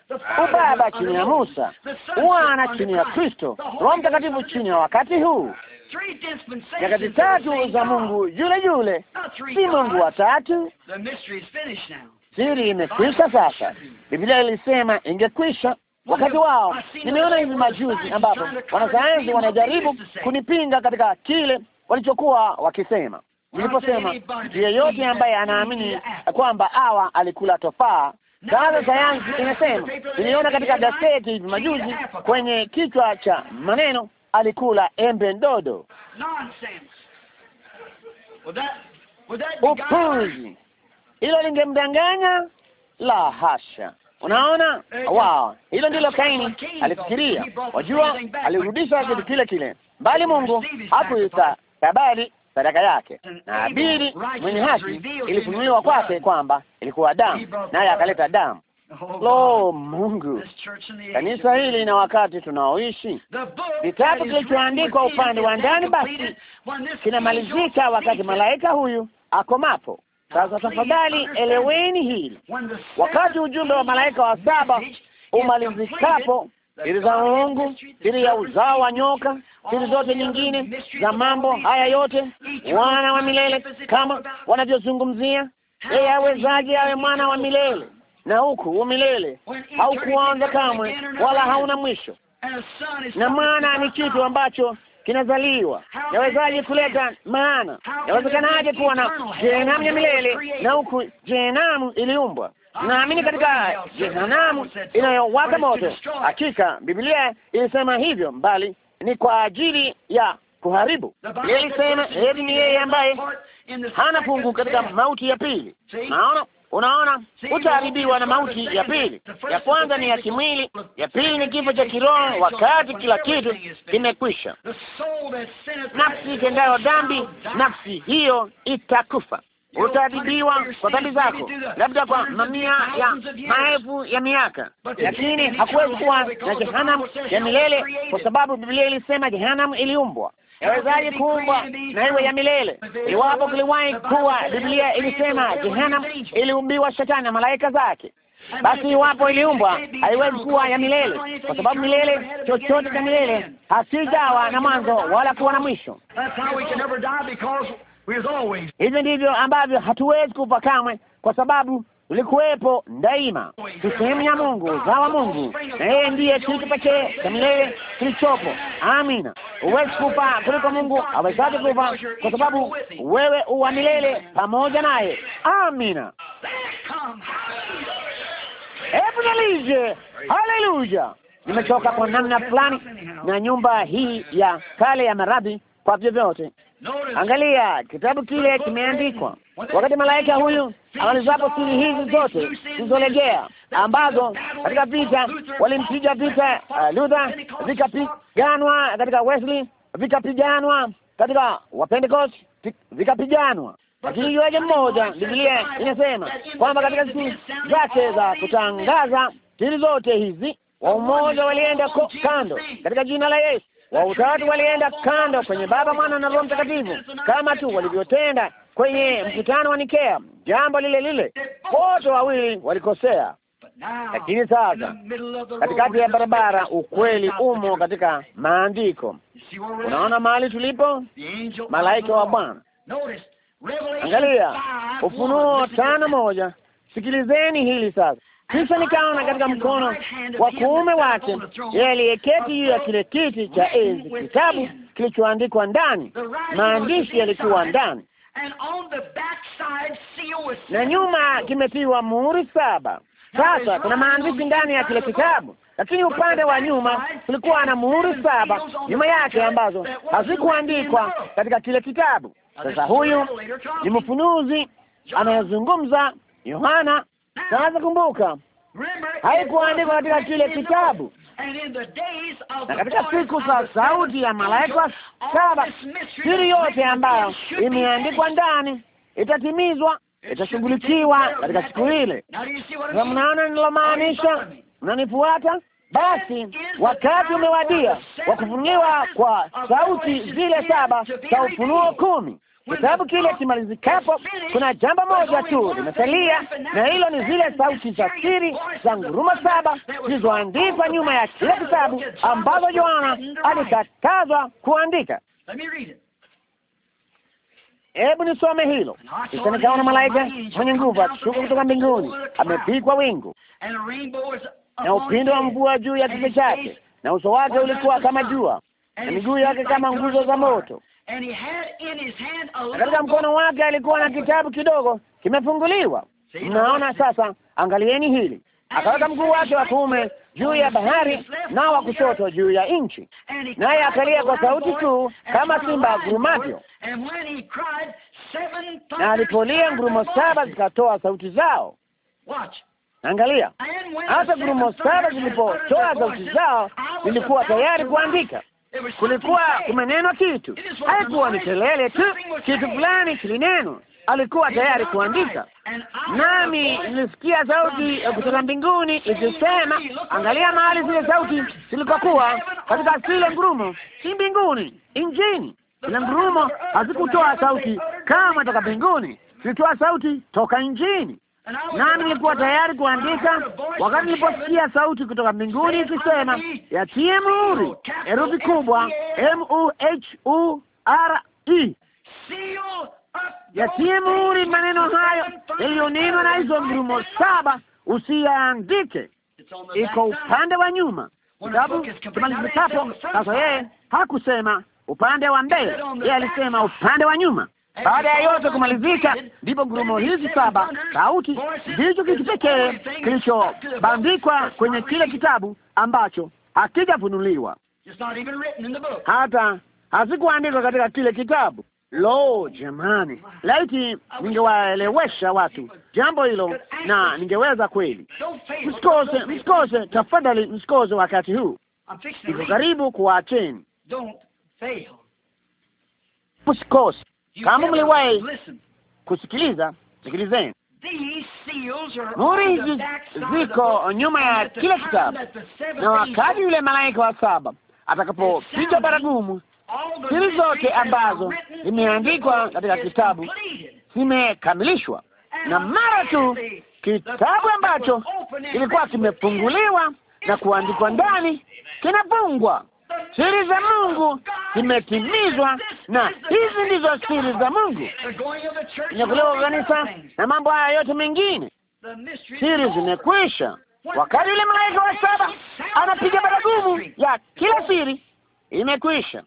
Ubaba chini ya Musa, Mwana chini ya Kristo, Roho Mtakatifu chini ya wakati huu. Nyakati tatu za Mungu yule yule, si Mungu wa tatu. Siri imekwisha sasa. Biblia ilisema ingekwisha wakati wao. Nimeona hivi majuzi ambapo wanasayansi wanajaribu kunipinga katika kile walichokuwa wakisema. Niliposema yeyote ambaye anaamini kwamba awa alikula tofaa sasa sayansi inasema, niliona katika gazeti hivi majuzi kwenye kichwa cha maneno alikula embe ndodo. Upuzi! Hilo lingemdanganya? La hasha! Unaona, eh, wow, hilo ndilo Kaini alifikiria. Wajua, alirudisha kitu kile kile, bali Mungu hakuitakabali sadaka yake, na Abili mwenye haki ilifunuliwa kwake kwamba ilikuwa damu, naye akaleta damu. Oh, Lo, Mungu! Kanisa hili na wakati tunaoishi, kitabu kilichoandikwa upande wa ndani basi kinamalizika wakati malaika huyu akomapo. Sasa tafadhali eleweni hili, wakati ujumbe wa malaika wa saba umalizikapo, siri za uungu, siri ya uzao wa nyoka, siri zote nyingine za mambo haya yote, wana wa milele kama wanavyozungumzia yeye, awezaje awe mwana wa milele na huku wa milele haukuanza kamwe wala hauna mwisho, na maana ni kitu ambacho kinazaliwa. Yawezaje kuleta maana? Yawezekanaje kuwa na jehanamu ya milele na huku jehanamu iliumbwa? Naamini katika jehanamu inayowaka moto. Hakika Biblia ilisema hivyo, mbali ni kwa ajili ya kuharibu. Biblia ilisema heri ni yeye ambaye hana pungu katika mauti ya pili. Naona Unaona, utaharibiwa na mauti ya pili. Ya kwanza ni ya kimwili, ya pili ni kifo cha kiroho, wakati kila kitu kimekwisha. Nafsi itendayo dhambi, nafsi hiyo itakufa. Utaadhibiwa kwa dhambi zako, labda kwa mamia ya maelfu ya miaka, lakini hakuwezi kuwa na jehanamu ya milele, kwa sababu Biblia ilisema jehanamu iliumbwa yawezaje kuumbwa na iwe ya milele? Iwapo kuliwahi kuwa, Biblia ilisema Jehanamu iliumbiwa shetani na malaika zake. Basi iwapo iliumbwa, haiwezi kuwa ya milele, kwa sababu milele, chochote cha milele hasijawa na mwanzo wala kuwa na mwisho. Hivyo ndivyo ambavyo hatuwezi kufa kamwe, kwa sababu ulikuwepo daima, ni sehemu ya Mungu, uzao wa Mungu, na yeye ndiye kitu pekee cha milele kilichopo. Amina. Huwezi kufa kuliko Mungu awezaje kufa, kwa sababu wewe uwa milele pamoja naye. Amina. Hebu nalije, haleluya. Nimechoka kwa namna fulani na nyumba hii ya kale ya maradhi, kwa vyovyote Angalia kitabu kile kimeandikwa, wakati malaika huyu amalizapo siri hizi zote zilizolegea ambazo katika vita walimpiga vita uh, Luther, vikapiganwa katika Wesley, vikapiganwa katika Wapentecost, vikapiganwa lakini yeye mmoja, Biblia inasema kwamba katika siku zake za kutangaza siri zote hizi wa umoja walienda kando katika jina la Yesu wa utatu walienda kando kwenye Baba, Mwana na Roho Mtakatifu, kama tu walivyotenda kwenye mkutano wa Nikea, jambo lile lile. Wote wawili walikosea, lakini sasa katikati ya barabara ukweli umo katika Maandiko. Unaona mahali tulipo, malaika wa Bwana. Angalia Ufunuo tano moja. Sikilizeni hili sasa kisha nikaona katika mkono wa kuume wake yeye aliyeketi juu ya kile kiti cha enzi kitabu kilichoandikwa ndani, maandishi yalikuwa ndani, na nyuma kimetiwa muhuri saba. Sasa kuna maandishi ndani ya kile kitabu, lakini upande wa nyuma kulikuwa na muhuri saba nyuma yake ambazo hazikuandikwa katika kile kitabu. Sasa huyu ni mfunuzi anayezungumza Yohana sasa kumbuka, haikuandikwa katika kile kitabu na katika siku za sauti ya malaika saba, siri yote ambayo imeandikwa ndani itatimizwa, itashughulikiwa katika siku ile. Na mnaona nilomaanisha? Mnanifuata? Basi wakati umewadia wa kufunuliwa kwa sauti zile saba za Ufunuo kumi kwa sababu kile kimalizikapo, kuna jambo moja tu limesalia, na hilo ni zile sauti za siri za nguruma saba zilizoandikwa nyuma ya kile kitabu ambazo Yohana alikatazwa kuandika. Hebu nisome hilo. Kisha nikaona malaika mwenye nguvu akishuka kutoka mbinguni, amepigwa wingu na upindo wa mvua juu ya kichwa chake, na uso wake ulikuwa kama jua, na miguu yake kama nguzo za moto na katika mkono wake alikuwa na kitabu kidogo kimefunguliwa. Mnaona sasa, angalieni hili. Akaweka mguu wake wa kuume juu ya bahari na wa kushoto juu ya nchi, naye akalia kwa sauti kuu kama simba ngurumavyo, na alipolia ngurumo saba zikatoa sauti zao. Angalia, hata ngurumo saba zilipotoa sauti zao, nilikuwa tayari kuandika kulikuwa kumenenwa kitu, haikuwa ni kelele tu, kitu fulani kilinenwa. Alikuwa tayari kuandika, nami nilisikia sauti kutoka mbinguni ikisema, angalia mahali zile sauti zilipokuwa katika zile ngurumo, si mbinguni, injini. Zile ngurumo hazikutoa sauti kama toka mbinguni, zilitoa sauti toka injini nami nilikuwa tayari kuandika wakati niliposikia sauti kutoka mbinguni ikisema, yatie muhuri, herufi kubwa M U H U R E, yatie muhuri maneno hayo yaliyonenwa na hizo ngurumo saba, usiyaandike. Iko upande wa nyuma, sababu tumalizikapo sasa. Yeye hakusema upande wa mbele, yeye alisema upande wa nyuma. Baada ya yote kumalizika, ndipo ngurumo hizi saba sauti ndicho kitu pekee kilichobandikwa kwenye kile kitabu ambacho hakijafunuliwa hata hazikuandikwa katika kile kitabu. Lo, jamani, laiti ningewaelewesha watu jambo hilo na ningeweza kweli. Msikose, msikose, tafadhali msikose. Wakati huu iko karibu kuwacheni msikose. Kama mliwahi kusikiliza, sikilizeni. Muhuri hizi ziko nyuma ya kila kitabu, na wakati yule malaika wa saba atakapopiga baragumu, siri zote ambazo zimeandikwa katika kitabu zimekamilishwa, na mara tu kitabu ambacho kilikuwa kimefunguliwa na kuandikwa ndani kinafungwa. Siri za Mungu zimetimizwa, na hizi ndizo siri za Mungu, nyakulewa kanisa na mambo haya yote mengine. Siri zimekwisha. Wakati yule malaika wa saba anapiga baragumu ya kila siri, imekwisha.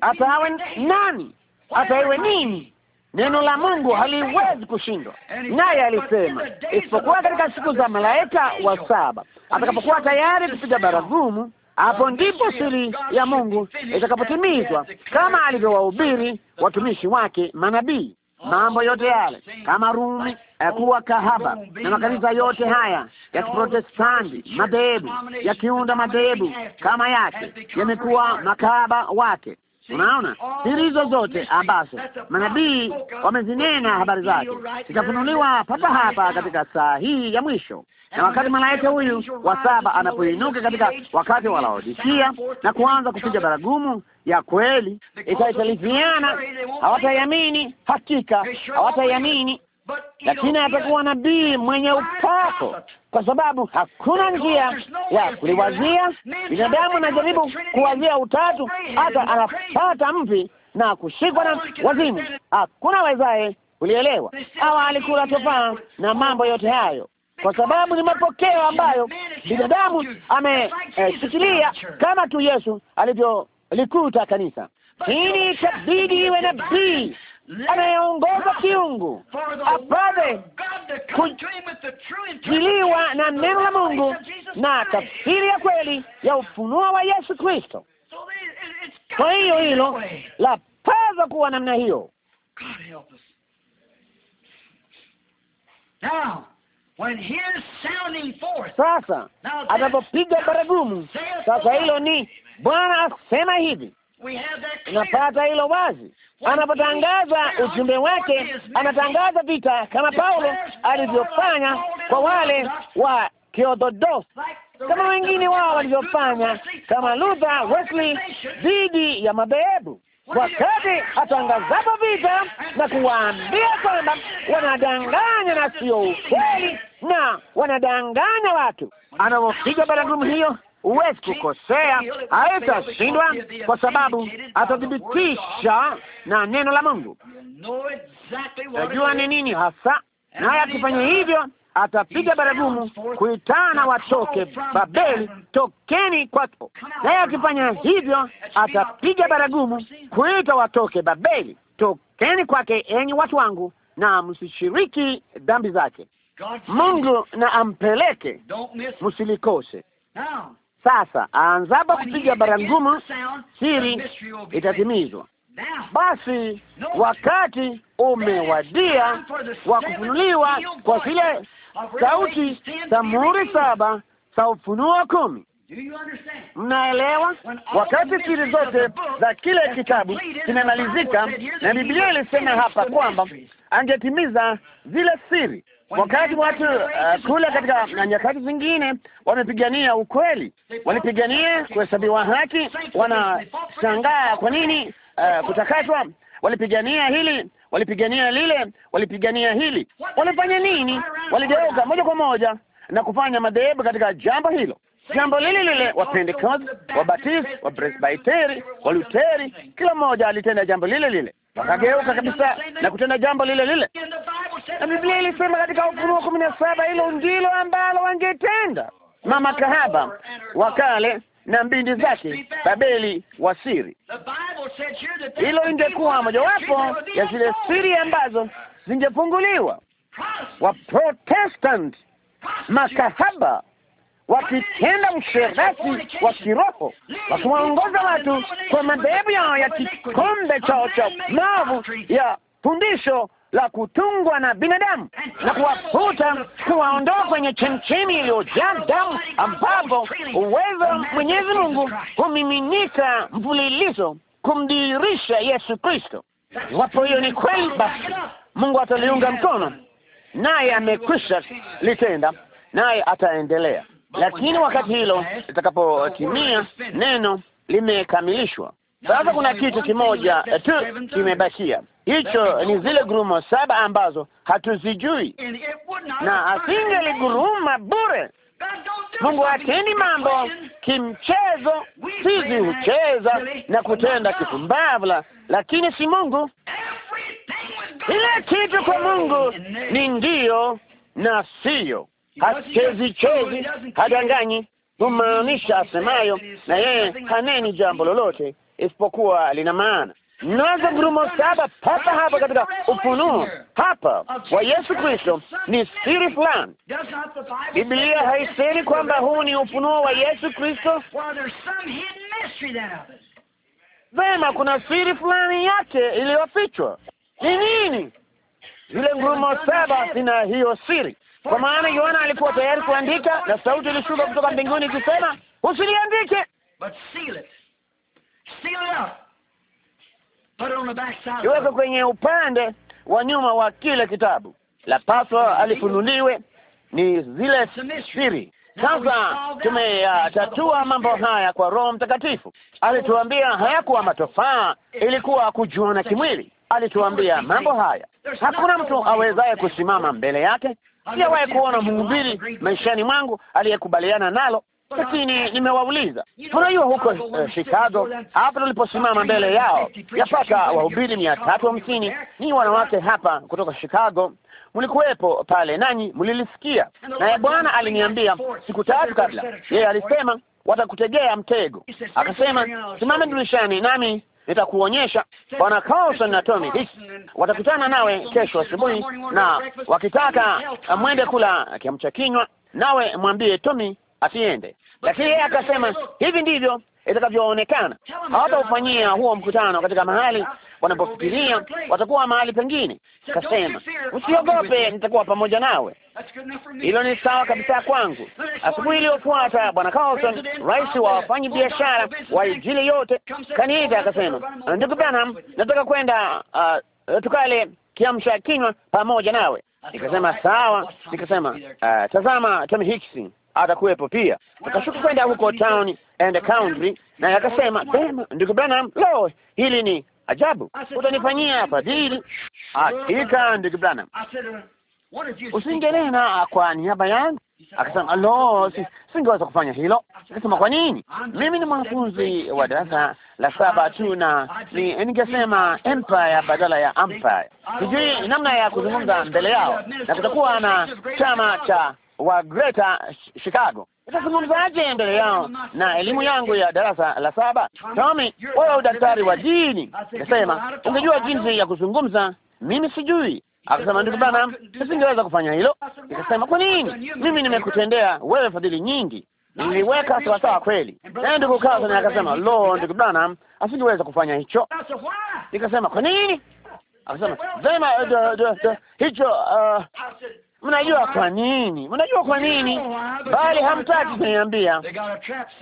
Hata awe nani, hata iwe nini, neno la Mungu haliwezi kushindwa. Naye alisema isipokuwa katika siku za malaika wa saba atakapokuwa tayari kupiga baragumu hapo ndipo siri ya Mungu itakapotimizwa kama alivyowahubiri watumishi wake manabii mambo yote yale kama Rumi eh, kuwa kahaba na makanisa yote haya ya Kiprotestanti, madhehebu yakiunda madhehebu kama yake, yamekuwa makahaba wake. Unaona, siri hizo zote ambazo manabii wamezinena habari zake zitafunuliwa papa hapa katika saa hii ya mwisho. Na wakati malaika huyu wa saba anapoinuka katika wakati wa Laodikia na kuanza kupiga baragumu ya kweli, itaitaliziana. Hawataiamini, hakika hawataiamini, lakini atakuwa nabii mwenye upako, kwa sababu hakuna njia ya kuliwazia. Binadamu anajaribu kuwazia utatu, hata anapata mvi na kushikwa na wazimu. Hakuna wezaye kulielewa. Hawa alikula tofaa na mambo yote hayo kwa sababu ni mapokeo ambayo binadamu ameshikilia eh, kama tu Yesu alivyolikuta kanisa. Hili itabidi iwe nabii anayeongoza kiungu apate kujiliwa na neno la Mungu na tafsiri ya kweli ya ufunuo wa Yesu Kristo. Kwa hiyo hilo lapaswa kuwa namna hiyo. Sasa anapopiga baragumu, sasa hilo ni Bwana asema hivi, unapata hilo wazi. Anapotangaza ujumbe wake, anatangaza vita kama Paulo alivyofanya kwa wale wa Kiorthodoksi, kama wengine wao walivyofanya, kama Luther, Wesley dhidi ya madhehebu wakati atangazapo vita na kuwaambia kwamba wanadanganya na sio ukweli na wanadanganya watu. Anapopiga baragumu hiyo, huwezi kukosea, haitashindwa kwa sababu atathibitisha na neno la Mungu. Najua ni nini hasa, naye akifanya hivyo atapiga baragumu kuitana watoke Babeli, tokeni kwako. Naye akifanya hivyo, atapiga baragumu kuita watoke Babeli, tokeni kwake, enyi watu wangu, na msishiriki dhambi zake. Mungu na ampeleke, msilikose. Sasa aanzapo kupiga baragumu, siri itatimizwa. Basi wakati umewadia wa kufunuliwa kwa vile sauti za muhuri saba za Ufunuo kumi. Mnaelewa, wakati siri zote za kile kitabu zimemalizika, na Biblia ilisema hapa kwamba angetimiza zile siri. Wakati watu uh, kule katika nyakati zingine wamepigania ukweli, walipigania kuhesabiwa haki, wanashangaa kwa nini eh, uh, kutakatwa, walipigania hili walipigania lile, walipigania hili. Walifanya nini? Waligeuka moja kwa moja na kufanya madhehebu katika jambo hilo, jambo lile lile. Wapentekoste, Wabatisti, Wapresbiteri, Waluteri, kila mmoja alitenda jambo lile lile, wakageuka kabisa na kutenda jambo lile lile. Na Biblia ilisema katika Ufunuo kumi na saba hilo ndilo ambalo wangetenda. Mama kahaba wakale na mbindi zake Babeli wa siri. Hilo lingekuwa mojawapo ya zile siri ambazo zingefunguliwa. Waprotestanti makahaba wakitenda msherati wa kiroho, wakiwaongoza watu kwa madhehebu yao ya kikombe chao cha mavu ya fundisho la kutungwa na binadamu na kuwafuta, kuwaondoa kwenye chemchemi iliyojaa damu, ambapo uwezo Mwenyezi Mungu humiminika mfululizo kumdirisha Yesu Kristo. Iwapo hiyo ni kweli, basi Mungu ataliunga mkono, naye amekwisha litenda, naye ataendelea. Lakini wakati hilo litakapotimia, neno limekamilishwa sasa kuna kitu kimoja tu kimebakia, hicho ni zile gurumo saba ambazo hatuzijui, na asingeliguruma bure. Mungu atendi mambo kimchezo. Sisi hucheza na kutenda kipumbavu, lakini si Mungu. Kila kitu kwa Mungu ni ndiyo na siyo. Hachezi chezi, hadanganyi, humaanisha asemayo, na yeye haneni jambo lolote isipokuwa lina maana. Nazo ngurumo saba papa hapa katika ufunuo hapa wa Yesu Kristo ni siri fulani. Biblia haisemi kwamba huu ni ufunuo wa Yesu Kristo. Vema, kuna siri fulani yake iliyofichwa. Ni nini? Zile ngurumo saba zina hiyo siri, kwa maana Yohana alikuwa tayari kuandika, na sauti ilishuka kutoka mbinguni ikisema, usiliandike iweko kwenye upande wa nyuma wa kile kitabu. la paswa alifunuliwe ni zile siri. Sasa tumeyatatua mambo haya kwa Roho Mtakatifu. Alituambia hayakuwa matofaa, ilikuwa kujuana kimwili. Alituambia mambo haya, hakuna mtu awezaye kusimama mbele yake. Sijawahi kuona mhubiri maishani mwangu aliyekubaliana nalo lakini nimewauliza, unajua huko uh, Chicago hapa tuliposimama mbele yao yapata wahubiri mia tatu hamsini ni wanawake hapa kutoka Chicago. Mlikuwepo pale nanyi mlilisikia, naye Bwana aliniambia siku tatu kabla, yeye alisema watakutegea mtego. Akasema, simame dirishani nami nitakuonyesha. Bwana Carlson na Tommy Hicks watakutana nawe kesho asubuhi, na wakitaka mwende kula kiamcha kinywa, nawe mwambie Tommy asiende, lakini yeye akasema, hivi ndivyo itakavyoonekana. Hawataufanyia huo mkutano katika mahali wanapofikiria, watakuwa mahali pengine. Kasema, usiogope, nitakuwa pamoja nawe. Hilo ni sawa kabisa kwangu. Asubuhi iliyofuata, bwana Carlson, rais wa wafanyi biashara wa Injili yote, kaniita akasema, ndugu Branham, nataka kwenda uh, tukale kiamsha kinywa pamoja nawe. Nikasema sawa. Nikasema uh, tazama Tom Hicks atakuwepo pia. Akashuka kwenda huko town and country, naye akasema sema, ndugu Branham, lo, hili ni ajabu, utanifanyia fadhili? Hakika ndugu Branham, usingenena kwa niaba yangu? Akasema lo, singeweza kufanya hilo. Akasema kwa nini? Mimi ni mwanafunzi wa darasa la saba tu, na ni ningesema empire badala ya empire. Sijui namna ya kuzungumza mbele yao, na kutakuwa na chama cha wa Greater Chicago. itazungumzaje mbele yao na elimu yangu ya darasa la saba? Tommy, wewe udaktari wa dini, nasema ungejua jinsi ya kuzungumza. Mimi sijui. Akasema, ndugu bana, nisingeweza kufanya hilo. Nikasema, kwa nini? Mimi nimekutendea wewe fadhili nyingi niliweka sawa sawa kweli. Naye ndugu Carson akasema, lo, ndugu Branham asingeweza kufanya hicho. Nikasema, kwa nini? Akasema, vema hicho uh, Mnajua kwa nini? Mnajua kwa nini? Bali hamtaki kuniambia.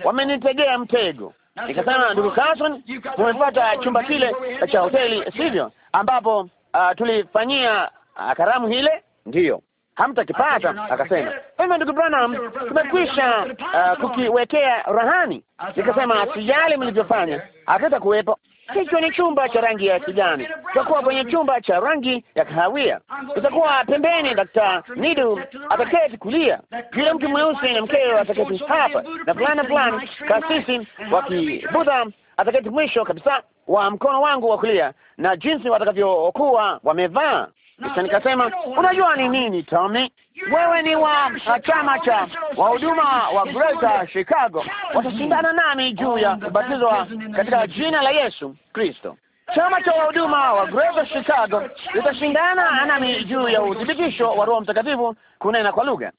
Wamenitegea mtego. Nikasema, ndugu Carson, tumepata chumba kile cha hoteli, sivyo? Ambapo uh, tulifanyia uh, karamu hile, ndiyo hamtakipata. Akasema, "Wewe ndugu Branham, tumekwisha uh, kukiwekea rahani." Nikasema, sijali mlivyofanya, hakita kuwepo hicho ni chumba cha rangi ya kijani, tutakuwa kwenye chumba cha rangi ya kahawia, tutakuwa pembeni. Dr. Nidu ataketi kulia, yule mtu mweusi na mkeo ataketi hapa, na fulana fulani kasisi wa Kibudha ataketi mwisho kabisa wa mkono wangu wa kulia, na jinsi watakavyokuwa wamevaa kisha nikasema, unajua ni nini Tommy, wewe ni wa chama cha wahuduma wa Greater Chicago, watashindana nami juu ya kubatizwa katika jina la Yesu Kristo. Chama cha wahuduma wa Greater Chicago itashindana nami juu ya uthibitisho wa Roho Mtakatifu kunena kwa lugha.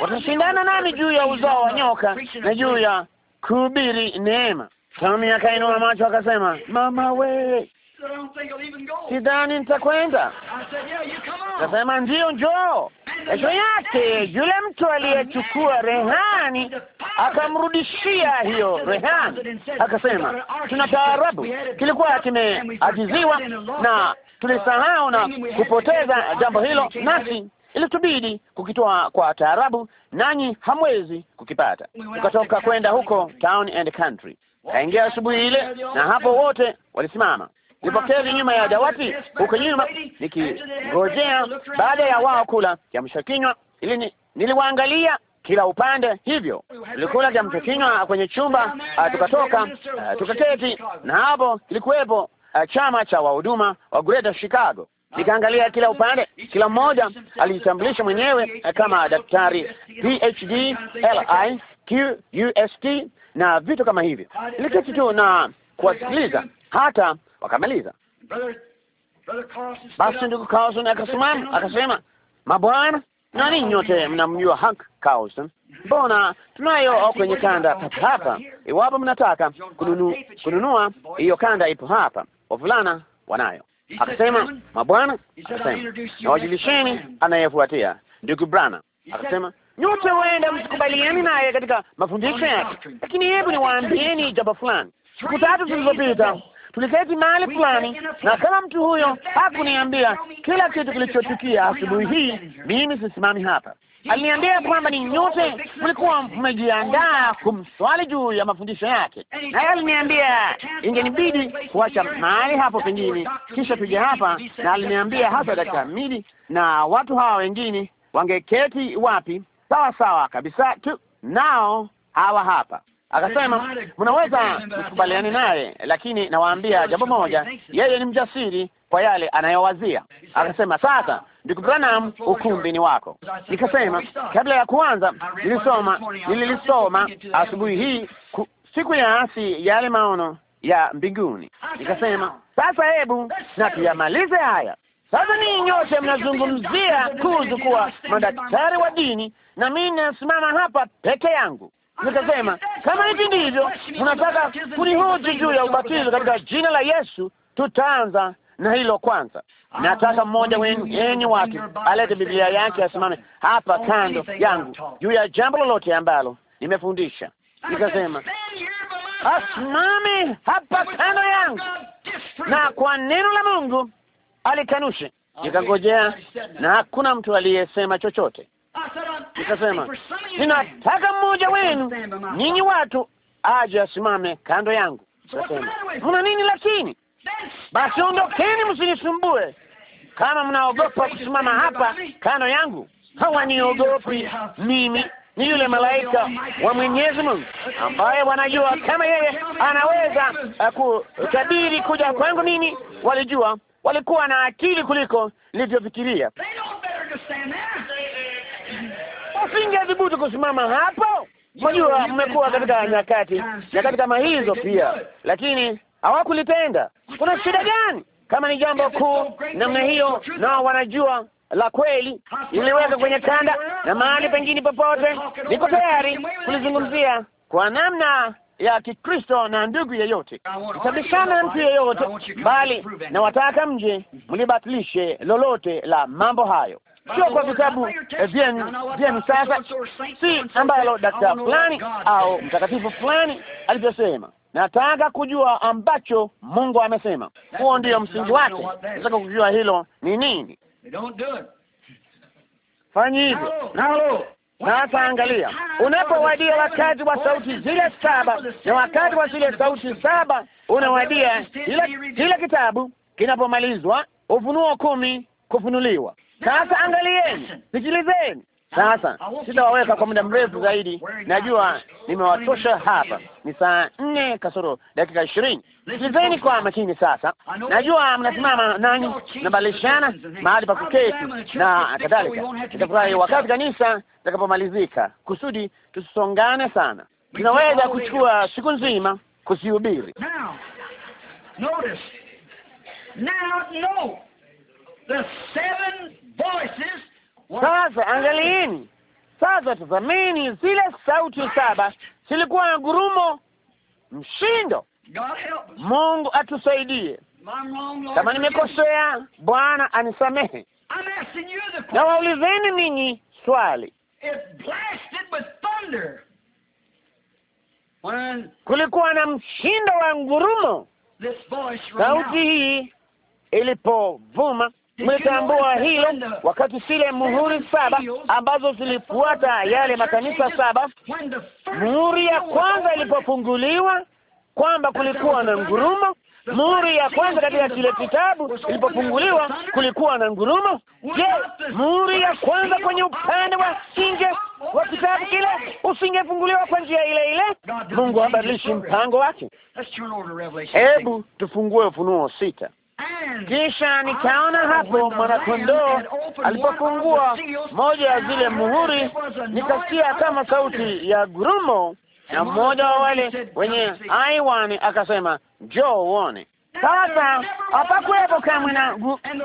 Watashindana nami juu ya uzao wa nyoka na juu ya kuhubiri neema. Tommy akainua macho akasema, mama we sidhani nitakwenda. Nasema ndio njoo. Kesho yake yule mtu aliyechukua rehani akamrudishia hiyo rehani, akasema tuna taarabu, kilikuwa kimeajiziwa na tulisahau uh, na kupoteza jambo hilo, nasi ilitubidi kukitoa kwa taarabu, nanyi hamwezi kukipata. ukatoka kwenda huko town and country, kaingia asubuhi ile, na hapo wote walisimama nipoketi nyuma ya dawati huko nyuma, nikingojea baada ya wao kula kiamsha kinywa, ili niliwaangalia kila upande hivyo. Tulikula kiamsha kinywa kwenye chumba, ah, tukatoka ah, tukaketi, na hapo ilikuwepo ah, chama cha wahuduma wa Greater Chicago. Nikaangalia kila upande, kila mmoja alijitambulisha mwenyewe kama daktari PhD LI QUST na vitu kama hivyo. Niliketi tu na kuwasikiliza hata wakamaliza. Basi ndugu Carlson akasimama akasema, mabwana, nani nyote mnamjua Hank Carlson? Mbona tunayo kwenye kanda pata hapa, iwapo mnataka kununu, kununua hiyo kanda, ipo hapa, wavulana wanayo. Akasema, mabwana, akasema nawajulisheni anayefuatia ndugu Brana. Akasema nyote huenda msikubaliani naye katika mafundisho yake, lakini hebu niwaambieni jambo fulani. Siku tatu zilizopita tuliketi mahali fulani, na kama mtu huyo hakuniambia kila kitu kilichotukia asubuhi hii, mimi sisimami hapa. Aliniambia kwamba ni nyote mlikuwa mmejiandaa kumswali juu ya mafundisho yake, naye aliniambia ingenibidi kuacha mahali hapo pengine, kisha tuje hapa, na aliniambia hasa dakika mbili, na watu hawa wengine wangeketi wapi? Sawa sawa kabisa tu, nao hawa hapa. Akasema mnaweza msikubaliani naye, lakini nawaambia jambo moja, yeye ni mjasiri kwa yale anayowazia. Akasema sasa, ndugu Branham, ukumbi ni wako. Nikasema kabla ya kuanza nilisoma, nililisoma asubuhi hii siku ya asi yale maono ya mbinguni. Nikasema sasa, hebu na tuyamalize haya. Sasa ni nyote mnazungumzia kuzu kuwa madaktari wa dini, na mimi nasimama hapa peke yangu nikasema, kama hivi ndivyo unataka kunihoji juu ya ubatizo katika jina la Yesu, tutaanza na hilo kwanza. Nataka mmoja yenye watu alete Biblia yake asimame hapa kando yangu juu ya jambo lolote ambalo nimefundisha. Nikasema, asimame hapa kando yangu na kwa neno la Mungu alikanushe. Nikangojea na hakuna mtu aliyesema chochote nikasema, ninataka mmoja wenu nyinyi watu aje asimame kando yangu. Nikasema, kuna nini? Lakini basi ondokeni, msinisumbue kama mnaogopa kusimama hapa kando yangu. Hawaniogopi mimi, ni yule malaika wa Mwenyezi Mungu ambaye wanajua kama yeye anaweza uh, kutabiri kuja kwangu mimi. Walijua, walikuwa na akili kuliko nilivyofikiria asingethubutu kusimama hapo. Mwajua, mmekuwa katika nyakati nyakati kama hizo pia, lakini hawakulitenda. Kuna shida gani kama ni jambo kuu namna hiyo? Nao wanajua la kweli iliweka kwenye kanda na mahali pengine popote. Niko tayari kulizungumzia kwa namna ya Kikristo na ndugu yeyote sabishana na mtu yeyote, bali nawataka mje mlibatilishe lolote la mambo hayo sio kwa vitabu eh, vyenu. Sasa si ambalo dakta fulani au mtakatifu fulani alivyosema. Nataka kujua ambacho Mungu amesema. Huo ndio msingi wake. Nataka kujua hilo ni nini. Fanyi hivyo nalo sasa angalia, unapowadia wakati wa sauti zile saba, na wakati wa zile sauti saba unawadia kile kitabu kinapomalizwa, Ufunuo kumi kufunuliwa. Sasa angalieni, sikilizeni. Sasa sitawaweka kwa muda mrefu zaidi, najua nimewatosha hapa. Ni saa nne kasoro dakika ishirini. Sikilizeni kwa makini sasa. Najua mnasimama nani, nabadilishana mahali pa kuketi na kadhalika. Itafurahi wakati kanisa itakapomalizika, kusudi tusisongane sana. Tunaweza kuchukua siku nzima kusihubiri. Now, notice. Now, no. The seven sasa angalieni, sasa tazameni zile sauti saba, zilikuwa na gurumo mshindo. Mungu atusaidie kama nimekosea, Bwana anisamehe. Na waulizeni ninyi swali, kulikuwa na mshindo wa ngurumo sauti hii ilipovuma mlitambua hilo wakati zile muhuri saba ambazo zilifuata yale makanisa saba, muhuri ya kwanza ilipofunguliwa kwamba kulikuwa na ngurumo. Muhuri ya kwanza katika kile kitabu ilipofunguliwa kulikuwa na ngurumo. Je, muhuri ya kwanza kwenye upande wa nje wa kitabu kile usingefunguliwa kwa njia ile ile? Mungu habadilishi mpango wake. Hebu tufungue Ufunuo sita. Kisha nikaona ah, hapo mwanakondoo alipofungua moja ya zile muhuri, nikasikia kama sauti ya gurumo, na mmoja wa wale wenye aiwani akasema, njoo uone. Sasa hapakuwepo kamwe na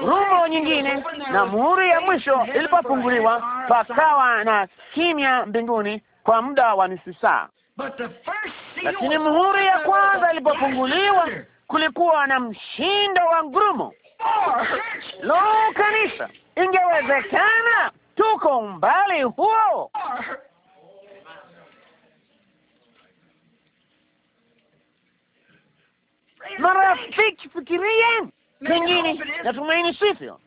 gurumo nyingine, na muhuri ya mwisho ilipofunguliwa, pakawa na kimya mbinguni kwa muda wa nusu saa. Lakini muhuri ya kwanza ilipofunguliwa kulikuwa na mshindo wa ngurumo. Lo, kanisa, ingewezekana. Tuko umbali huo. Marafiki, fikirieni pengine, natumaini sivyo,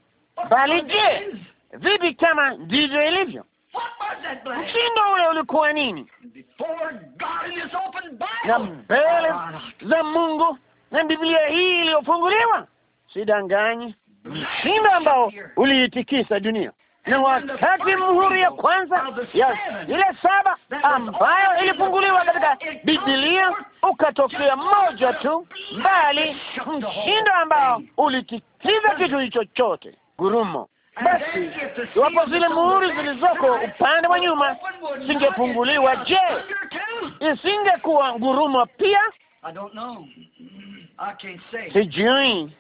bali je, vipi kama ndivyo ilivyo? Mshindo ule ulikuwa nini? Na mbele za Mungu na Biblia hii iliyofunguliwa, sidanganyi, mshindo ambao uliitikisa dunia na wakati muhuri ya kwanza ya ile saba ambayo ilifunguliwa katika Biblia, ukatokea mmoja tu, bali mshindo ambao ulitikiza kitu hicho chote, gurumo. Basi iwapo zile muhuri zilizoko upande wa nyuma singefunguliwa, je, isingekuwa gurumo pia? Sijui,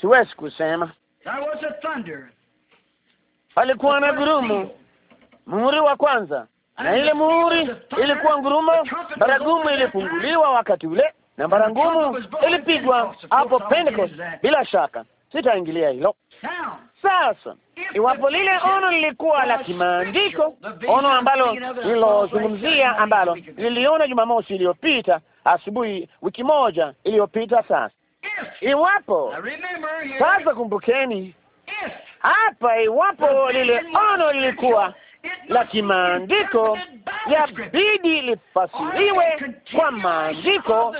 siwezi kusema. Palikuwa na gurumu, muhuri wa kwanza, na ile muhuri ilikuwa ngurumo. Baragumu ilifunguliwa wakati ule na baragumu ilipigwa hapo Pentecost. Bila shaka sitaingilia hilo sasa. Iwapo lile ono lilikuwa la kimaandiko, ono ambalo nilozungumzia, ambalo liliona Jumamosi iliyopita asubuhi wiki moja iliyopita. Sasa iwapo sasa, kumbukeni hapa, iwapo lile ono lilikuwa la kimaandiko, yabidi lifasiriwe kwa maandiko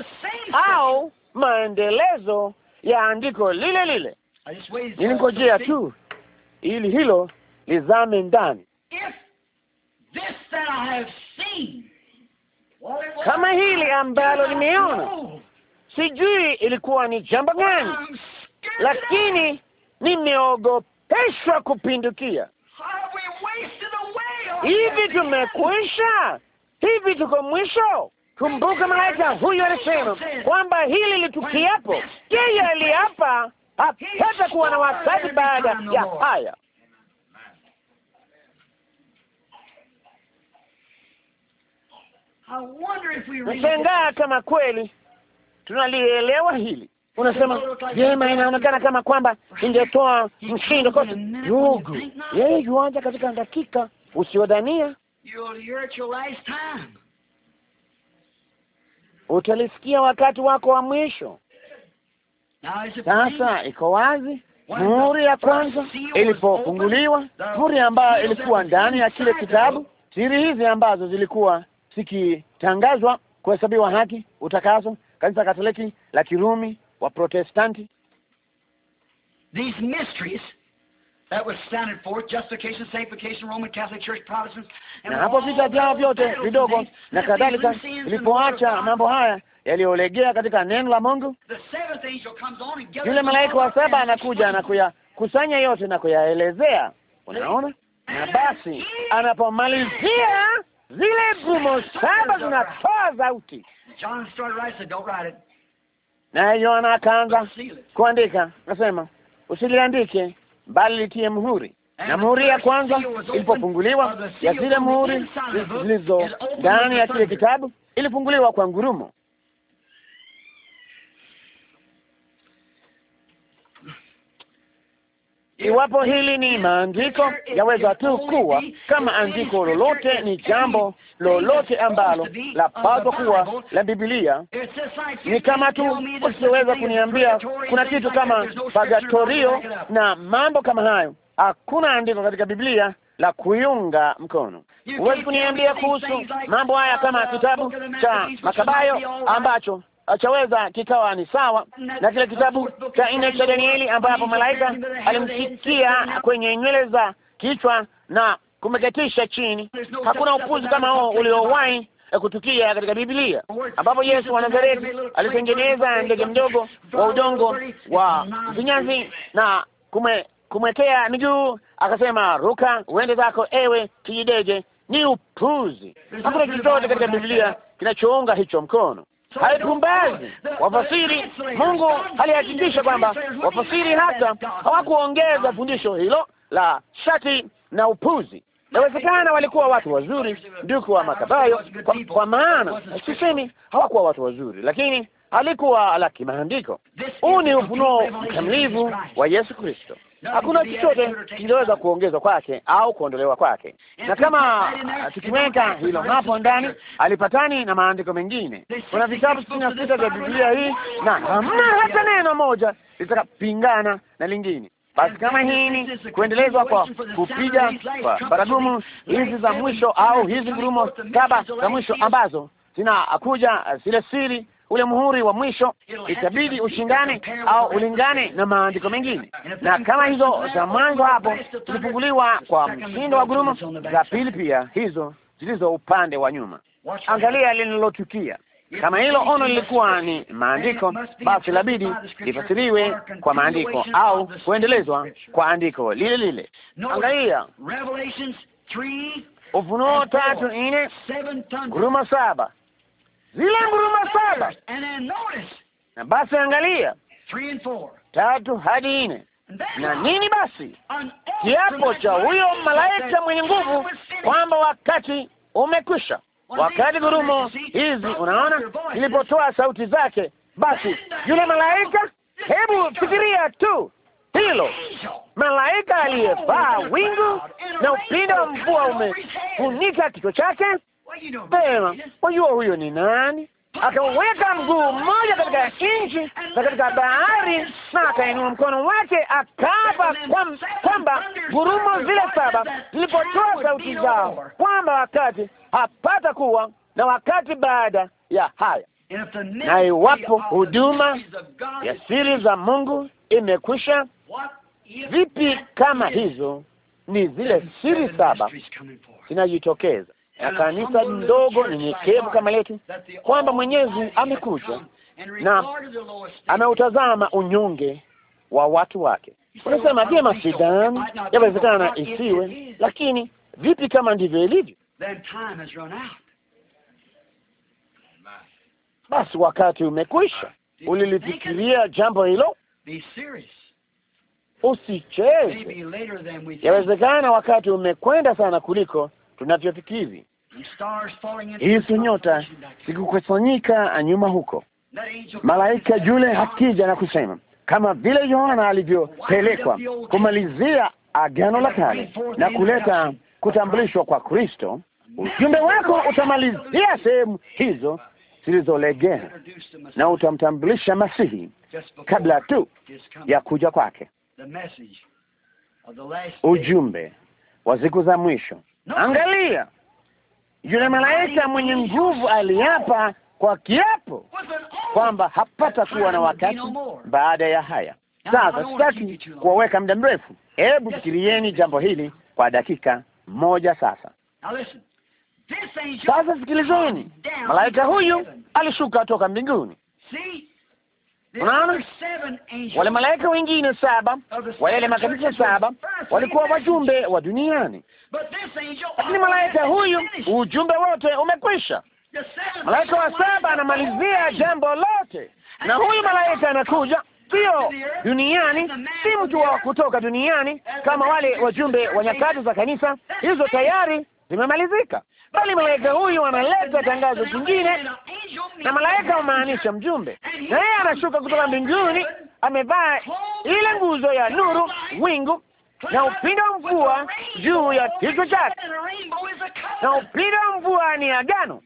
au maendelezo ya andiko lile lile. Nilingojea tu ili hilo lizame ndani kama hili ambalo nimeona. Sijui ilikuwa ni jambo gani, lakini nimeogopeshwa kupindukia. Hivi tumekwisha? Hivi tuko mwisho? Kumbuka, malaika huyu alisema kwamba hili litukiapo, yeye aliapa hapata kuwa na wakati baada ya haya. Nashangaa kama kweli tunalielewa hili. Unasema vyema, inaonekana kama kwamba ingetoa mshindo kote. Ndugu, yeye yuanja katika dakika usiodhania. Utalisikia wakati wako wa mwisho. Sasa iko wazi muhuri ya kwanza ilipofunguliwa, muhuri ambayo ilikuwa ndani ya kile kitabu, siri hizi ambazo zilikuwa sikitangazwa kuhesabiwa haki, utakaso, kanisa Katoliki la Kirumi, wa Protestanti. These mysteries That was standard for justification, sanctification, Roman Catholic Church, Protestants, and na hapo vita vyao vyote vidogo na kadhalika vilipoacha mambo haya yaliyolegea katika neno la Mungu, yule malaika wa saba anakuja na kuyakusanya yote na kuyaelezea. Unaona, na basi anapomalizia zile ngumo saba zinatoa sauti. Na Yohana akaanza kuandika, nasema usiliandike, bali litie muhuri. Na muhuri ya kwanza ilipofunguliwa, ya zile muhuri zilizo ndani ya kile kitabu ilifunguliwa kwa ngurumo, Iwapo hili ni maandiko, yaweza tu kuwa kama andiko lolote, ni jambo lolote ambalo lapaswa kuwa la Biblia. Ni kama tu usiweza kuniambia kuna kitu kama pagatorio na mambo kama hayo. Hakuna andiko katika Biblia la kuiunga mkono. Huwezi kuniambia kuhusu mambo haya kama kitabu cha Makabayo ambacho chaweza kikawa ni sawa na kile kitabu cha nne cha Danieli ambapo malaika alimsikia kwenye nywele za kichwa na kumeketisha chini. Hakuna upuzi kama huo uliowahi kutukia katika Biblia, ambapo Yesu wa Nazareti alitengeneza ndege mdogo wa udongo wa vinyazi na kume kumwekea miguu, akasema, ruka uende zako ewe kijidege. Ni upuzi. Hakuna chochote katika Biblia kinachounga hicho mkono haipumbazi. Wafasiri, Mungu alihakikisha kwamba wafasiri hata hawakuongeza fundisho hilo la shati na upuzi. nawezekana walikuwa watu wazuri, nduku wa Makabayo, kwa, kwa maana sisemi hawakuwa watu wazuri, lakini alikuwa la kimaandiko. Huu ni ufunuo mkamilifu wa Yesu Kristo hakuna chochote kinaweza kuongezwa kwake au kuondolewa kwake. Na yaani kama tukiweka hilo hapo ndani, alipatani na maandiko mengine. Kuna vitabu sitini na sita vya Biblia hii na hamna hata neno moja litakapingana na lingine. Basi kama hii ni kuendelezwa kwa kupiga baragumu hizi za mwisho au hizi ngurumo saba za mwisho ambazo zinakuja zile siri ule muhuri wa mwisho, itabidi ushindane au ulingane na maandiko mengine, na kama hizo za mwanzo hapo zilifunguliwa kwa mshindo wa guruma, za pili pia hizo zilizo upande wa nyuma. Angalia linalotukia kama hilo ono lilikuwa ni maandiko, basi labidi lifasiriwe kwa maandiko au kuendelezwa kwa andiko lile lile. Angalia Ufunuo tatu nne, guruma saba, zile nguruma saba. Na basi angalia tatu hadi nne na nini basi kiapo cha huyo malaika mwenye nguvu kwamba wakati umekwisha, wakati gurumo hizi, unaona, ilipotoa sauti zake, basi yule malaika, hebu fikiria tu hilo, malaika aliyevaa wingu na upinde wa mvua umefunika kichwa chake Pema, wajua huyo ni nani? Akaweka mguu mmoja katika nchi na katika bahari, na akainua mkono wake akapa kwamba ngurumo zile saba zilipotoa sauti zao, kwamba wakati hapata kuwa na wakati baada ya haya. Na iwapo huduma ya siri za Mungu imekwisha, vipi kama hizo ni zile siri saba zinajitokeza na kanisa ndogo nyenyekevu kama letu, kwamba Mwenyezi amekuja na ameutazama unyonge wa watu wake. Unasema vyema, sidani, yawezekana isiwe, lakini vipi kama ndivyo ilivyo? Basi wakati umekwisha. Ulilifikiria jambo hilo? Usicheze. Yawezekana wakati umekwenda sana kuliko tunavyofikiri. Hizi nyota zikukusanyika nyuma huko, malaika yule hakija na kusema kama vile Yohana alivyopelekwa kumalizia Agano la Kale na kuleta kutambulishwa kwa Kristo, ujumbe wako utamalizia sehemu hizo zilizolegea na utamtambulisha Masihi kabla tu ya kuja kwake. Ujumbe wa siku za mwisho Angalia, yule malaika mwenye nguvu aliapa kwa kiapo kwamba hapata kuwa na wakati baada ya haya. Sasa sitaki kuwaweka muda mrefu, hebu fikirieni jambo hili kwa dakika moja sasa. Sasa sikilizeni, malaika huyu alishuka toka mbinguni. Unaona, wale malaika wengine saba wa yale makanisa saba walikuwa wajumbe wa duniani, lakini malaika huyu, ujumbe wote umekwisha. Malaika wa saba anamalizia jambo lote, na huyu malaika anakuja sio duniani, si mtu wa kutoka duniani kama wale wajumbe wa nyakati za kanisa. Hizo tayari zimemalizika bali malaika huyu analeta tangazo jingine, na malaika wamaanisha mjumbe, na yeye anashuka kutoka mbinguni, amevaa ile nguzo ya nuru wingu na upinde wa mvua juu ya kichwa chake, na upinde wa mvua ni agano.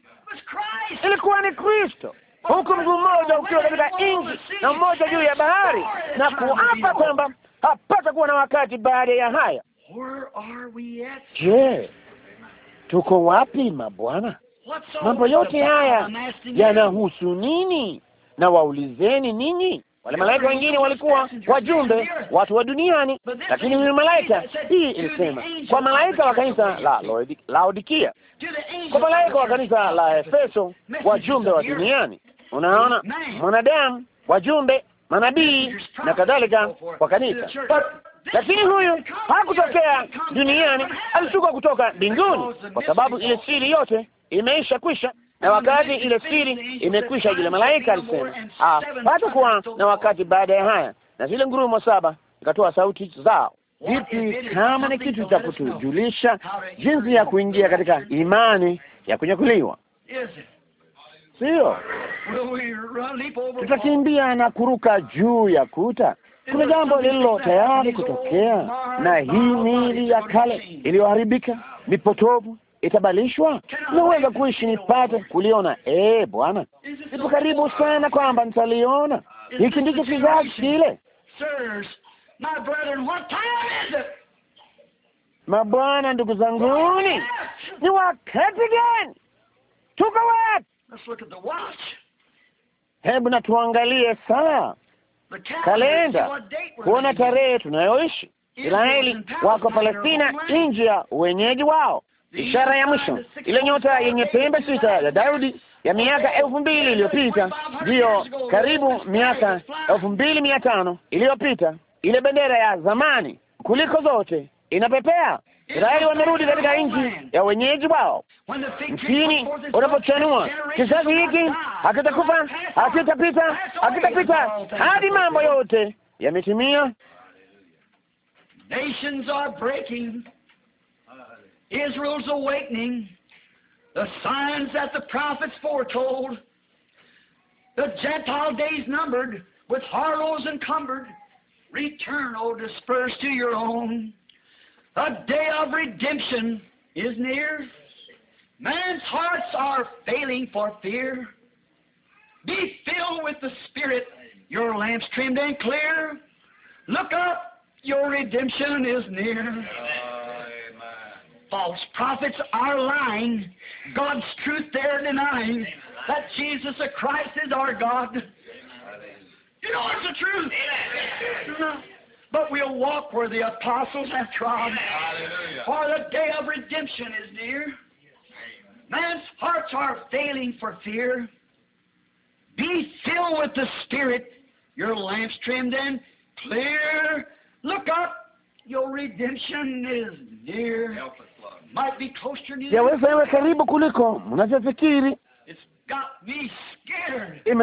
Ilikuwa ni Kristo, huku mguu mmoja ukiwa katika nchi na mmoja juu ya bahari, na kuapa kwamba hapata kuwa na wakati baada ya haya. Yeah. Tuko wapi mabwana? Mambo yote haya yanahusu nini? Na waulizeni ninyi. Wale malaika wengine walikuwa wajumbe watu wa duniani, lakini huyu malaika, hii ilisema kwa malaika wa kanisa la Laodikia, kwa malaika wa kanisa la Efeso, wajumbe wa duniani. Unaona, mwanadamu, wajumbe, manabii na kadhalika wa kanisa lakini huyu hakutokea duniani, alishuka kutoka mbinguni, kwa sababu ile siri yote imeisha kwisha. Na wakati ile siri imekwisha, yule malaika alisema ah, hata kuwa na wakati baada ya haya. Na zile ngurumo saba ikatoa sauti zao. Vipi kama ni kitu cha kutujulisha jinsi ya kuingia katika imani ya kunyakuliwa? Sio tutakimbia na kuruka juu ya kuta? kuna jambo lililo tayari kutokea, na hii miili ya kale iliyoharibika mipotovu itabalishwa. Naweza kuishi nipate kuliona. Eh, Bwana, nipo karibu sana kwamba nitaliona. Hiki ndicho kizazi kile, mabwana, ndugu zanguni, ni wakati gani? Tuko wapi? Hebu na tuangalie saa kalenda kuona tarehe tunayoishi. Israeli wako Palestina nje ya wenyeji wao. Ishara ya mwisho, ile nyota yenye pembe sita ya Daudi ya miaka elfu mbili iliyopita, ndiyo karibu miaka elfu mbili mia tano iliyopita, ile bendera ya zamani kuliko zote inapepea Israeli wamerudi katika nchi ya wenyeji wao. Mtini unapochanua kizazi hiki hakitakufa, hakitapita, hakitapita hadi mambo yote yametimia. Nations are breaking. Israel's awakening. The signs that the prophets foretold. The Gentile days numbered with harlots encumbered, Return, O dispersed to your own. The day of redemption is near. Man's hearts are failing for fear. Be filled with the Spirit, your lamps trimmed and clear. Look up, your redemption is near. False prophets are lying. God's truth they're denying. That Jesus the Christ is our God. You know it's the truth but we'll walk where the apostles have trod. For the day of redemption is near. Man's hearts are failing for fear. Be filled with the Spirit, your lamps trimmed and clear. Look up, your redemption is near. Might be closer to It's got me scared. Oh,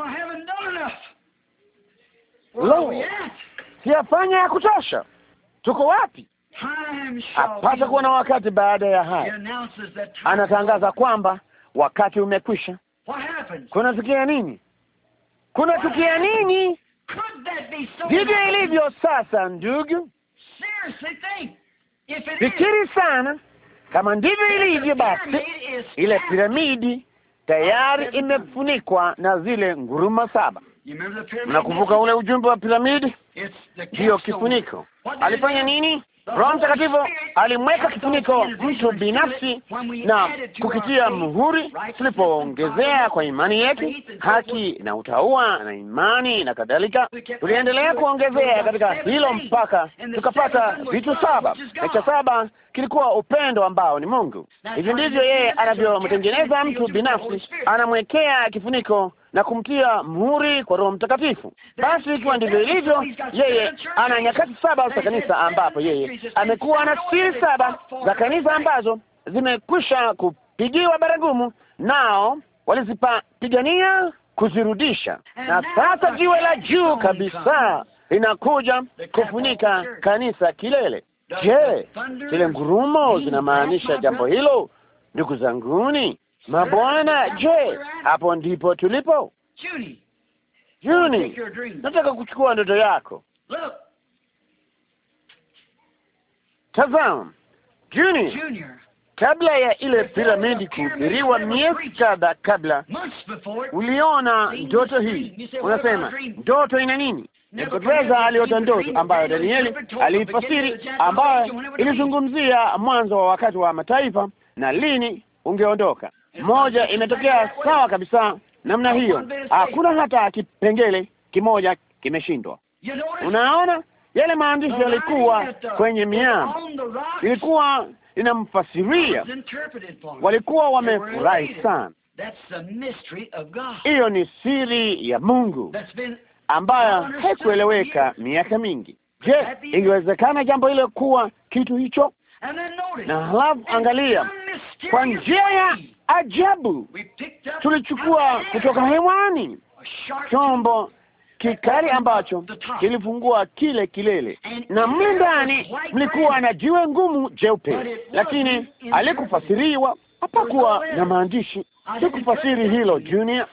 I haven't done enough. Lo, siyafanya ya kutosha? Tuko wapi? Apata kuwa na wakati baada ya haya. Anatangaza kwamba wakati umekwisha. Kunatukia nini? Kunatukia nini? Ndivyo ilivyo sasa, ndugu. Fikiri sana. Kama ndivyo ilivyo, basi ile piramidi tayari imefunikwa na zile nguruma saba. Mnakumbuka ule ujumbe wa piramidi? Ndiyo, kifuniko. Alifanya nini? Roho Mtakatifu alimweka kifuniko mtu binafsi na kukitia muhuri. Tulipoongezea kwa imani yetu haki na utaua na imani na kadhalika, tuliendelea kuongezea katika hilo mpaka tukapata vitu saba, na cha saba kilikuwa upendo ambao ni Mungu. Hivi ndivyo yeye anavyomtengeneza mtu binafsi, anamwekea kifuniko na kumtia mhuri kwa Roho Mtakatifu. Basi ikiwa ndivyo ilivyo, yeye ana nyakati saba za kanisa, ambapo yeye amekuwa na siri saba za kanisa ambazo zimekwisha kupigiwa baragumu, nao walizipigania kuzirudisha, na sasa jiwe la juu kabisa linakuja kufunika kanisa kilele. Je, zile ngurumo zinamaanisha jambo hilo, ndugu zanguni? Mabwana, je, hapo ndipo tulipo? Juni, nataka kuchukua ndoto yako. Tazama, Juni, kabla ya ile piramidi kuhubiriwa, miezi kadha kabla, uliona ndoto hii. Unasema ndoto ina nini? Nebukadneza aliota ndoto ambayo Danieli aliifasiri, ambayo ilizungumzia mwanzo wa wakati wa mataifa na lini ungeondoka moja imetokea sawa kabisa namna hiyo, hakuna hata kipengele kimoja kimeshindwa. Unaona yale maandishi yalikuwa kwenye miamba, ilikuwa inamfasiria, walikuwa wamefurahi sana. Hiyo ni siri ya Mungu ambayo haikueleweka miaka mingi. Je, ingewezekana jambo hilo kuwa kitu hicho? Na halafu angalia kwa njia ya ajabu tulichukua kutoka hewani chombo kikali ambacho kilifungua kile kilele, na mle ndani mlikuwa na jiwe ngumu jeupe, lakini alikufasiriwa. Hapakuwa na maandishi, sikufasiri hilo Junior,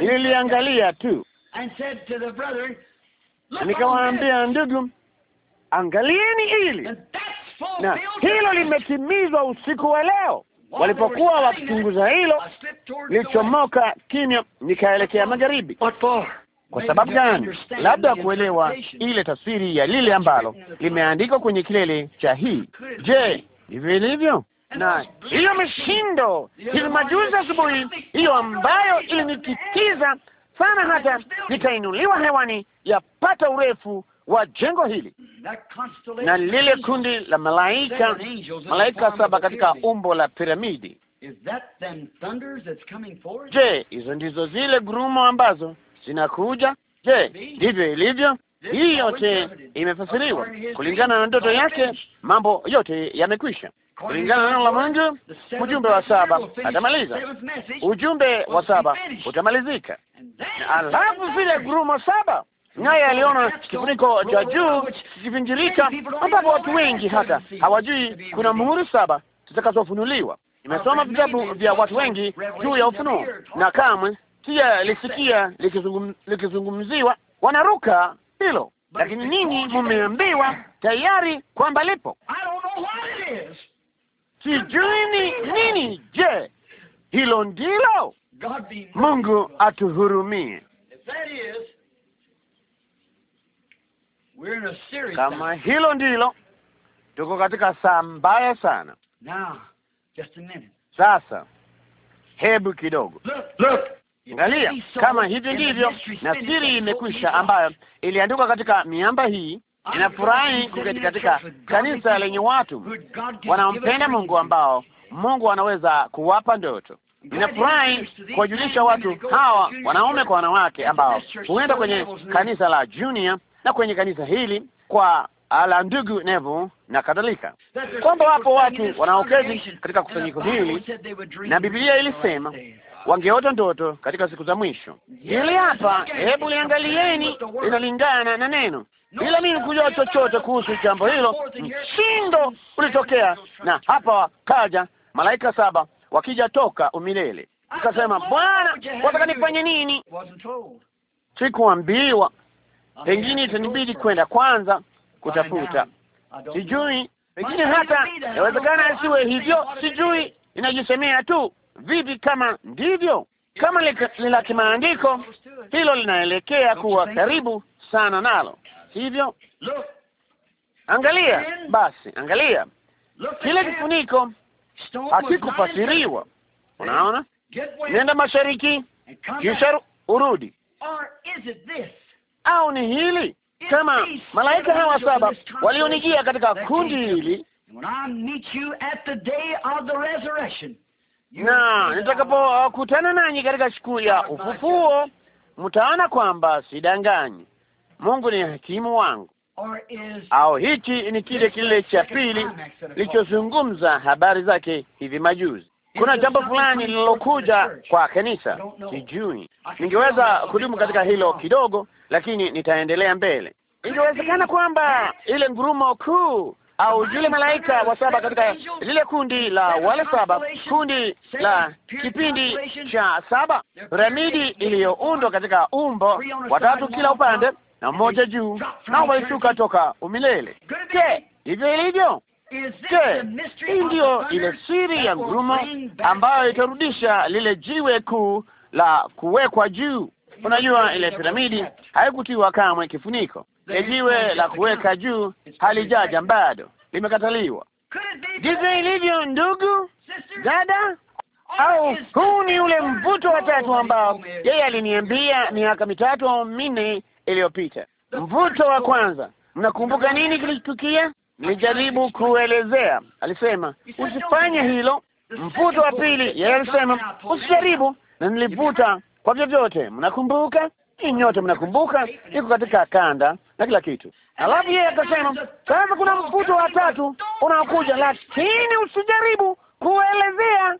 nililiangalia tu, nikawaambia ndugu, angalieni hili na hilo limetimizwa usiku wa leo. Walipokuwa wakichunguza hilo, lichomoka kimya, nikaelekea magharibi. Kwa sababu gani? Labda kuelewa ile tafsiri ya lile ambalo limeandikwa kwenye kilele cha hii. Je, hivyo ilivyo? na hiyo mishindo hivi majuzi asubuhi, hiyo ambayo ilinikitiza sana hata nikainuliwa hewani, yapata urefu wa jengo hili na lile kundi la malaika malaika saba katika umbo la piramidi. Je, hizo ndizo zile gurumo ambazo zinakuja? Je, ndivyo ilivyo? Hii yote imefasiriwa kulingana na ndoto yake. Mambo yote yamekwisha kulingana na neno la Mungu. Ujumbe wa saba atamaliza, ujumbe wa saba utamalizika, alafu zile gurumo saba naye aliona kifuniko cha juu kikipinjirika, ambapo watu wengi hata hawajui kuna muhuri saba zitakazofunuliwa. Nimesoma vitabu vya watu wengi juu ya ufunuo na kamwe sija lisikia likizungum, likizungumziwa. Wanaruka hilo, lakini ninyi mmeambiwa tayari kwamba lipo. Sijui ni nini. Je, hilo ndilo? Mungu atuhurumie. Kama hilo ndilo, tuko katika saa mbaya sana. Now, just a minute. Sasa hebu kidogo angalia, kama hivi ndivyo, na siri imekwisha ambayo iliandikwa katika miamba hii. Inafurahi kuketi katika kanisa lenye watu wanaompenda Mungu ambao Mungu anaweza kuwapa ndoto. inafurahi kuwajulisha watu hawa wanaume kwa wanawake ambao huenda kwenye kanisa la Junior na kwenye kanisa hili kwa ala ndugu Neville na kadhalika, kwamba wapo watu wanaoketi katika kusanyiko hili, na Biblia ilisema wangeota ndoto katika siku za mwisho. Hili hapa, hebu liangalieni, linalingana na neno bila mimi kujua chochote kuhusu jambo hilo. Mshindo ulitokea na hapa wakaja malaika saba wakija toka umilele, nikasema Bwana, wataka nifanye nini? Sikuambiwa pengine itanibidi kwenda kwanza kutafuta, sijui, pengine hata inawezekana asiwe hivyo, sijui, inajisemea tu. Vipi kama ndivyo? Kama ni la kimaandiko, hilo linaelekea kuwa karibu sana nalo, sivyo? Angalia basi, angalia kile kifuniko hakikufasiriwa. Unaona, nenda mashariki kisha urudi au ni hili kama malaika hawa saba walionijia katika kundi hili na nitakapokutana nanyi katika siku ya ufufuo, mtaona kwamba sidanganyi. Mungu ni hakimu wangu. Au hichi ni kile kile cha pili lichozungumza habari zake hivi majuzi kuna jambo fulani lililokuja kwa kanisa, sijui. Ningeweza kudumu katika hilo kidogo, lakini nitaendelea mbele. Ingewezekana kwamba ile ngurumo kuu au yule malaika wa saba katika lile kundi la wale saba, kundi la kipindi cha saba, piramidi iliyoundwa katika umbo watatu kila upande na mmoja juu, nao walishuka toka umilele. Je, hivyo ilivyo? Je, hii ndiyo ile siri ya ngurumo ambayo itarudisha lile jiwe kuu la kuwekwa juu? Unajua, ile piramidi haikutiwa kamwe kifuniko. Ile jiwe la kuweka juu halijaja bado, limekataliwa. Ndivyo ilivyo, ndugu dada au huu ni ule mvuto wa tatu ambao yeye aliniambia miaka mitatu au minne iliyopita. Mvuto wa kwanza, mnakumbuka nini kilitukia? nijaribu kuelezea. Alisema usifanye hilo. Mvuto wa pili, yeye alisema usijaribu, na nilivuta kwa vyovyote. Mnakumbuka? Hii nyote mnakumbuka, iko katika kanda na kila kitu. Alafu yeye akasema sasa kuna mvuto wa tatu unaokuja, lakini usijaribu kuelezea.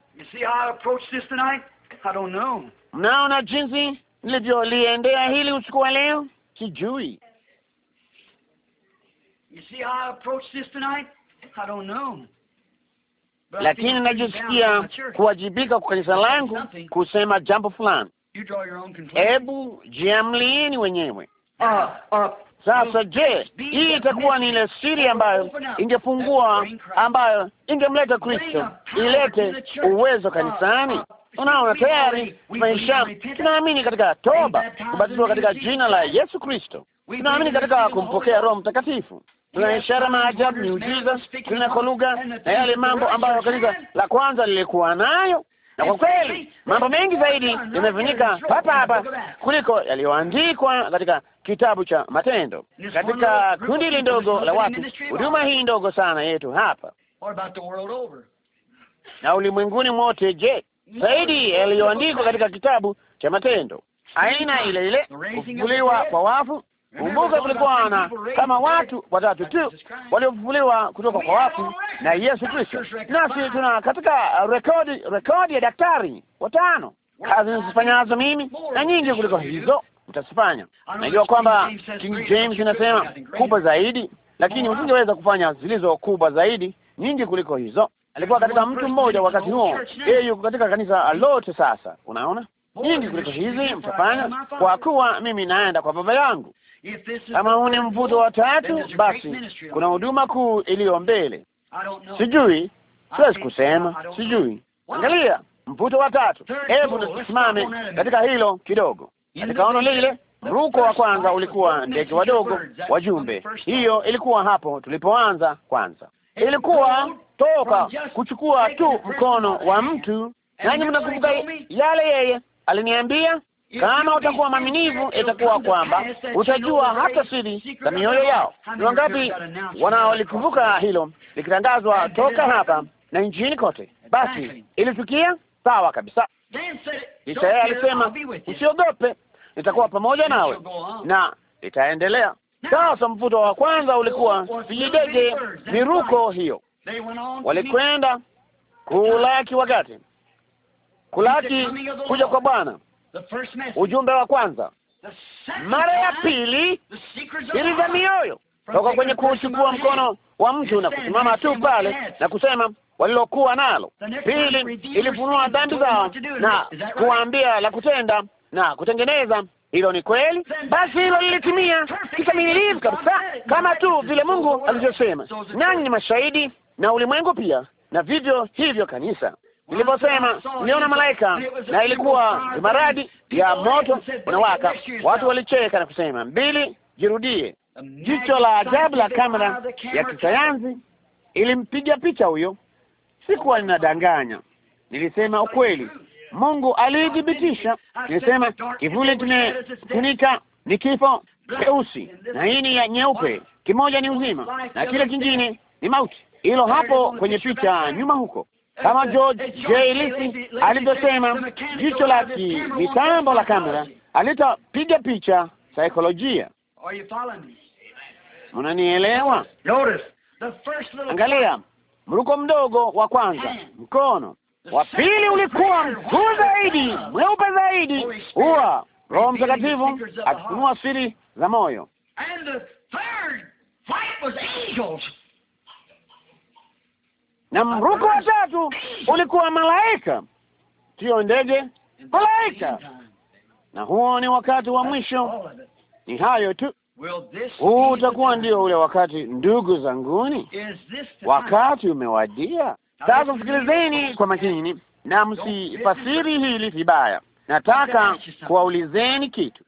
Mnaona jinsi nilivyoliendea hili usiku wa leo? Sijui lakini najisikia kuwajibika kwa kanisa langu kusema jambo fulani. Hebu jiamlieni wenyewe. Ah, ah. sasa je, hii itakuwa ni ile siri ambayo ingefungua ambayo ingemleta Kristo, ilete uwezo ah, kanisani? Unaona, tayari maisha, tunaamini katika toba, kubatizwa katika jina la Yesu Kristo, tunaamini katika kumpokea Roho Mtakatifu, tuna ishara, maajabu, miujiza, tuna kwa lugha na yale mambo ambayo kanisa la kwanza lilikuwa nayo, na kwa kweli mambo mengi zaidi yamefanyika papa hapa kuliko yaliyoandikwa katika kitabu cha Matendo, katika kundi hili ndogo la watu, huduma hii ndogo sana yetu hapa na ulimwenguni mote. Je, zaidi yaliyoandikwa katika kitabu cha Matendo, aina ile ile, kufufuliwa kwa wafu Kumbuka, kulikuwa na kama watu watatu tu waliofufuliwa kutoka kwa wafu na Yesu Kristo, nasi tuna katika rekodi rekodi ya daktari watano. Kazi nizifanyazo mimi na nyingi kuliko hizo mtasifanya. Najua kwamba King James inasema kubwa zaidi, lakini usingeweza kufanya zilizo kubwa zaidi nyingi kuliko hizo. Alikuwa katika mtu mmoja wakati huo, yeye yuko katika kanisa lote sasa. Unaona, nyingi kuliko hizi mtafanya, kwa kuwa mimi naenda kwa Baba yangu. Kama huu ni mvuto wa tatu, basi kuna huduma kuu iliyo mbele. Sijui, siwezi kusema, sijui. Angalia mvuto wa tatu. Hebu tusimame katika hilo kidogo. Katika ono lile, mruko wa kwanza ulikuwa ndege wadogo wajumbe. Hiyo ilikuwa hapo tulipoanza kwanza, ilikuwa toka kuchukua tu mkono wa mtu. Nanyi mnakumbuka yale yeye aliniambia kama utakuwa mwaminifu, itakuwa kwamba utajua hata siri za mioyo yao. Ni wangapi wanaolikumbuka hilo likitangazwa toka hapa na nchini kote? Basi ilifikia sawa kabisa. Isaya alisema, usiogope, nitakuwa pamoja nawe na itaendelea. Sasa mvuto wa kwanza ulikuwa vijidege, miruko hiyo, walikwenda kulaki, wakati kulaki kuja kwa Bwana ujumbe wa kwanza. Mara ya pili, siri za mioyo toka kwenye kuchukua mkono wa mtu na kusimama tu pale na kusema walilokuwa nalo. Pili, ilifunua dhambi zao na kuwaambia la kutenda na kutengeneza. Hilo ni kweli. Basi hilo lilitimia kikamilifu kabisa, kama tu vile Mungu alivyosema. Nanyi ni mashahidi na ulimwengu pia, na vivyo hivyo kanisa niliposema niona malaika na ilikuwa maradi ya moto unawaka, watu walicheka na kusema mbili, jirudie. Jicho la ajabu la kamera ya kisayansi ilimpiga picha huyo. Sikuwa ninadanganya, nilisema ukweli. Mungu alithibitisha Nilisema kivuli kimefunika ni kifo cheusi na hii ni ya nyeupe, kimoja ni uzima na kile kingine ni mauti. Hilo hapo kwenye picha nyuma huko kama George J. Lisi alivyosema, jicho la mitambo la kamera alitapiga picha saikolojia. Mnanielewa? Angalia mruko mdogo wa kwanza, mkono wa pili ulikuwa mkuu zaidi, mweupe zaidi, huwa Roho Mtakatifu akifunua siri za moyo na mruko wa tatu ulikuwa malaika, sio ndege, malaika. Na huo ni wakati wa mwisho. Ni hayo tu. Huu utakuwa ndio ule wakati, ndugu zanguni, wakati umewadia. Sasa sikilizeni kwa makini na msifasiri hili vibaya. Nataka kuwaulizeni kitu.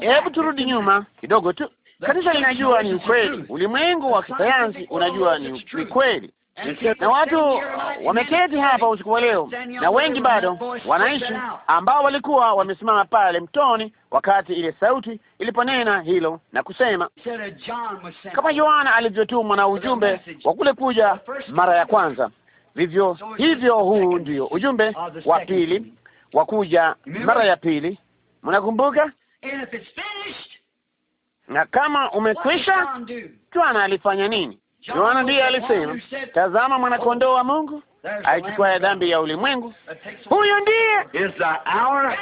Hebu turudi nyuma kidogo tu. Kanisa linajua ni ukweli, ulimwengu wa kisayansi unajua ni ukweli na watu wameketi hapa usiku wa leo, na wengi bado wanaishi, ambao walikuwa wamesimama pale mtoni wakati ile sauti iliponena hilo na kusema, kama Yohana alivyotumwa na ujumbe wa kule kuja mara ya kwanza, vivyo hivyo huu ndio ujumbe wa pili wa kuja mara ya pili. Mnakumbuka? Na kama umekwisha, Bwana alifanya nini? Yohana ndiye alisema, tazama mwanakondoo wa Mungu aichukua dhambi ya ulimwengu. Huyo ndiye. Je, saa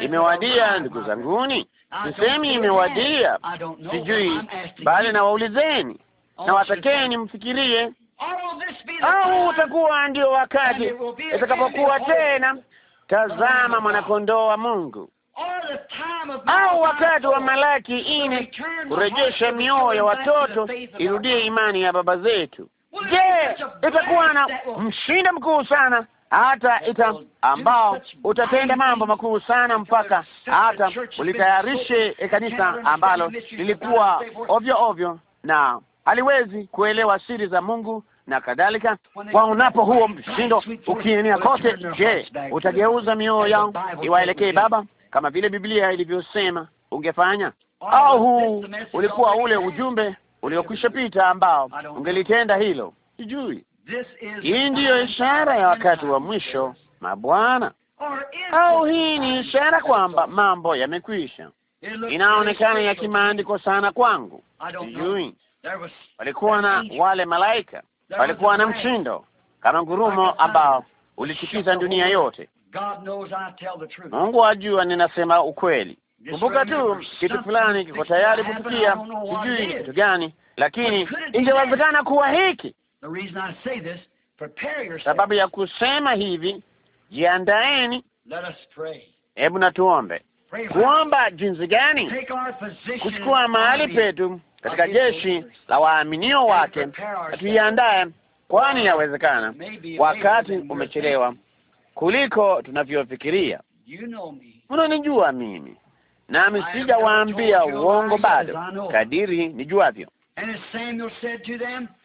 imewadia, ndugu zanguni? Sisemi imewadia, sijui, bali nawaulizeni na watakeni mfikirie, au utakuwa ndio wakati itakapokuwa tena, tazama mwanakondoo wa Mungu au wakati wa Malaki ine kurejesha mioyo ya watoto irudie imani ya baba zetu. Je, itakuwa na mshinda mkuu sana hata ita ambao utatenda mambo makuu sana mpaka hata ulitayarishe kanisa ambalo lilikuwa ovyo ovyo na haliwezi kuelewa siri za Mungu na kadhalika. Kwa unapo huo mshindo ukienea kote, je, utageuza mioyo yao iwaelekee Baba kama vile Biblia ilivyosema ungefanya, au huu ulikuwa ule ujumbe uliokwisha pita ambao ungelitenda hilo? Sijui. Hii ndiyo ishara ya wakati wa mwisho, mabwana, au hii ni ishara kwamba mambo yamekwisha? Inaonekana ya kimaandiko sana kwangu, sijui. Walikuwa na wale malaika, walikuwa na mshindo kama ngurumo ambao ulitikisa dunia yote. Mungu ajua ninasema ukweli. Kumbuka tu kitu fulani kiko tayari kutukia, sijui ni kitu gani, lakini ingewezekana kuwa hiki. Sababu ya kusema hivi, jiandaeni. Hebu na tuombe. Kuomba jinsi gani? Kuchukua mahali petu katika jeshi la waaminio wake, tuiandae, kwani yawezekana wakati umechelewa kuliko tunavyofikiria. Unanijua mimi, nami sijawaambia uongo bado, kadiri nijuavyo.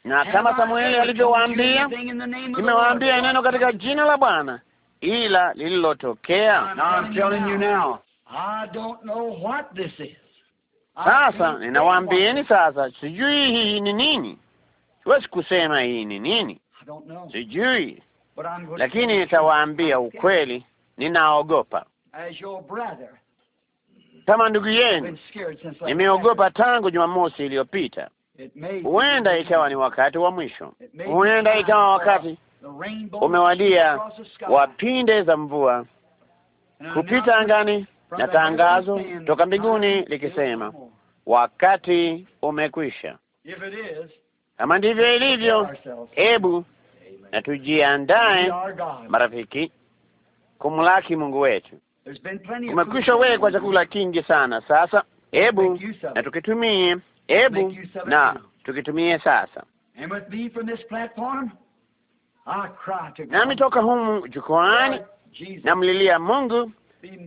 Na kama Samueli alivyowaambia, nimewaambia neno katika jina la Bwana ila lililotokea sasa. Ninawaambieni sasa, sijui hii ni nini. Siwezi kusema hii ni nini, sijui lakini nitawaambia ukweli, ninaogopa kama ndugu yenu. Nimeogopa tangu Jumamosi iliyopita. Huenda ikawa ni wakati wa mwisho, huenda ikawa wakati umewadia wa pinde za mvua kupita angani na tangazo toka mbinguni likisema wakati umekwisha. Kama ndivyo ilivyo, hebu na tujiandae, marafiki, kumlaki Mungu wetu. Kumekwisha wekwa chakula kingi sana sasa, hebu na tukitumie, hebu na tukitumie sasa. Nami toka humu jukwaani namlilia Mungu,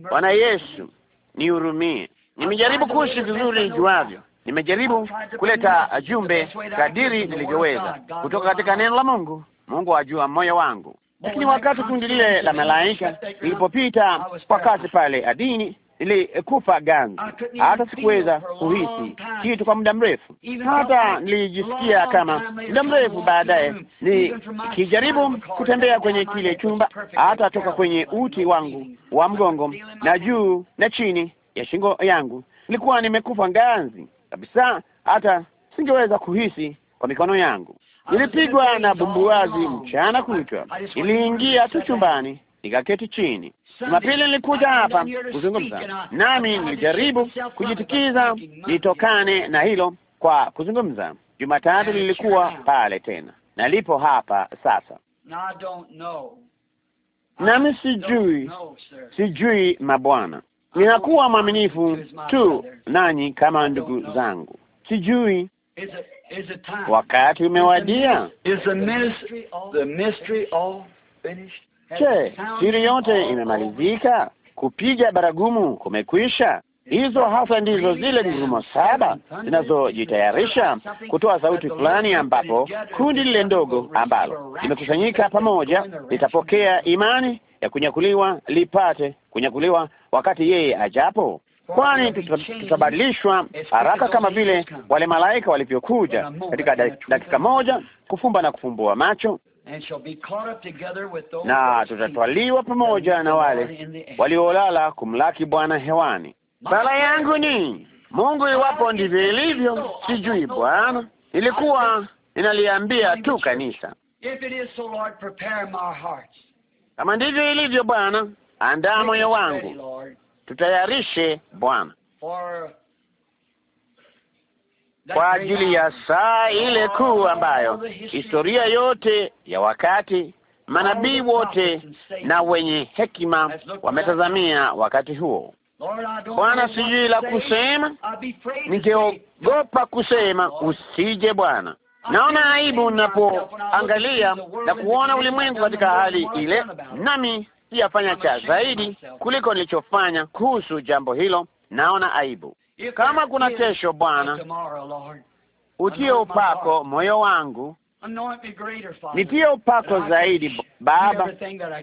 Bwana Yesu nihurumie. Nimejaribu kuishi vizuri juavyo, nimejaribu kuleta jumbe kadiri nilivyoweza kutoka katika neno la Mungu. Mungu ajua moyo wangu. Lakini wakati kundi lile la malaika lilipopita kwa kasi pale adini, nilikufa ganzi, hata sikuweza kuhisi kitu kwa muda mrefu. Hata nilijisikia kama muda mrefu baadaye, nikijaribu kutembea kwenye kile chumba, hata toka kwenye uti wangu wa mgongo na juu na chini ya shingo yangu, nilikuwa nimekufa ganzi kabisa, hata singeweza kuhisi kwa mikono yangu. Nilipigwa na bumbuazi mchana kutwa. Niliingia tu chumbani nikaketi chini. Jumapili nilikuja hapa kuzungumza, nami nilijaribu kujitikiza nitokane na hilo kwa kuzungumza. Jumatatu nilikuwa pale tena, nalipo hapa sasa, nami sijui, sijui mabwana. Ninakuwa mwaminifu tu nanyi kama ndugu zangu, sijui Wakati umewadia. Je, siri yote imemalizika? Kupiga baragumu kumekwisha. Hizo hasa ndizo zile ngurumo saba zinazojitayarisha kutoa sauti fulani, ambapo kundi lile ndogo ambalo limekusanyika pamoja litapokea imani ya kunyakuliwa, lipate kunyakuliwa wakati yeye ajapo kwani tutabadilishwa haraka kama vile wale malaika walivyokuja katika dakika moja kufumba na kufumbua macho, na tutatwaliwa pamoja na wale waliolala kumlaki Bwana hewani. Sala yangu ni Mungu, iwapo ndivyo ilivyo, sijui Bwana, ilikuwa ninaliambia tu kanisa kama ndivyo ilivyo, Bwana, andaa moyo wangu tutayarishe Bwana kwa ajili ya saa ile kuu ambayo historia yote ya wakati, manabii wote na wenye hekima wametazamia wakati huo. Bwana, sijui la kusema, ningeogopa kusema usije Bwana. Naona aibu ninapoangalia na kuona ulimwengu katika hali ile, nami sijafanya cha zaidi kuliko nilichofanya kuhusu jambo hilo. Naona aibu. Kama kuna kesho, Bwana, utie upako moyo wangu, nitie upako zaidi Baba,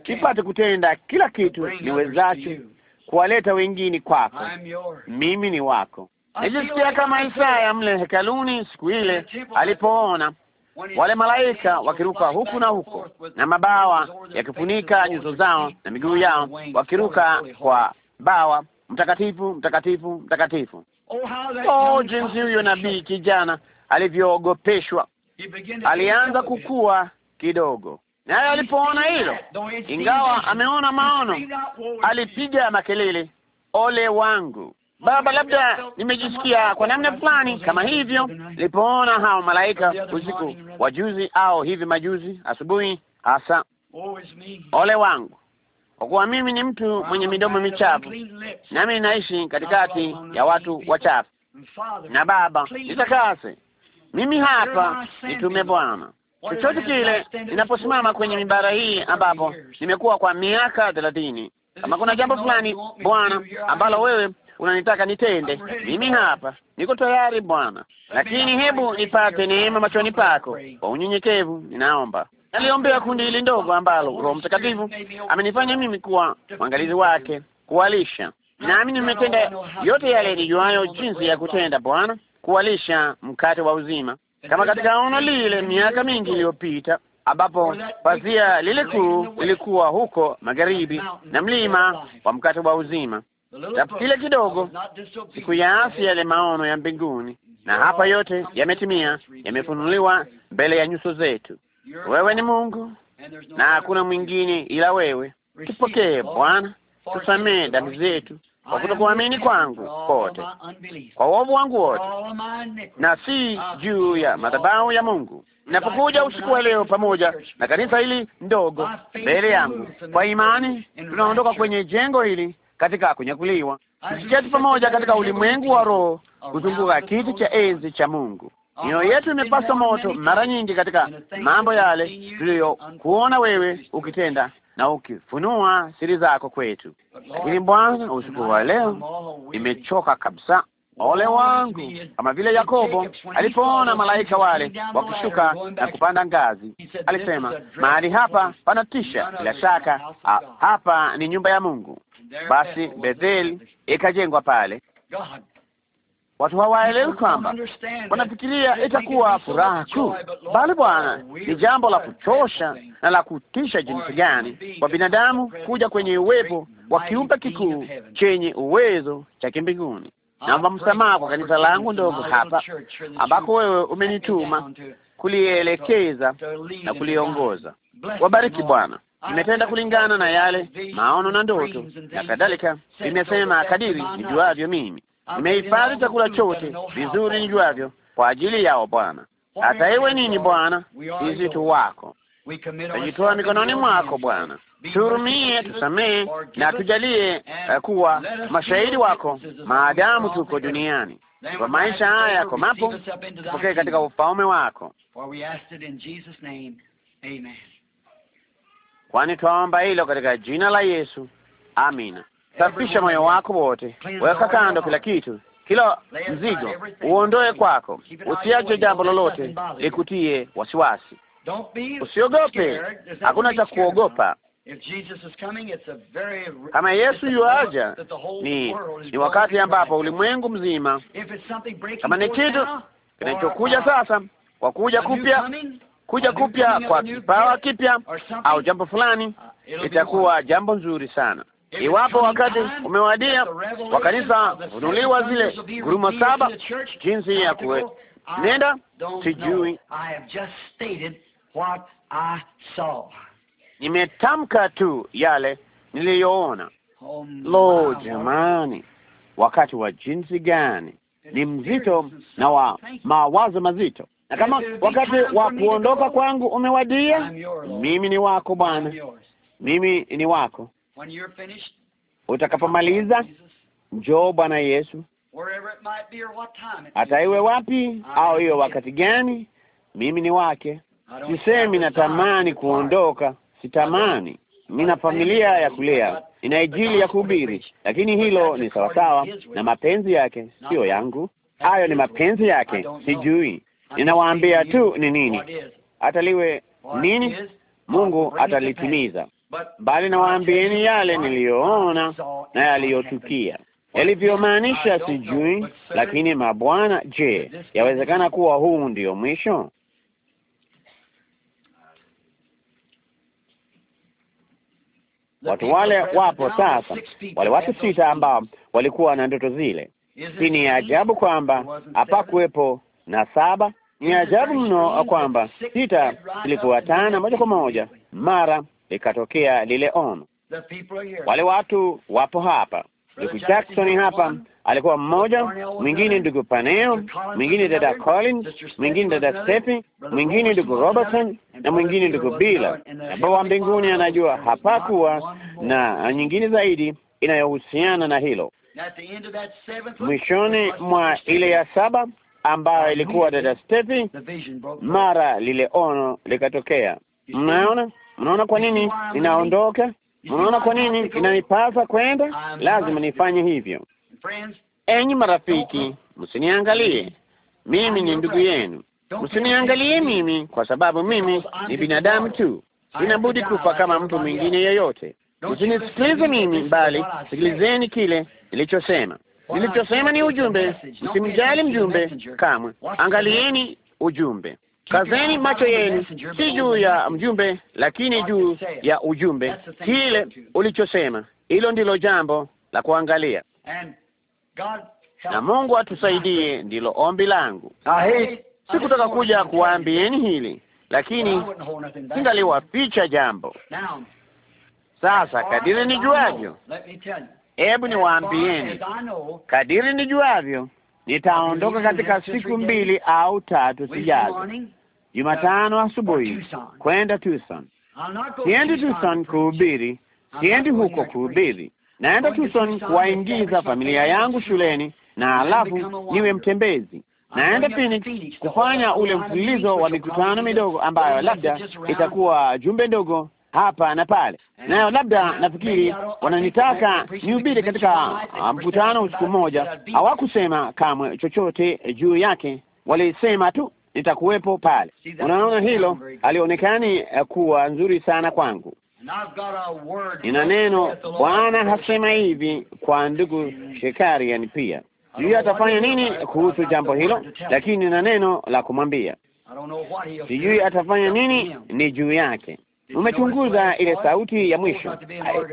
nipate kutenda kila kitu niwezacho kuwaleta wengine kwako. Mimi ni wako. Nilisikia kama Isaya mle hekaluni siku ile alipoona wale malaika wakiruka huku na huko na mabawa yakifunika nyuso zao na miguu yao, wakiruka kwa bawa, mtakatifu, mtakatifu, mtakatifu. Oh, jinsi huyo nabii kijana alivyoogopeshwa! Alianza kukua kidogo, naye alipoona hilo, ingawa ameona maono, alipiga makelele, ole wangu! Baba, labda nimejisikia kwa namna fulani kama hivyo nilipoona hao malaika usiku wa juzi au hivi majuzi asubuhi, hasa ole wangu kwa kuwa mimi ni mtu mwenye midomo michafu, nami ninaishi katikati ya watu wachafu. Na Baba, nitakase mimi hapa, nitume Bwana chochote kile ninaposimama kwenye mibara hii ambapo nimekuwa kwa miaka thelathini. Kama kuna jambo fulani Bwana ambalo wewe unanitaka nitende, mimi hapa niko tayari Bwana, lakini hebu nipate neema machoni pako. Kwa unyenyekevu ninaomba aliombea kundi hili ndogo ambalo Roho Mtakatifu amenifanya mimi kuwa mwangalizi wake, kuwalisha. Naamini nimetenda yote yale nijuayo jinsi ya kutenda, Bwana, kuwalisha mkate wa uzima, kama katika ono lile miaka mingi iliyopita, ambapo pazia lile kuu lilikuwa huko magharibi na mlima wa mkate wa uzima japo kile kidogo, sikuyaasi yale maono ya mbinguni, na hapa yote yametimia, yamefunuliwa mbele ya nyuso zetu. Wewe ni Mungu na hakuna mwingine ila wewe. Tupokee Bwana, tusamee dhambi zetu kwa kutokuamini kwangu kote, kwa uovu wangu wote, na si ah, juu ya madhabahu ya Mungu. napokuja usiku wa leo pamoja na kanisa hili ndogo mbele yangu, kwa imani tunaondoka kwenye jengo hili katika kunyakuliwa, Tuketi pamoja katika ulimwengu wa roho kuzunguka kiti cha enzi cha Mungu. Mioyo yetu imepaswa moto mara nyingi katika mambo yale tuliyokuona wewe ukitenda na ukifunua siri zako kwetu. Lakini Bwana, usiku wa leo nimechoka kabisa. Ole wangu! Kama vile Yakobo alipoona malaika wale wakishuka na kupanda ngazi, alisema mahali hapa panatisha, bila shaka hapa ni nyumba ya Mungu. Basi Betheli ikajengwa pale. Watu hawaelewi kwamba wanafikiria itakuwa furaha tu, bali Bwana, ni jambo la kuchosha na la kutisha jinsi gani kwa binadamu kuja kwenye uwepo wa kiumbe kikuu chenye uwezo cha kimbinguni. Naomba msamaha kwa kanisa langu ndogo hapa ambako wewe umenituma kulielekeza na kuliongoza. Wabariki Bwana. Nimetenda kulingana na yale maono na ndoto na kadhalika, nimesema kadiri nijuavyo mimi. Nimehifadhi chakula chote vizuri nijuavyo kwa ajili yao, Bwana. Hata iwe nini, Bwana, sisi tu wako, tajitoa mikononi mwako Bwana, tuhurumie, tusamehe na tujalie eh, kuwa mashahidi wako maadamu tuko duniani kwa maisha haya yako mapo, tupokee katika ufalme wako. Amen kwani twaomba hilo katika jina la Yesu, amina. Safisha moyo wako wote, weka kando kila kitu, kila mzigo uondoe kwako, usiache jambo lolote likutie wasiwasi. Usiogope, hakuna cha kuogopa. Kama Yesu yuaja, ni ni wakati ambapo ulimwengu mzima, kama ni kitu kinachokuja sasa kwa kuja kupya kuja kupya kwa kipawa kipya au jambo fulani, uh, itakuwa jambo nzuri sana iwapo wakati umewadia wa kanisa kufunuliwa zile huruma saba, jinsi ya kunenda Sijui, nimetamka tu yale niliyoona. Oh, lo jamani, wakati wa jinsi gani! Ni mzito na wa mawazo mazito na kama wakati wa kuondoka kwangu umewadia, mimi ni wako Bwana, mimi ni wako. Utakapomaliza, njoo Bwana Yesu, hata iwe wapi au hiyo wakati gani, mimi ni wake. Sisemi natamani kuondoka, sitamani. Nina familia ya kulea, nina ajili ya kuhubiri, lakini hilo ni sawasawa na mapenzi yake, siyo yangu. Hayo ni mapenzi yake, sijui Ninawaambia tu ni nini, ataliwe nini, Mungu atalitimiza. Bali nawaambieni yale niliyoona na yaliyotukia yalivyomaanisha sijui, lakini mabwana, je, yawezekana kuwa huu ndiyo mwisho? Watu wale wapo sasa, wale watu sita ambao walikuwa na ndoto zile. Si ni ajabu kwamba hapakuwepo na saba. Ni ajabu mno kwamba sita tano moja kwa moja, mara ikatokea lile ono. Wale watu wapo hapa. Ndugu Jackson hapa alikuwa mmoja, mwingine ndugu Paneo, mwingine dada Collins, mwingine dada Stepi, mwingine ndugu Robertson na mwingine ndugu Bila. Na Baba wa mbinguni anajua hapakuwa na nyingine zaidi inayohusiana na hilo. Mwishoni mwa ile ya saba ambayo ilikuwa dada Stephy, mara lile ono likatokea. Mnaona, mnaona kwa nini ninaondoka? Mnaona kwa nini inanipasa kwenda? Lazima nifanye hivyo. Enyi marafiki, msiniangalie mimi, ni ndugu yenu. Msiniangalie mimi, kwa sababu mimi ni binadamu tu, inabudi kufa kama mtu mwingine yeyote. Msinisikilize mimi, bali sikilizeni kile nilichosema. Nilichosema ni ujumbe, msimjali mjumbe kamwe. Angalieni ujumbe, kazeni macho yenu si juu ya mjumbe, lakini juu ya ujumbe. Kile ulichosema, hilo ndilo jambo la kuangalia, na Mungu atusaidie, ndilo ombi langu. Sikutaka kuja kuwaambieni hili, lakini singaliwaficha jambo. Sasa kadiri nijuavyo Hebu niwaambieni, kadiri nijuavyo, nitaondoka katika siku mbili au tatu zijazo, Jumatano uh, asubuhi kwenda Tucson. Siendi Tucson kuhubiri, siendi huko kuhubiri, naenda Tucson kuwaingiza familia yangu shuleni na alafu niwe mtembezi. Naenda Phoenix kufanya ule mfululizo wa mikutano midogo ambayo labda itakuwa jumbe ndogo hapa na pale, nayo labda nafikiri wananitaka nihubiri katika uh, mkutano usiku mmoja. Hawakusema kamwe chochote eh, juu yake, walisema tu nitakuwepo pale. Unaona, hilo alionekani eh, kuwa nzuri sana kwangu. Nina neno, Bwana hasema hivi kwa ndugu Shekariani pia sijui atafanya nini kuhusu jambo hilo, lakini nina neno la kumwambia. Sijui atafanya nini, ni juu yake umechunguza ile sauti ya mwisho,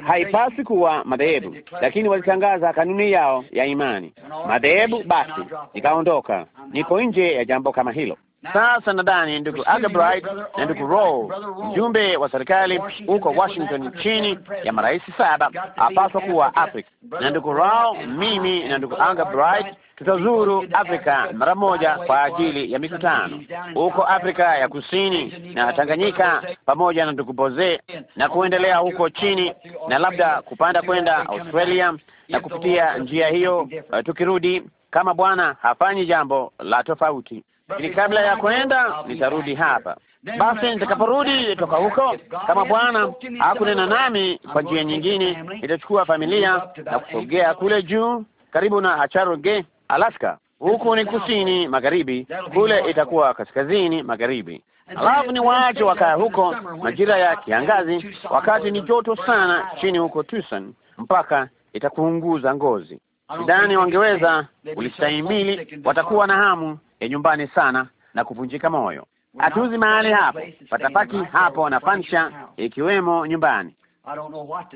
haipasi kuwa madhehebu, lakini walitangaza kanuni yao ya imani madhehebu. Basi nikaondoka, niko nje ya jambo kama hilo. Sasa nadhani ndugu Albright na ndugu Rowe, mjumbe wa serikali huko Washington chini ya marais saba, apaswa kuwa Afrika, na ndugu Rowe, mimi na ndugu Albright tutazuru Afrika mara moja kwa ajili ya mikutano huko Afrika ya Kusini na Tanganyika, pamoja na ndugu Boze na kuendelea huko chini, na labda kupanda kwenda Australia na kupitia njia hiyo, uh, tukirudi kama Bwana hafanyi jambo la tofauti ili kabla ya kwenda nitarudi hapa. Basi nitakaporudi toka huko, kama Bwana hakunena nami kwa njia nyingine, nitachukua familia na kusogea kule juu karibu na Acharoge, Alaska. Huku ni kusini magharibi, kule itakuwa kaskazini magharibi. Alafu ni waache wakaa huko majira ya kiangazi, wakati ni joto sana chini huko Tucson, mpaka itakuunguza ngozi sidhani wangeweza kulistahimili. Watakuwa na hamu ya nyumbani sana na kuvunjika moyo. hatuuzi mahali hapo, patapaki hapo na fansha ikiwemo nyumbani.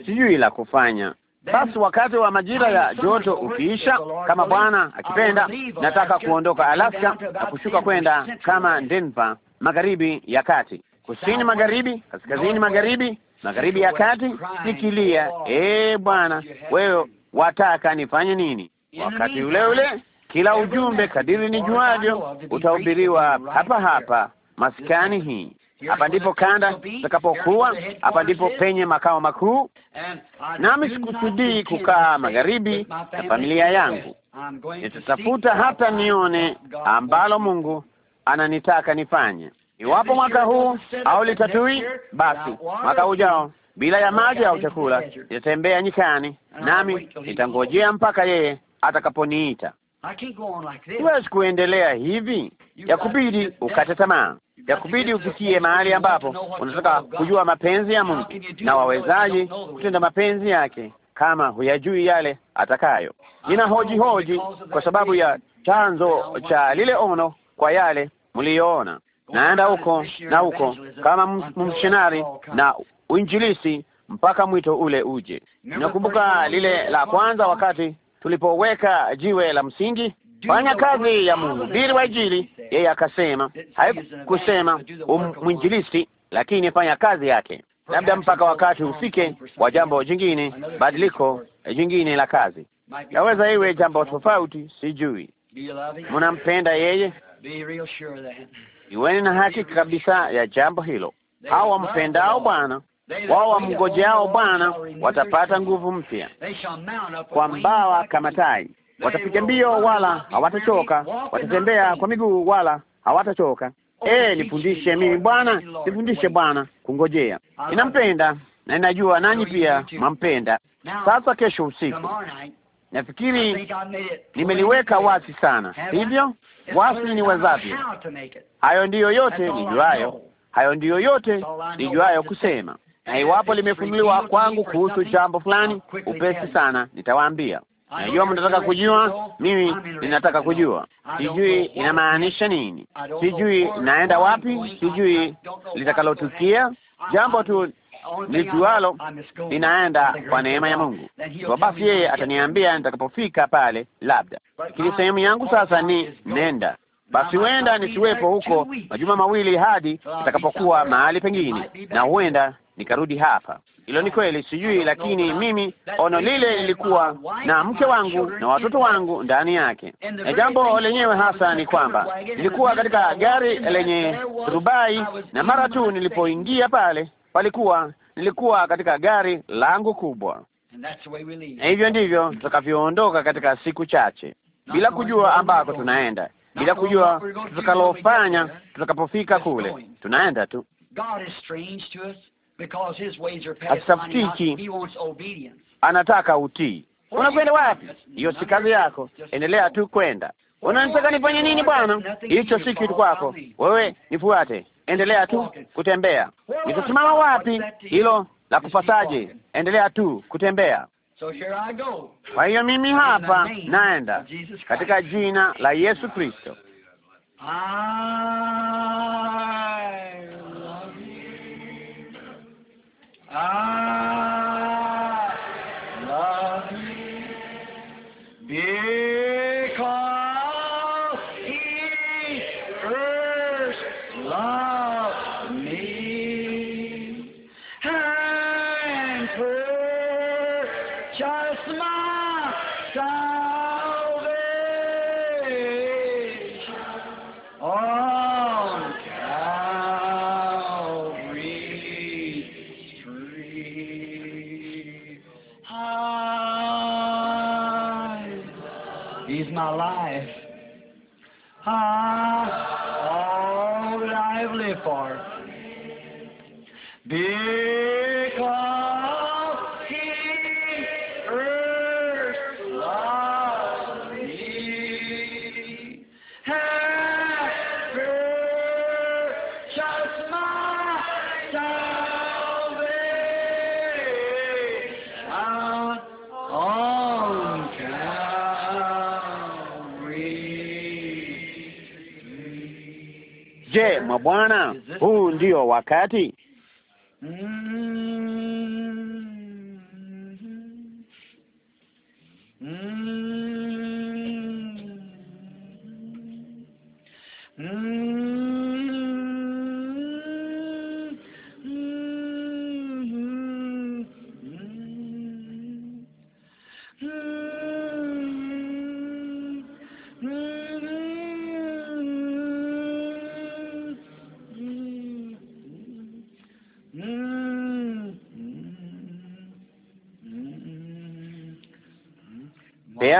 Sijui la kufanya. Basi wakati wa majira ya joto ukiisha, kama Bwana akipenda, nataka kuondoka Alaska na kushuka kwenda kama Denver, magharibi ya kati, kusini magharibi, kaskazini magharibi, magharibi ya kati, nikilia, eh Bwana wewe wataka nifanye nini? Wakati ule ule, kila ujumbe kadiri nijuavyo utahubiriwa hapa hapa maskani hii. Hapa ndipo kanda zitakapokuwa hapa ndipo penye makao makuu. Nami sikusudii kukaa magharibi na familia yangu, nitatafuta hata nione ambalo Mungu ananitaka nifanye, iwapo mwaka huu au litatui, basi mwaka ujao bila ya maji au chakula, nitatembea nyikani, nami nitangojea mpaka yeye atakaponiita. Siwezi kuendelea hivi, ya kubidi ukate tamaa, ya kubidi ufikie mahali ambapo unataka kujua mapenzi ya Mungu na wawezaji kutenda mapenzi yake kama huyajui yale atakayo. Nina hoji hoji kwa sababu ya chanzo cha lile ono kwa yale mliyoona. Naenda huko na huko kama mshonari na uinjilisi mpaka mwito ule uje. Nakumbuka lile la kwanza, wakati tulipoweka jiwe la msingi, fanya kazi ya mhubiri wa Injili. Yeye akasema haikusema umwinjilisti, um, lakini fanya kazi yake, labda mpaka wakati ufike wa jambo jingine, badiliko jingine la kazi. Naweza iwe jambo tofauti, sijui. Mnampenda yeye, iweni na haki kabisa ya jambo hilo. Hao wampendao Bwana wao wamngojeao Bwana watapata nguvu mpya, kwa mbawa kama tai, watapiga mbio wala hawatachoka, watatembea kwa miguu wala hawatachoka. Oh, eh, nifundishe mimi Bwana, nifundishe Bwana kungojea. Ninampenda na ninajua nanyi pia mwampenda. Sasa kesho usiku nafikiri nimeliweka wasi sana, hivyo wasi ni wezavyo. Hayo ndiyo yote nijuayo, hayo ndiyo yote nijuayo kusema na iwapo limefunuliwa kwangu kuhusu jambo fulani, upesi sana nitawaambia. Najua mnataka kujua, mimi ninataka kujua. Sijui inamaanisha nini, sijui naenda wapi, sijui litakalotukia. Jambo tu nilijualo, ninaenda kwa neema ya Mungu. Kwa basi, yeye ataniambia nitakapofika pale, labda. Lakini sehemu yangu sasa ni nenda basi huenda nisiwepo huko majuma mawili hadi nitakapokuwa mahali pengine, na huenda nikarudi hapa. Hilo ni kweli, sijui. Lakini mimi ono lile lilikuwa na mke wangu na watoto wangu ndani yake, na jambo lenyewe hasa ni kwamba nilikuwa katika gari lenye turubai, na mara tu nilipoingia pale palikuwa, nilikuwa katika gari langu kubwa, na hivyo ndivyo mm. tutakavyoondoka katika siku chache, bila kujua ambako tunaenda bila kujua tutakalofanya tutakapofika kule. Tunaenda tu, hatutafutiki. Anataka utii. Unakwenda wapi? Hiyo si kazi yako, endelea tu kwenda. Unanitaka nifanye nini bwana? Hicho si kitu kwako wewe, nifuate. Endelea tu kutembea. Nitasimama wapi? Hilo la kupasaje? Endelea tu kutembea. Kwa hiyo mimi hapa naenda katika jina la Yesu Kristo. I... Bwana, huu ndio wakati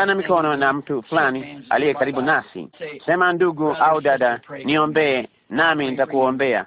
kupeana mikono na mtu fulani aliye karibu nasi, sema ndugu au dada, niombee nami nitakuombea.